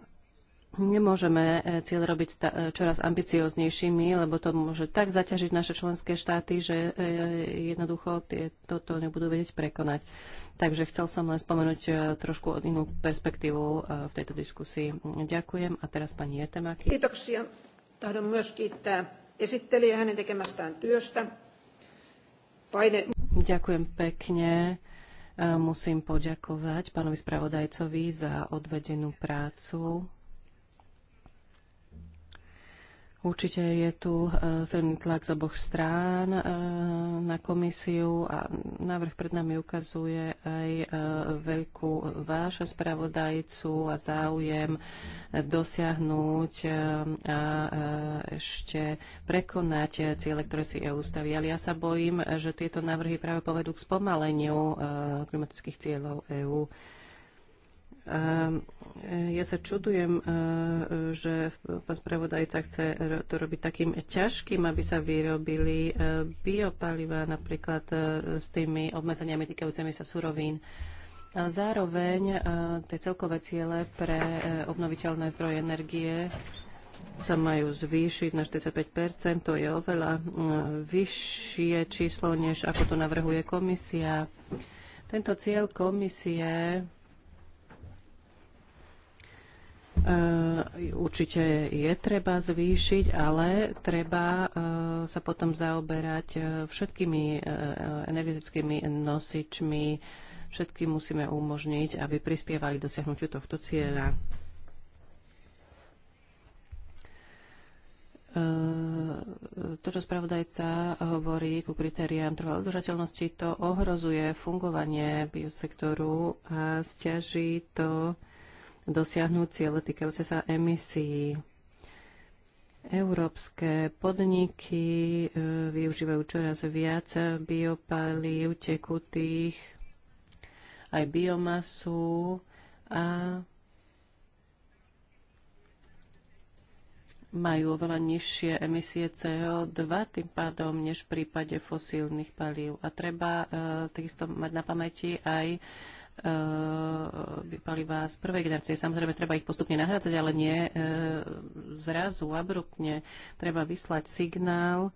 nemôžeme e, cieľ robiť e, čoraz ambicioznejšími, lebo to môže tak zaťažiť naše členské štáty, že e, jednoducho toto nebudú vedieť prekonať. Takže chcel som len spomenúť trošku od inú perspektívu v tejto diskusii. Ďakujem. A teraz pani Jetemaki. Kiitoksia. Tahdon myös kiittää esittelijä hänen tekemästään työstä. Paine... Ďakujem pekne. Musím poďakovať pánovi spravodajcovi za odvedenú prácu Určite je tu e, silný tlak z oboch strán e, na komisiu a návrh pred nami ukazuje aj e, veľkú vášho spravodajcu a záujem dosiahnuť a ešte prekonať ciele, ktoré si EU staví. Ale ja sa bojím, že tieto návrhy práve povedú k spomaleniu klimatických cieľov EÚ. Ehm, e, ja sa čudujem, e, že pán spravodajca chce to robiť takým ťažkým, aby sa vyrobili e, biopaliva napríklad s tými obmedzeniami týkajúcimi sa surovín. Zároveň tie celkové ciele pre obnoviteľné zdroje energie sa majú zvýšiť na 45 to je oveľa vyššie číslo, než ako to navrhuje komisia. Tento cieľ komisie Eh, určite je treba zvýšiť, ale treba eh, sa potom zaoberať eh, všetkými energetickými nosičmi. Všetky musíme umožniť, aby prispievali dosiahnutiu tohto cieľa. to, čo spravodajca hovorí ku kritériám trvalej udržateľnosti, to ohrozuje fungovanie biosektoru a stiaží to dosiahnuť cieľe týkajúce sa emisí. Európske podniky e, využívajú čoraz viac biopalív, tekutých, aj biomasu a majú oveľa nižšie emisie CO2 tým pádom než v prípade fosílnych palív. A treba e, takisto mať na pamäti aj e, biopalivá ehm, z prvej generácie. Samozrejme, treba ich postupne nahrádzať, ale nie ehm, zrazu, abruptne. Treba vyslať signál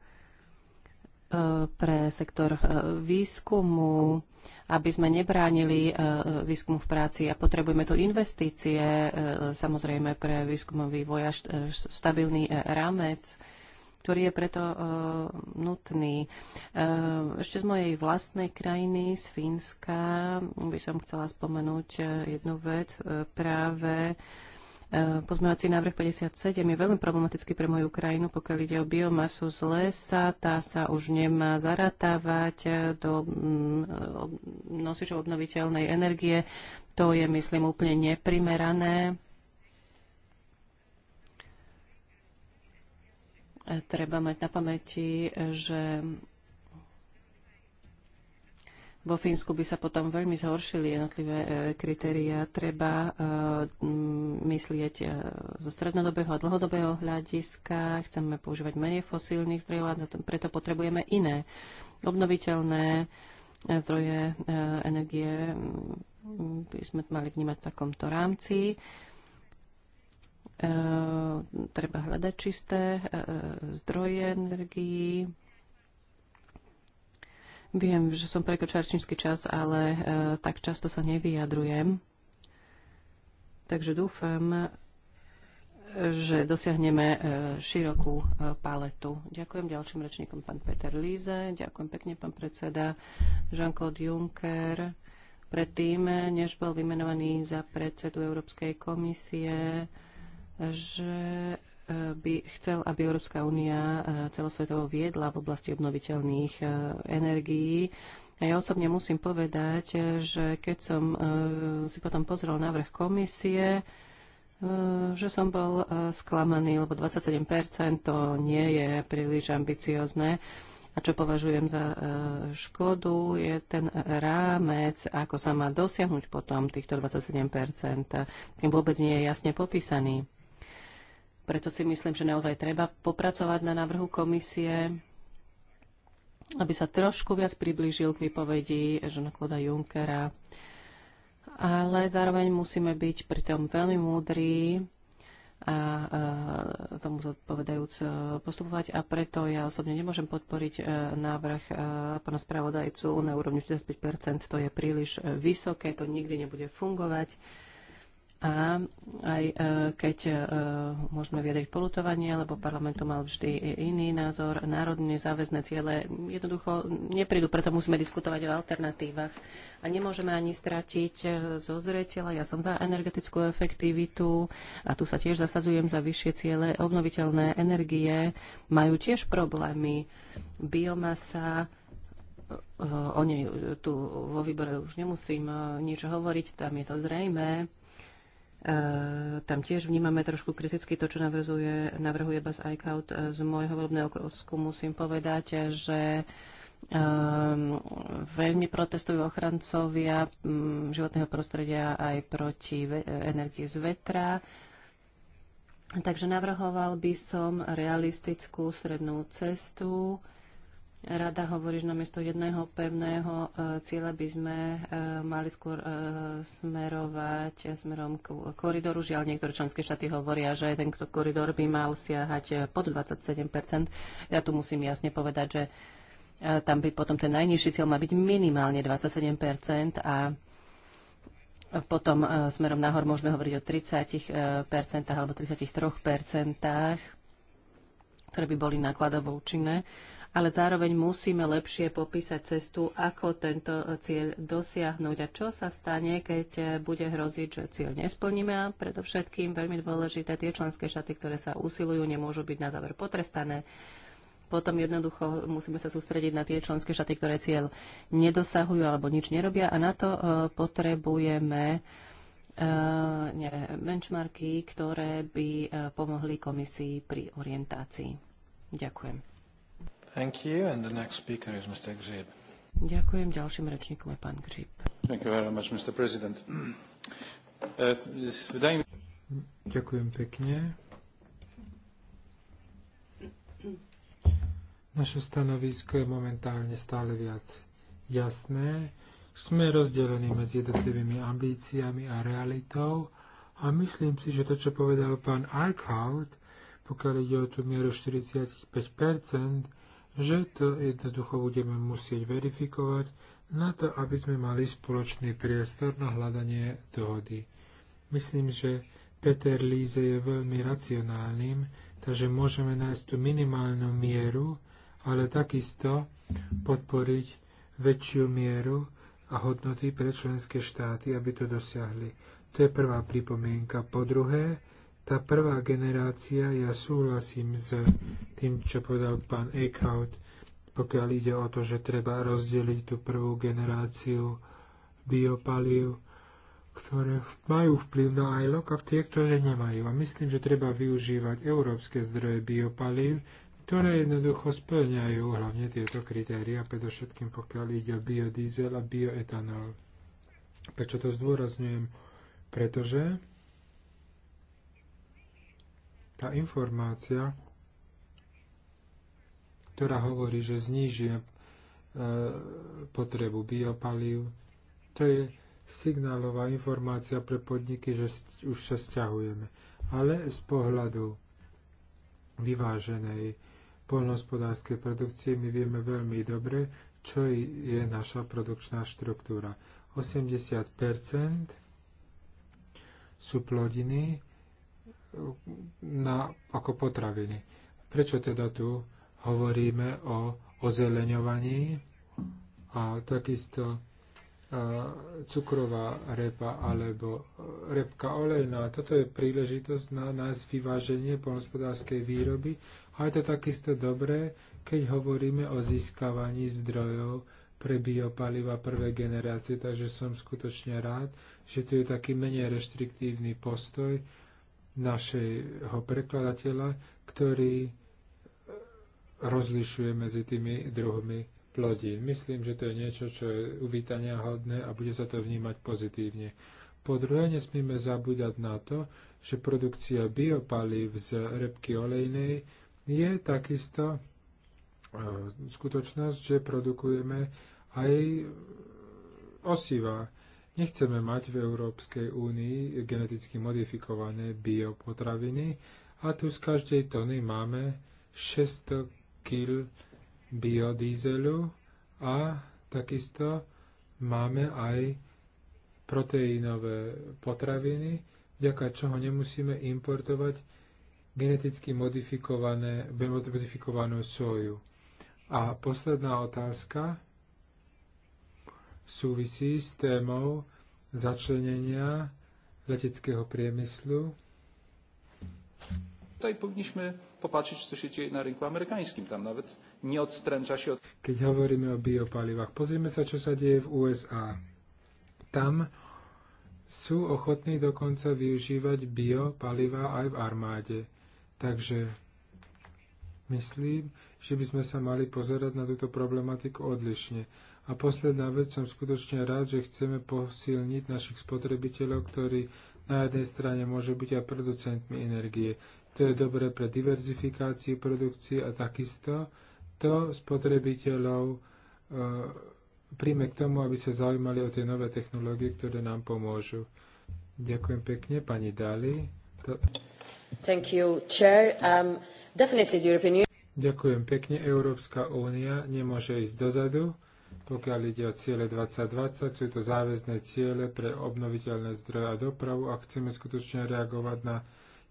ehm, pre sektor výskumu, aby sme nebránili výskumu v práci a potrebujeme tu investície, samozrejme pre výskumový vývoja, stabilný rámec ktorý je preto uh, nutný. Uh, ešte z mojej vlastnej krajiny, z Fínska, by som chcela spomenúť e, jednu vec. Uh, práve pozmeňovací návrh 57 je veľmi problematický pre moju krajinu, pokiaľ ide o biomasu z lesa. Tá sa už nemá zaratávať do nosičov obnoviteľnej energie. To je, myslím, úplne neprimerané Treba mať na pamäti, že vo Fínsku by sa potom veľmi zhoršili jednotlivé e, kritériá. Treba e, myslieť e, zo strednodobého a dlhodobého hľadiska. Chceme používať menej fosílnych zdrojov a preto potrebujeme iné obnoviteľné zdroje energie by sme mali vnímať v takomto rámci. Eh, treba hľadať čisté eh, zdroje energií. Viem, že som prekročila čínsky čas, ale eh, tak často sa nevyjadrujem. Takže dúfam, že dosiahneme širokú paletu. Ďakujem ďalším rečníkom, pán Peter Líze, ďakujem pekne, pán predseda Jean-Claude Juncker. Predtým, než bol vymenovaný za predsedu Európskej komisie, že e, by chcel, aby Európska únia e, celosvetovo viedla v oblasti obnoviteľných e, energií. A ja osobne musím povedať, že keď som si potom pozrel návrh komisie, že som bol sklamaný, lebo 27% to nie je príliš ambiciozne. A čo považujem za škodu, je ten rámec, ako sa má dosiahnuť potom týchto 27%. Tým vôbec nie je jasne popísaný. Preto si myslím, že naozaj treba popracovať na návrhu komisie, aby sa trošku viac priblížil k vypovedi Žona Kloda Junckera. Ale zároveň musíme byť pritom veľmi múdri a, e, tomu zodpovedajúc e, postupovať a preto ja osobne nemôžem podporiť e, návrh pána spravodajcu na úrovni 45%, to je príliš vysoké, to nikdy nebude fungovať. A aj e, keď e, môžeme vyjadriť polutovanie, lebo parlament to mal vždy iný názor, národne záväzné ciele jednoducho neprídu, preto musíme diskutovať o alternatívach. A nemôžeme ani stratiť e, zo zretela. Ja som za energetickú efektivitu a tu sa tiež zasadzujem za vyššie ciele. Obnoviteľné energie majú tiež problémy. Biomasa, o nej tu vo výbore už nemusím nič hovoriť, tam je to zrejme E, tam tiež vnímame trošku kriticky to, čo navrhuje, navrhuje Bas iCloud. E, z môjho volebného okrosku musím povedať, že um, veľmi protestujú ochrancovia um, životného prostredia aj proti ve- energii z vetra. Takže navrhoval by som realistickú strednú cestu, Rada hovorí, že namiesto no jedného pevného e, cieľa by sme e, mali skôr e, smerovať smerom k koridoru. Žiaľ, niektoré členské štáty hovoria, že ten koridor by mal siahať pod 27 Ja tu musím jasne povedať, že tam by potom ten najnižší cieľ mal byť minimálne 27 a potom smerom nahor môžeme hovoriť o 30 alebo 33 ktoré by boli nákladovo účinné ale zároveň musíme lepšie popísať cestu, ako tento cieľ dosiahnuť a čo sa stane, keď e, bude hroziť, že cieľ nesplníme a predovšetkým veľmi dôležité tie členské štáty, ktoré sa usilujú, nemôžu byť na záver potrestané. Potom jednoducho musíme sa sústrediť na tie členské štáty, ktoré cieľ nedosahujú alebo nič nerobia a na to e, potrebujeme Uh, benchmarky, ktoré by uh, pomohli komisii pri orientácii. Ďakujem. Thank you. And the next speaker is Mr. Grzyb. Ďakujem. Ďalším rečníkom je pán Grzyb. Thank you very much, Mr. President. Uh, Ďakujem pekne. Naše stanovisko je momentálne stále viac jasné. Sme rozdelení medzi jednotlivými ambíciami a realitou a myslím si, že to, čo povedal pán Eichhout, pokiaľ ide o tú mieru 45%, že to jednoducho budeme musieť verifikovať na to, aby sme mali spoločný priestor na hľadanie dohody. Myslím, že Peter Líze je veľmi racionálnym, takže môžeme nájsť tú minimálnu mieru, ale takisto podporiť väčšiu mieru a hodnoty pre členské štáty, aby to dosiahli. To je prvá pripomienka. Po druhé, tá prvá generácia, ja súhlasím s tým, čo povedal pán Eichhout, pokiaľ ide o to, že treba rozdeliť tú prvú generáciu biopalív, ktoré majú vplyv na ILOC a tie, ktoré nemajú. A myslím, že treba využívať európske zdroje biopalív, ktoré jednoducho splňajú hlavne tieto kritéria, predovšetkým pokiaľ ide o biodiesel a bioetanol. Prečo to zdôrazňujem? Pretože tá informácia, ktorá hovorí, že znižuje e, potrebu biopalív, to je signálová informácia pre podniky, že už sa stiahujeme. Ale z pohľadu vyváženej poľnohospodárskej produkcie my vieme veľmi dobre, čo je naša produkčná štruktúra. 80 sú plodiny, na, ako potraviny. Prečo teda tu hovoríme o ozeleňovaní a takisto cukrová repa alebo e, repka olejná. Toto je príležitosť na nás vyváženie polnospodárskej výroby a je to takisto dobré, keď hovoríme o získavaní zdrojov pre biopaliva prvej generácie, takže som skutočne rád, že tu je taký menej reštriktívny postoj, našeho prekladateľa, ktorý rozlišuje medzi tými druhmi plodín. Myslím, že to je niečo, čo je uvítania hodné a bude sa to vnímať pozitívne. Po druhé, nesmíme zabúdať na to, že produkcia biopalív z repky olejnej je takisto e, skutočnosť, že produkujeme aj osiva. Nechceme mať v Európskej únii geneticky modifikované biopotraviny a tu z každej tony máme 600 kg biodieselu a takisto máme aj proteínové potraviny, vďaka čoho nemusíme importovať geneticky modifikované, modifikovanú soju. A posledná otázka súvisí s témou začlenenia leteckého priemyslu. Tutaj powinniśmy popatrzeć, co się dzieje na rynku amerykańskim. Tam nawet nie odstręcza się od... Keď hovoríme o biopalivách, pozrime sa, čo sa deje v USA. Tam sú ochotní dokonca využívať biopalivá aj v armáde. Takže myslím, že by sme sa mali pozerať na túto problematiku odlišne. A posledná vec, som skutočne rád, že chceme posilniť našich spotrebiteľov, ktorí na jednej strane môžu byť aj producentmi energie. To je dobré pre diverzifikáciu produkcie a takisto to spotrebiteľov e, príjme k tomu, aby sa zaujímali o tie nové technológie, ktoré nám pomôžu. Ďakujem pekne, pani Dali. To... Thank you, Chair. Um, definitely the European Ďakujem pekne. Európska únia nemôže ísť dozadu pokiaľ ide o ciele 2020, sú to záväzné ciele pre obnoviteľné zdroje a dopravu a chceme skutočne reagovať na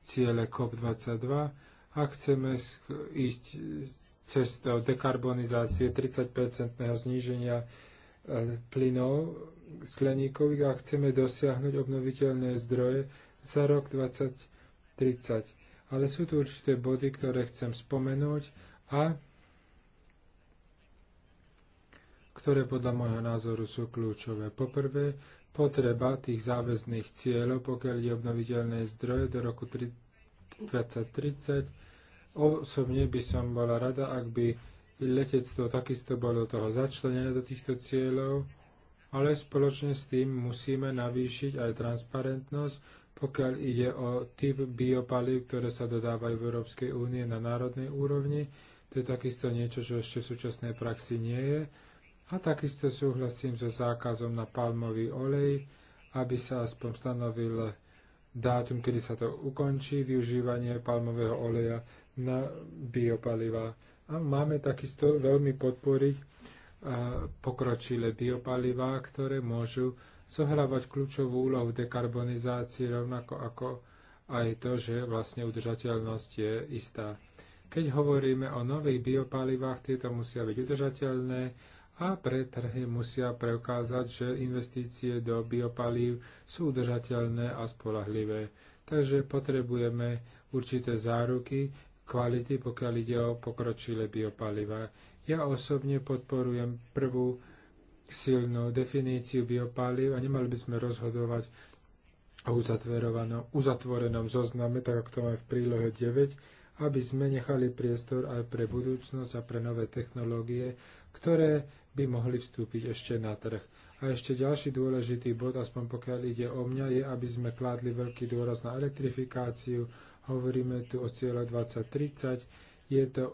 ciele COP22 a chceme ísť cestou dekarbonizácie 30-percentného zníženia e, plynov skleníkových a chceme dosiahnuť obnoviteľné zdroje za rok 2030. Ale sú tu určité body, ktoré chcem spomenúť a ktoré podľa môjho názoru sú kľúčové. Poprvé, potreba tých záväzných cieľov, pokiaľ je obnoviteľné zdroje do roku 2030. Osobne by som bola rada, ak by letectvo takisto bolo toho začlenené do týchto cieľov, ale spoločne s tým musíme navýšiť aj transparentnosť, pokiaľ ide o typ biopalív, ktoré sa dodávajú v Európskej únie na národnej úrovni. To je takisto niečo, čo ešte v súčasnej praxi nie je a takisto súhlasím so zákazom na palmový olej, aby sa aspoň stanovil dátum, kedy sa to ukončí, využívanie palmového oleja na biopaliva. A máme takisto veľmi podporiť pokročilé biopalivá, ktoré môžu zohrávať kľúčovú úlohu dekarbonizácii, rovnako ako aj to, že vlastne udržateľnosť je istá. Keď hovoríme o nových biopalivách, tieto musia byť udržateľné, a pre trhy musia preukázať, že investície do biopalív sú udržateľné a spolahlivé. Takže potrebujeme určité záruky kvality, pokiaľ ide o pokročilé biopaliva. Ja osobne podporujem prvú silnú definíciu biopalív a nemali by sme rozhodovať o uzatvorenom zozname, tak ako to máme v prílohe 9, aby sme nechali priestor aj pre budúcnosť a pre nové technológie, ktoré by mohli vstúpiť ešte na trh. A ešte ďalší dôležitý bod, aspoň pokiaľ ide o mňa, je, aby sme kládli veľký dôraz na elektrifikáciu. Hovoríme tu o cieľe 2030. Je to,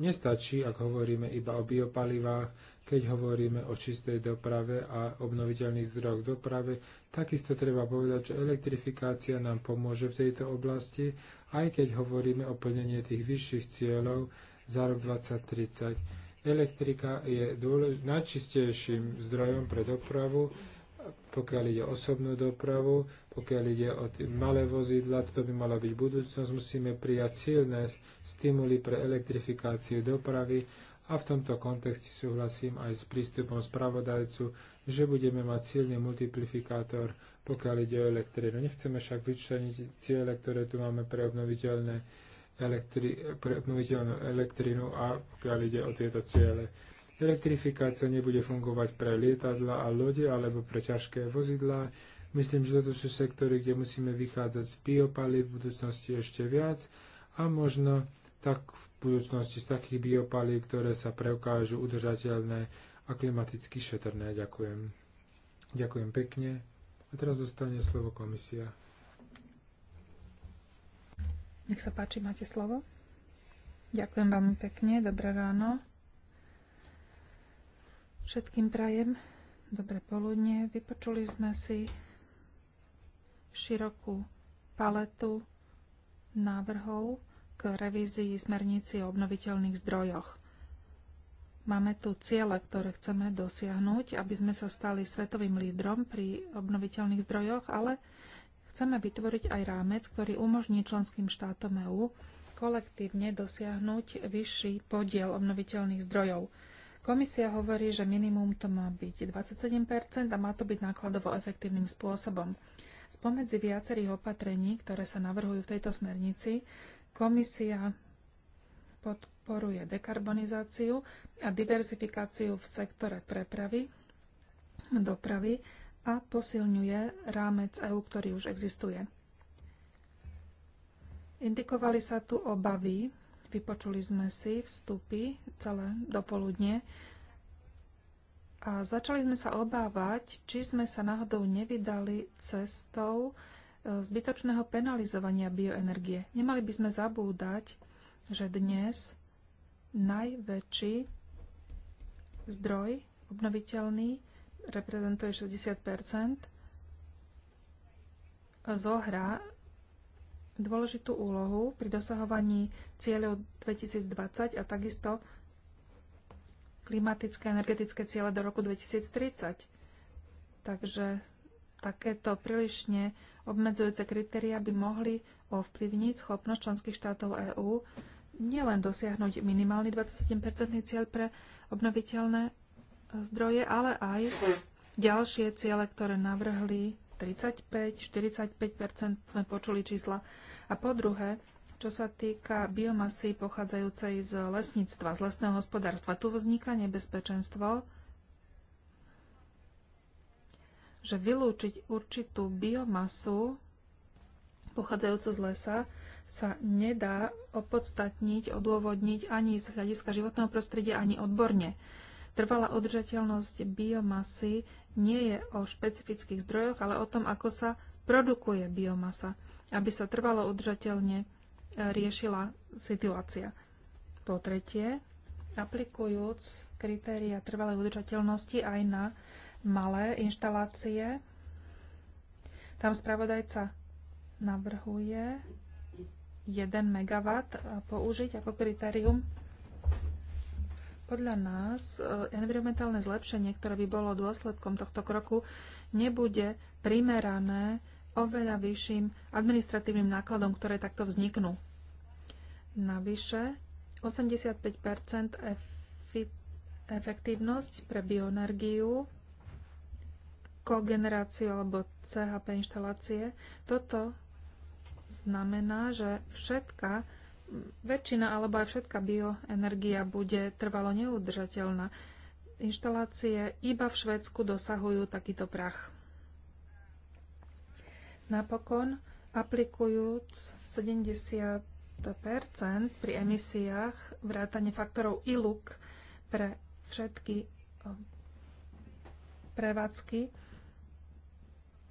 nestačí, ak hovoríme iba o biopalivách, keď hovoríme o čistej doprave a obnoviteľných zdrojoch doprave. Takisto treba povedať, že elektrifikácia nám pomôže v tejto oblasti, aj keď hovoríme o plnenie tých vyšších cieľov za rok 2030 Elektrika je dôlež- najčistejším zdrojom pre dopravu, pokiaľ ide o osobnú dopravu, pokiaľ ide o malé vozidla, to by mala byť budúcnosť, musíme prijať silné stimuly pre elektrifikáciu dopravy a v tomto kontexte súhlasím aj s prístupom spravodajcu, že budeme mať silný multiplifikátor, pokiaľ ide o elektrínu. Nechceme však vyčleniť ciele, ktoré tu máme pre obnoviteľné elektri- pre obnoviteľnú elektrinu a pokiaľ ide o tieto ciele. Elektrifikácia nebude fungovať pre lietadla a lode alebo pre ťažké vozidlá. Myslím, že toto sú sektory, kde musíme vychádzať z biopalív v budúcnosti ešte viac a možno tak v budúcnosti z takých biopalív, ktoré sa preukážu udržateľné a klimaticky šetrné. Ďakujem. Ďakujem pekne. A teraz zostane slovo komisia. Nech sa páči, máte slovo. Ďakujem vám pekne, dobré ráno. Všetkým prajem dobré poludne. Vypočuli sme si širokú paletu návrhov k revízii smernici o obnoviteľných zdrojoch. Máme tu ciele, ktoré chceme dosiahnuť, aby sme sa stali svetovým lídrom pri obnoviteľných zdrojoch, ale Chceme vytvoriť aj rámec, ktorý umožní členským štátom EÚ kolektívne dosiahnuť vyšší podiel obnoviteľných zdrojov. Komisia hovorí, že minimum to má byť 27 a má to byť nákladovo efektívnym spôsobom. Spomedzi viacerých opatrení, ktoré sa navrhujú v tejto smernici, komisia podporuje dekarbonizáciu a diverzifikáciu v sektore prepravy, dopravy a posilňuje rámec EÚ, ktorý už existuje. Indikovali sa tu obavy, vypočuli sme si vstupy celé dopoludne a začali sme sa obávať, či sme sa náhodou nevydali cestou e, zbytočného penalizovania bioenergie. Nemali by sme zabúdať, že dnes najväčší zdroj obnoviteľný reprezentuje 60 zohrá dôležitú úlohu pri dosahovaní cieľov 2020 a takisto klimatické a energetické ciele do roku 2030. Takže takéto prílišne obmedzujúce kritéria by mohli ovplyvniť schopnosť členských štátov EÚ nielen dosiahnuť minimálny 27-percentný cieľ pre obnoviteľné zdroje, ale aj ďalšie ciele, ktoré navrhli 35, 45 sme počuli čísla. A po druhé, čo sa týka biomasy pochádzajúcej z lesníctva, z lesného hospodárstva, tu vzniká nebezpečenstvo, že vylúčiť určitú biomasu pochádzajúcu z lesa sa nedá opodstatniť, odôvodniť ani z hľadiska životného prostredia, ani odborne. Trvalá udržateľnosť biomasy nie je o špecifických zdrojoch, ale o tom, ako sa produkuje biomasa, aby sa trvalo udržateľne e, riešila situácia. Po tretie, aplikujúc kritéria trvalej udržateľnosti aj na malé inštalácie, tam spravodajca navrhuje 1 MW použiť ako kritérium podľa nás e, environmentálne zlepšenie, ktoré by bolo dôsledkom tohto kroku, nebude primerané oveľa vyšším administratívnym nákladom, ktoré takto vzniknú. Navyše, 85 efektívnosť pre bioenergiu, kogeneráciu alebo CHP inštalácie. Toto znamená, že všetka väčšina alebo aj všetka bioenergia bude trvalo neudržateľná. Inštalácie iba v Švedsku dosahujú takýto prach. Napokon, aplikujúc 70 pri emisiách vrátane faktorov ILUK pre všetky eh, prevádzky,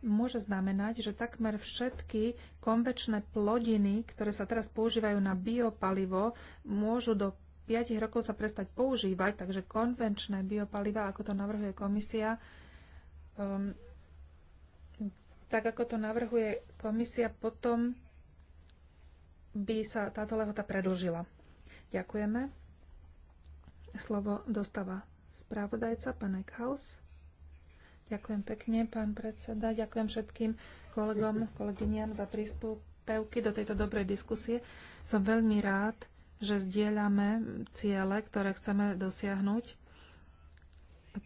môže znamenať, že takmer všetky konvečné plodiny, ktoré sa teraz používajú na biopalivo, môžu do 5 rokov sa prestať používať, takže konvenčné biopaliva, ako to navrhuje komisia, um, tak ako to navrhuje komisia, potom by sa táto lehota predlžila. Ďakujeme. Slovo dostáva spravodajca, pán Eckhaus. Ďakujem pekne, pán predseda. Ďakujem všetkým kolegom, kolegyniam za príspevky do tejto dobrej diskusie. Som veľmi rád, že zdieľame ciele, ktoré chceme dosiahnuť.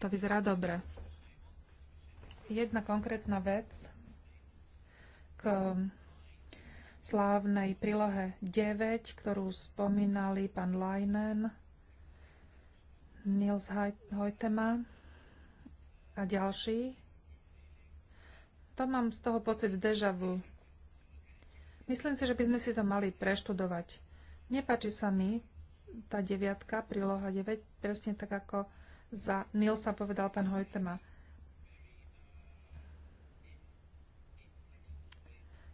To vyzerá dobre. Jedna konkrétna vec k slávnej prílohe 9, ktorú spomínali pán Leinen, Nils Heutema a ďalší. To mám z toho pocit deja vu. Myslím si, že by sme si to mali preštudovať. Nepáči sa mi tá deviatka, príloha 9, presne tak ako za Nilsa povedal pán Hojtema.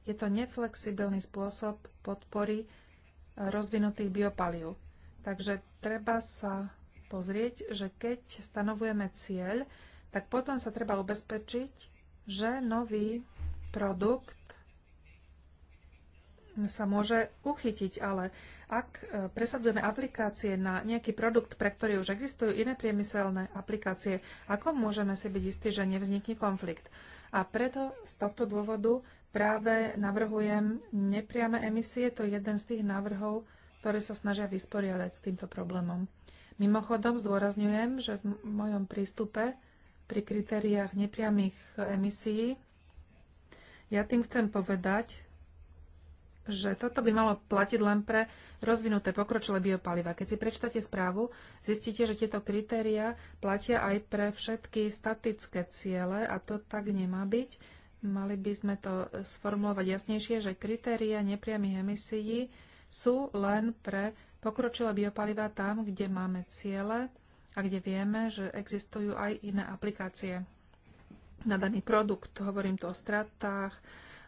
Je to neflexibilný spôsob podpory rozvinutých biopalív. Takže treba sa pozrieť, že keď stanovujeme cieľ, tak potom sa treba ubezpečiť, že nový produkt sa môže uchytiť, ale ak e, presadzujeme aplikácie na nejaký produkt, pre ktorý už existujú iné priemyselné aplikácie, ako môžeme si byť istí, že nevznikne konflikt? A preto z tohto dôvodu práve navrhujem nepriame emisie, to je jeden z tých návrhov, ktoré sa snažia vysporiadať s týmto problémom. Mimochodom zdôrazňujem, že v mojom prístupe pri kritériách nepriamých emisí. Ja tým chcem povedať, že toto by malo platiť len pre rozvinuté pokročilé biopaliva. Keď si prečtáte správu, zistíte, že tieto kritéria platia aj pre všetky statické ciele a to tak nemá byť. Mali by sme to sformulovať jasnejšie, že kritéria nepriamých emisií sú len pre pokročilé biopaliva tam, kde máme ciele a kde vieme, že existujú aj iné aplikácie na daný produkt. Hovorím tu o stratách,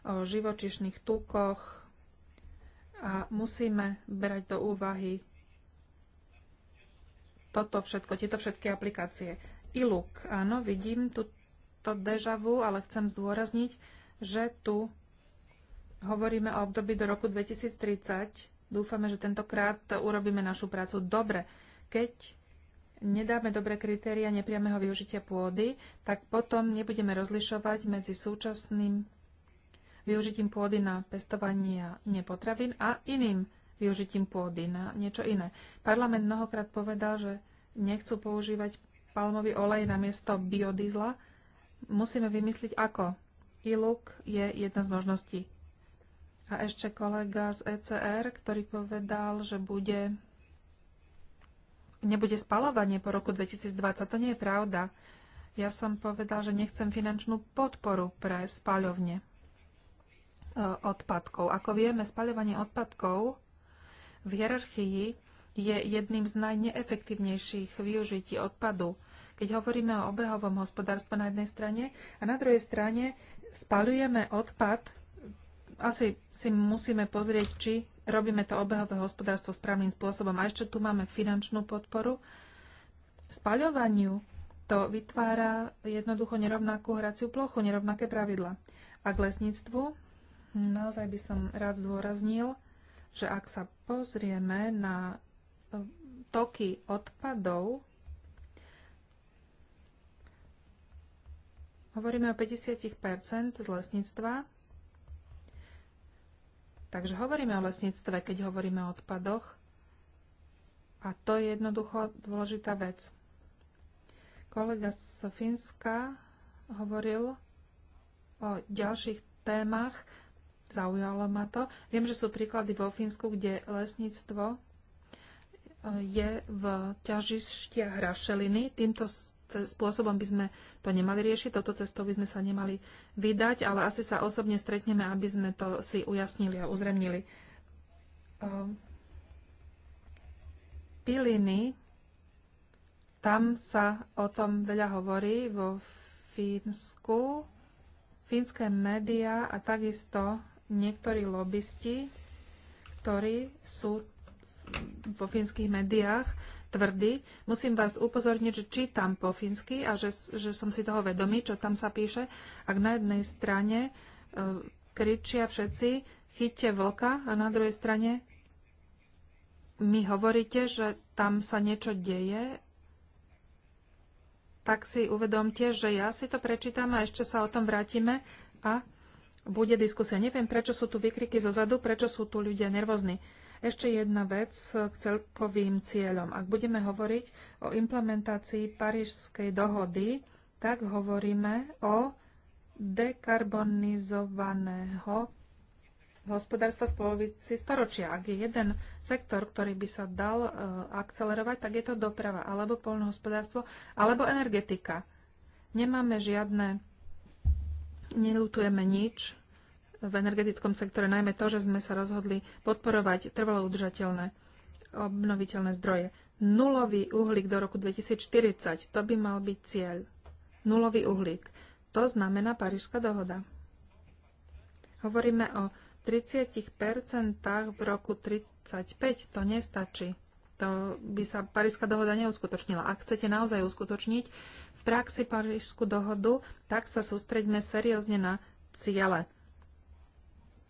o živočišných tukoch a musíme brať do úvahy toto všetko, tieto všetky aplikácie. ILUK, áno, vidím túto deja vu, ale chcem zdôrazniť, že tu hovoríme o období do roku 2030. Dúfame, že tentokrát urobíme našu prácu dobre. Keď nedáme dobré kritéria nepriameho využitia pôdy, tak potom nebudeme rozlišovať medzi súčasným využitím pôdy na pestovanie nepotravín a iným využitím pôdy na niečo iné. Parlament mnohokrát povedal, že nechcú používať palmový olej na miesto biodizla. Musíme vymysliť ako. ILUK je jedna z možností. A ešte kolega z ECR, ktorý povedal, že bude nebude spalovanie po roku 2020. To nie je pravda. Ja som povedal, že nechcem finančnú podporu pre spaľovne e, odpadkov. Ako vieme, spaľovanie odpadkov v hierarchii je jedným z najneefektívnejších využití odpadu. Keď hovoríme o obehovom hospodárstve na jednej strane a na druhej strane spaľujeme odpad asi si musíme pozrieť, či robíme to obehové hospodárstvo správnym spôsobom. A ešte tu máme finančnú podporu. Spaľovaniu to vytvára jednoducho nerovnakú hraciu plochu, nerovnaké pravidla. A k lesníctvu naozaj by som rád zdôraznil, že ak sa pozrieme na e, toky odpadov, hovoríme o 50% z lesníctva, Takže hovoríme o lesníctve, keď hovoríme o odpadoch. A to je jednoducho dôležitá vec. Kolega z Fínska hovoril o ďalších témach. Zaujalo ma to. Viem, že sú príklady vo Fínsku, kde lesníctvo je v ťažištiach rašeliny. Týmto spôsobom by sme to nemali riešiť, toto cestou by sme sa nemali vydať, ale asi sa osobne stretneme, aby sme to si ujasnili a uzremnili. Ehm, piliny, tam sa o tom veľa hovorí vo Fínsku. Fínske médiá a takisto niektorí lobbysti, ktorí sú vo fínskych médiách, tvrdý. Musím vás upozorniť, že čítam po fínsky a že, že som si toho vedomý, čo tam sa píše. Ak na jednej strane e, kričia všetci, chyťte vlka a na druhej strane mi hovoríte, že tam sa niečo deje, tak si uvedomte, že ja si to prečítam a ešte sa o tom vrátime a bude diskusia. Neviem, prečo sú tu vykriky zo zadu, prečo sú tu ľudia nervózni. Ešte jedna vec k celkovým cieľom. Ak budeme hovoriť o implementácii Parížskej dohody, tak hovoríme o dekarbonizovaného hospodárstva v polovici storočia. Ak je jeden sektor, ktorý by sa dal e, akcelerovať, tak je to doprava, alebo poľnohospodárstvo, alebo energetika. Nemáme žiadne, nelutujeme nič, v energetickom sektore, najmä to, že sme sa rozhodli podporovať trvalo udržateľné obnoviteľné zdroje. Nulový uhlík do roku 2040, to by mal byť cieľ. Nulový uhlík. To znamená Parížská dohoda. Hovoríme o 30% v roku 35. To nestačí. To by sa Parížská dohoda neuskutočnila. Ak chcete naozaj uskutočniť v praxi Parížskú dohodu, tak sa sústreďme seriózne na ciele.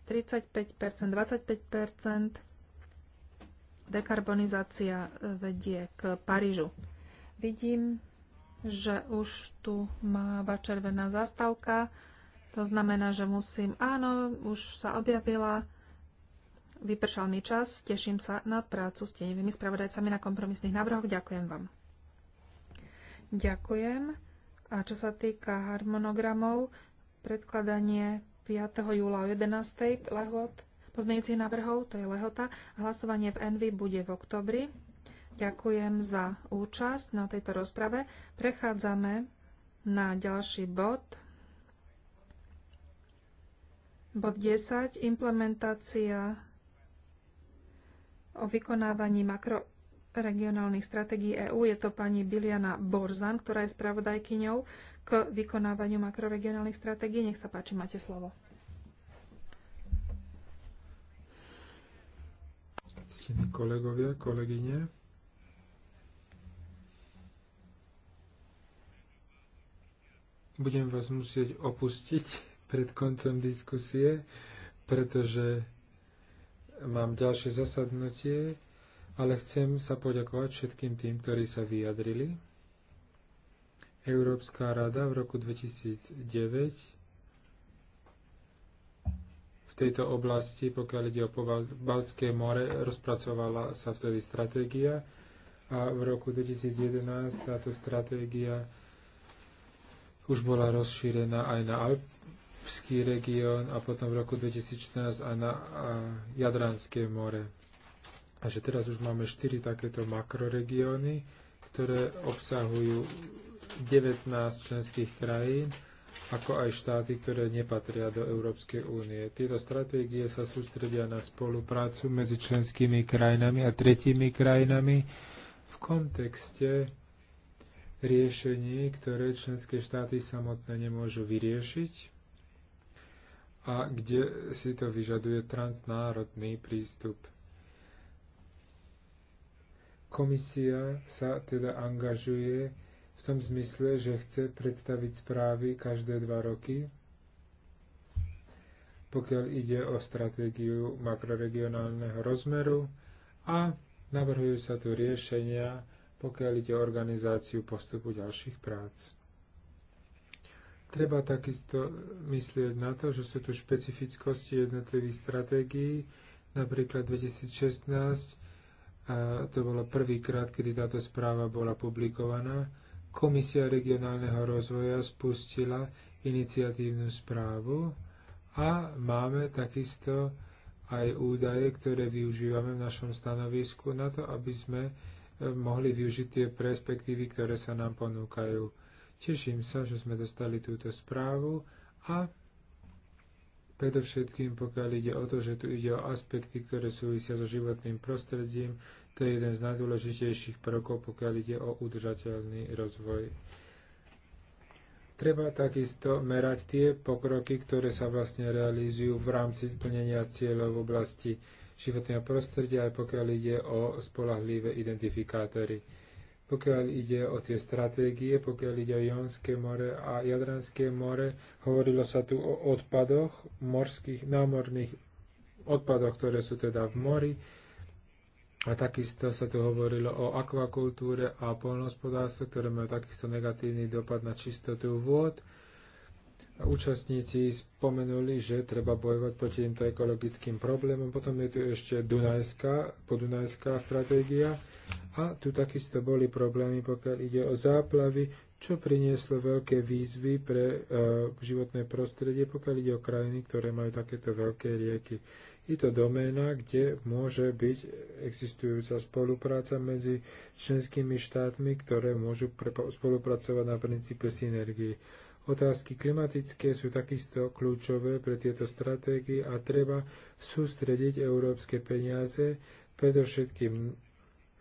35%, 25% dekarbonizácia e, vedie k Parížu. Vidím, že už tu máva červená zastavka. To znamená, že musím... Áno, už sa objavila. Vypršal mi čas. Teším sa na prácu s tenivými spravodajcami na kompromisných návrhoch. Ďakujem vám. Ďakujem. A čo sa týka harmonogramov, predkladanie 5. júla o 11. lehot pozmeňujúcich návrhov, to je lehota. Hlasovanie v Envy bude v oktobri. Ďakujem za účasť na tejto rozprave. Prechádzame na ďalší bod. Bod 10. Implementácia o vykonávaní makroregionálnych stratégií EÚ. Je to pani Biliana Borzan, ktorá je spravodajkyňou k vykonávaniu makroregionálnych stratégií. Nech sa páči, máte slovo. Ctení kolegovia, kolegyne, budem vás musieť opustiť pred koncom diskusie, pretože mám ďalšie zasadnutie, ale chcem sa poďakovať všetkým tým, ktorí sa vyjadrili. Európska rada v roku 2009 v tejto oblasti, pokiaľ ide o Baltské more, rozpracovala sa vtedy stratégia a v roku 2011 táto stratégia už bola rozšírená aj na Alpský región a potom v roku 2014 aj na Jadranské more. A že teraz už máme štyri takéto makroregióny, ktoré obsahujú 19 členských krajín, ako aj štáty, ktoré nepatria do Európskej únie. Tieto stratégie sa sústredia na spoluprácu medzi členskými krajinami a tretími krajinami v kontexte riešení, ktoré členské štáty samotné nemôžu vyriešiť a kde si to vyžaduje transnárodný prístup. Komisia sa teda angažuje tom zmysle, že chce predstaviť správy každé dva roky, pokiaľ ide o stratégiu makroregionálneho rozmeru a navrhujú sa tu riešenia, pokiaľ ide o organizáciu postupu ďalších prác. Treba takisto myslieť na to, že sú tu špecifickosti jednotlivých stratégií, napríklad 2016 a to bolo prvýkrát, kedy táto správa bola publikovaná Komisia regionálneho rozvoja spustila iniciatívnu správu a máme takisto aj údaje, ktoré využívame v našom stanovisku na to, aby sme eh, mohli využiť tie perspektívy, ktoré sa nám ponúkajú. Teším sa, že sme dostali túto správu a Predovšetkým, pokiaľ ide o to, že tu ide o aspekty, ktoré súvisia so životným prostredím, to je jeden z najdôležitejších prvkov, pokiaľ ide o udržateľný rozvoj. Treba takisto merať tie pokroky, ktoré sa vlastne realizujú v rámci plnenia cieľov v oblasti životného prostredia, aj pokiaľ ide o spolahlivé identifikátory. Pokiaľ ide o tie stratégie, pokiaľ ide o Jonské more a Jadranské more, hovorilo sa tu o odpadoch, morských, námorných odpadoch, ktoré sú teda v mori a takisto sa tu hovorilo o akvakultúre a polnohospodárstve, ktoré majú takisto negatívny dopad na čistotu vôd. Účastníci spomenuli, že treba bojovať proti týmto ekologickým problémom. Potom je tu ešte Dunajská, podunajská stratégia. A tu takisto boli problémy, pokiaľ ide o záplavy, čo prinieslo veľké výzvy pre e, životné prostredie, pokiaľ ide o krajiny, ktoré majú takéto veľké rieky. Je to doména, kde môže byť existujúca spolupráca medzi členskými štátmi, ktoré môžu spolupracovať na princípe synergii. Otázky klimatické sú takisto kľúčové pre tieto stratégie a treba sústrediť európske peniaze predovšetkým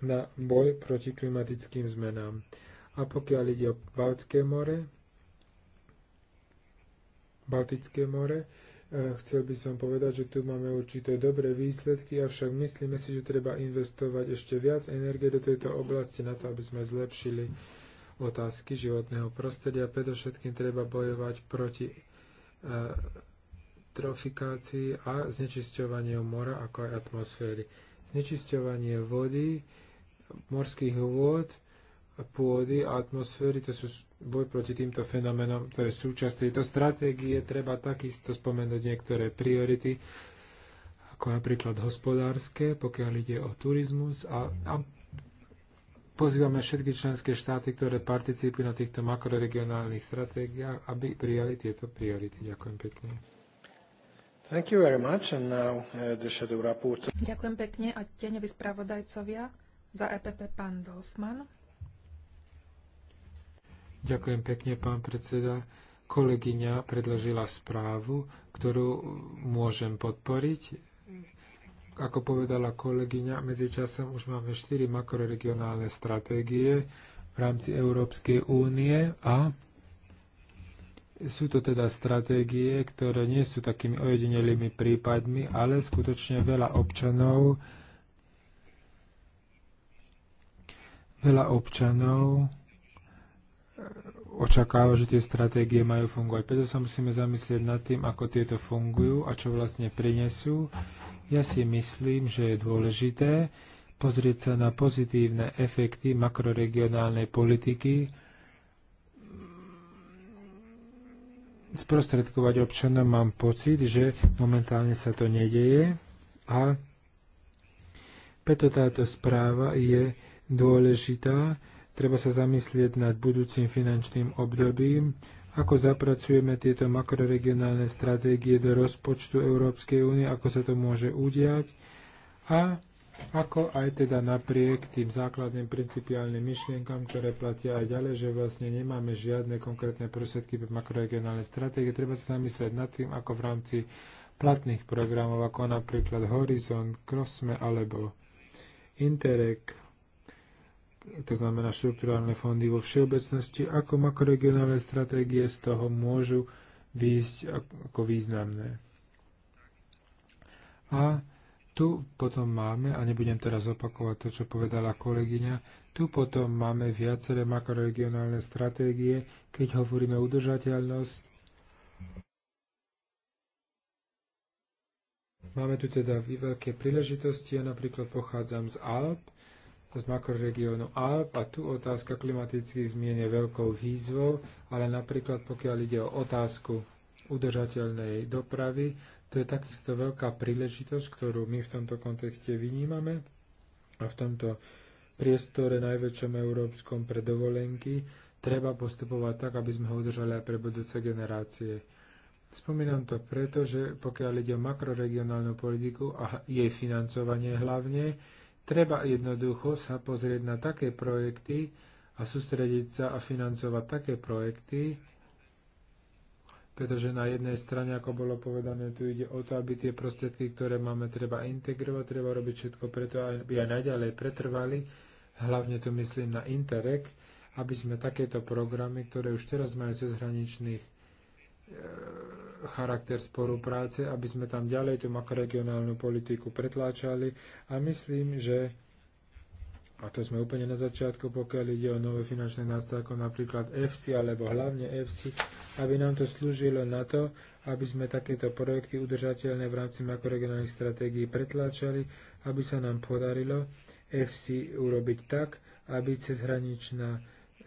na boj proti klimatickým zmenám. A pokiaľ ide o Baltské more, Baltické more, E, chcel by som povedať, že tu máme určité dobré výsledky, avšak myslíme si, že treba investovať ešte viac energie do tejto oblasti na to, aby sme zlepšili otázky životného prostredia. všetkým treba bojovať proti e, trofikácii a znečisťovaniu mora, ako aj atmosféry. Znečisťovanie vody, morských vôd, pôdy a atmosféry, to sú boj proti týmto fenomenom, to je súčasť tejto stratégie, treba takisto spomenúť niektoré priority, ako napríklad hospodárske, pokiaľ ide o turizmus a, a pozývame všetky členské štáty, ktoré participujú na týchto makroregionálnych stratégiách, aby prijali tieto priority. Ďakujem pekne. Thank you very much. And now, uh, the shadow report. Ďakujem pekne a tieňoví spravodajcovia za EPP pán Dolfman. Ďakujem pekne, pán predseda. Kolegyňa predložila správu, ktorú môžem podporiť. Ako povedala kolegyňa, medzičasom už máme štyri makroregionálne stratégie v rámci Európskej únie a sú to teda stratégie, ktoré nie sú takými ojedinelými prípadmi, ale skutočne veľa občanov veľa občanov očakáva, že tie stratégie majú fungovať. Preto sa musíme zamyslieť nad tým, ako tieto fungujú a čo vlastne prinesú. Ja si myslím, že je dôležité pozrieť sa na pozitívne efekty makroregionálnej politiky, sprostredkovať občanom mám pocit, že momentálne sa to nedeje a preto táto správa je dôležitá, Treba sa zamyslieť nad budúcim finančným obdobím, ako zapracujeme tieto makroregionálne stratégie do rozpočtu Európskej únie, ako sa to môže udiať a ako aj teda napriek tým základným principiálnym myšlienkam, ktoré platia aj ďalej, že vlastne nemáme žiadne konkrétne prosvedky pre makroregionálne stratégie, treba sa zamyslieť nad tým, ako v rámci platných programov, ako napríklad Horizon, Crossme alebo Interreg, to znamená štruktúrálne fondy vo všeobecnosti, ako makroregionálne stratégie z toho môžu výjsť ako významné. A tu potom máme, a nebudem teraz opakovať to, čo povedala kolegyňa, tu potom máme viaceré makroregionálne stratégie, keď hovoríme o udržateľnosť. Máme tu teda veľké príležitosti, ja napríklad pochádzam z Alp, z makroregiónu Alp a tu otázka klimatických zmien je veľkou výzvou, ale napríklad pokiaľ ide o otázku udržateľnej dopravy, to je takisto veľká príležitosť, ktorú my v tomto kontexte vynímame a v tomto priestore najväčšom európskom pre dovolenky treba postupovať tak, aby sme ho udržali aj pre budúce generácie. Spomínam to preto, že pokiaľ ide o makroregionálnu politiku a jej financovanie hlavne, Treba jednoducho sa pozrieť na také projekty a sústrediť sa a financovať také projekty, pretože na jednej strane, ako bolo povedané, tu ide o to, aby tie prostriedky, ktoré máme, treba integrovať, treba robiť všetko preto, aby aj naďalej pretrvali, hlavne tu myslím na Interreg, aby sme takéto programy, ktoré už teraz majú cezhraničných e, charakter spolupráce, aby sme tam ďalej tú makroregionálnu politiku pretláčali a myslím, že a to sme úplne na začiatku, pokiaľ ide o nové finančné nástroje, ako napríklad EFSI, alebo hlavne EFSI, aby nám to slúžilo na to, aby sme takéto projekty udržateľné v rámci makroregionálnych stratégií pretláčali, aby sa nám podarilo EFSI urobiť tak, aby cezhraničná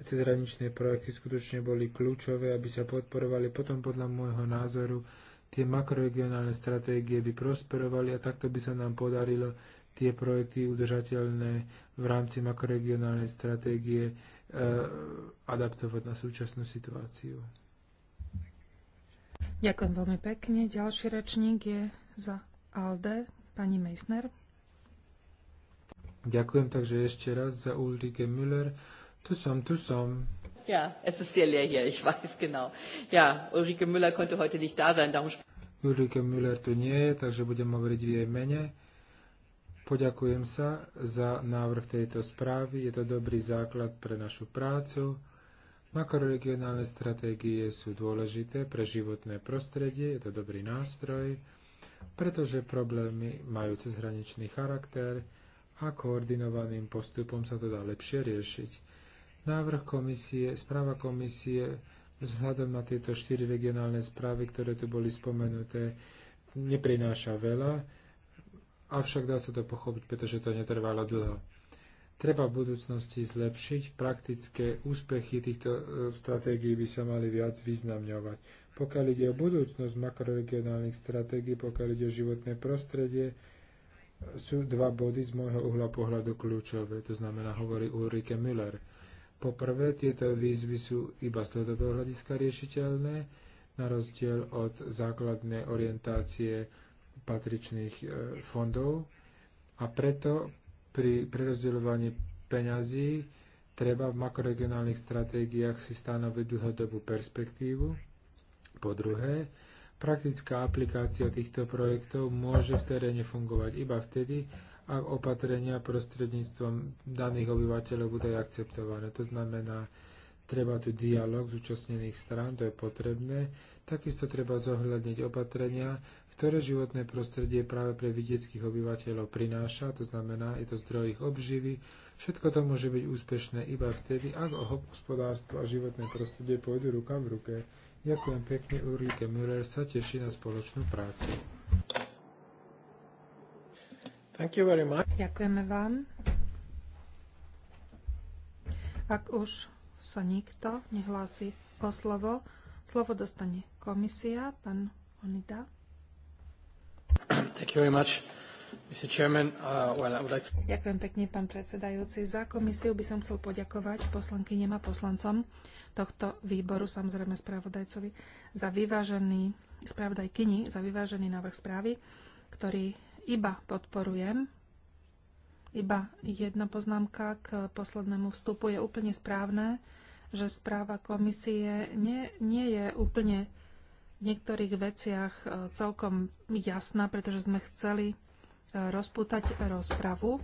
cezhraničné projekty skutočne boli kľúčové, aby sa podporovali. Potom podľa môjho názoru tie makroregionálne stratégie by prosperovali a takto by sa nám podarilo tie projekty udržateľné v rámci makroregionálnej stratégie e, adaptovať na súčasnú situáciu. Ďakujem veľmi pekne. Ďalší rečník je za ALDE, pani Meissner. Ďakujem takže ešte raz za Ulrike Müller tu som, tu som. Ja, es ist sehr leer hier, ich weiß genau. Ja, Ulrike Müller konnte heute nicht da sein, darum... Ulrike Müller tu nie takže budem hovoriť v jej mene. Poďakujem sa za návrh tejto správy. Je to dobrý základ pre našu prácu. Makroregionálne stratégie sú dôležité pre životné prostredie, je to dobrý nástroj, pretože problémy majú cezhraničný charakter a koordinovaným postupom sa to dá lepšie riešiť. Návrh komisie, správa komisie vzhľadom na tieto štyri regionálne správy, ktoré tu boli spomenuté, neprináša veľa, avšak dá sa to pochopiť, pretože to netrvalo dlho. Treba v budúcnosti zlepšiť, praktické úspechy týchto e, stratégií by sa mali viac významňovať. Pokiaľ ide o budúcnosť makroregionálnych stratégií, pokiaľ ide o životné prostredie, sú dva body z môjho uhla pohľadu kľúčové, to znamená hovorí Ulrike Müller. Poprvé, tieto výzvy sú iba z dlhodobého hľadiska riešiteľné, na rozdiel od základnej orientácie patričných e, fondov. A preto pri prerozdeľovaní peňazí treba v makroregionálnych stratégiách si stanoviť dlhodobú perspektívu. Po druhé, praktická aplikácia týchto projektov môže v teréne fungovať iba vtedy, ak opatrenia prostredníctvom daných obyvateľov budú akceptované. To znamená, treba tu dialog zúčastnených strán, to je potrebné. Takisto treba zohľadniť opatrenia, ktoré životné prostredie práve pre vidieckých obyvateľov prináša, to znamená, je to zdroj ich obživy. Všetko to môže byť úspešné iba vtedy, ak hospodárstvo a životné prostredie pôjdu ruka v ruke. Ďakujem pekne Urlike Müller, sa teší na spoločnú prácu. Thank you very much. Ďakujeme vám. Ak už sa nikto nehlási o slovo, slovo dostane komisia, pán Onida. Thank you very much. Mr. Chairman, uh, well, I would like to... Ďakujem pekne, pán predsedajúci. Za komisiu by som chcel poďakovať poslankyňam a poslancom tohto výboru, samozrejme spravodajcovi, za vyvážený, spravodajkyni, za vyvážený návrh správy, ktorý iba podporujem. Iba jedna poznámka k poslednému vstupu je úplne správne, že správa komisie nie, nie je úplne v niektorých veciach e, celkom jasná, pretože sme chceli e, rozpútať rozpravu.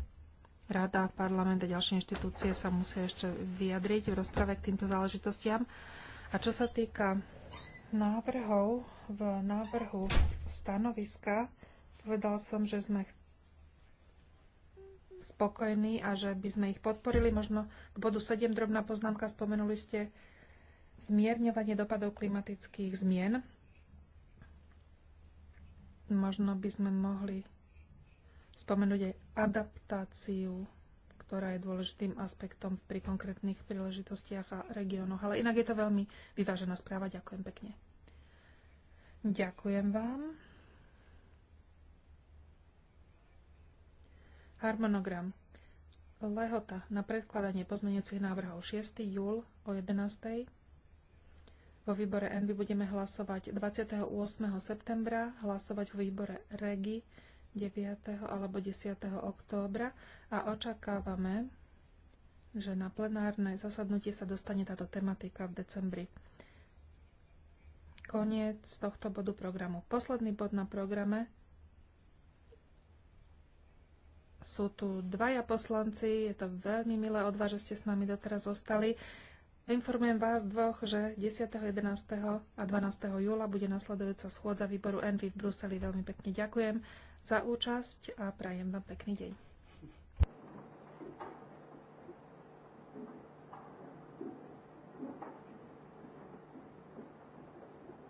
Rada, parlament a ďalšie inštitúcie sa musia ešte vyjadriť v rozprave k týmto záležitostiam. A čo sa týka návrhov v návrhu stanoviska, Povedal som, že sme spokojní a že by sme ich podporili. Možno k bodu 7 drobná poznámka spomenuli ste zmierňovanie dopadov klimatických zmien. Možno by sme mohli spomenúť aj adaptáciu, ktorá je dôležitým aspektom pri konkrétnych príležitostiach a regiónoch. Ale inak je to veľmi vyvážená správa. Ďakujem pekne. Ďakujem vám. Harmonogram. Lehota na predkladanie pozmeniacich návrhov 6. júl o 11. Vo výbore NB budeme hlasovať 28. septembra, hlasovať vo výbore REGI 9. alebo 10. októbra a očakávame, že na plenárne zasadnutie sa dostane táto tematika v decembri. Koniec tohto bodu programu. Posledný bod na programe sú tu dvaja poslanci, je to veľmi milé od vás, že ste s nami doteraz zostali. Informujem vás dvoch, že 10., 11. a 12. júla bude nasledujúca schôdza výboru Envy v Bruseli. Veľmi pekne ďakujem za účasť a prajem vám pekný deň.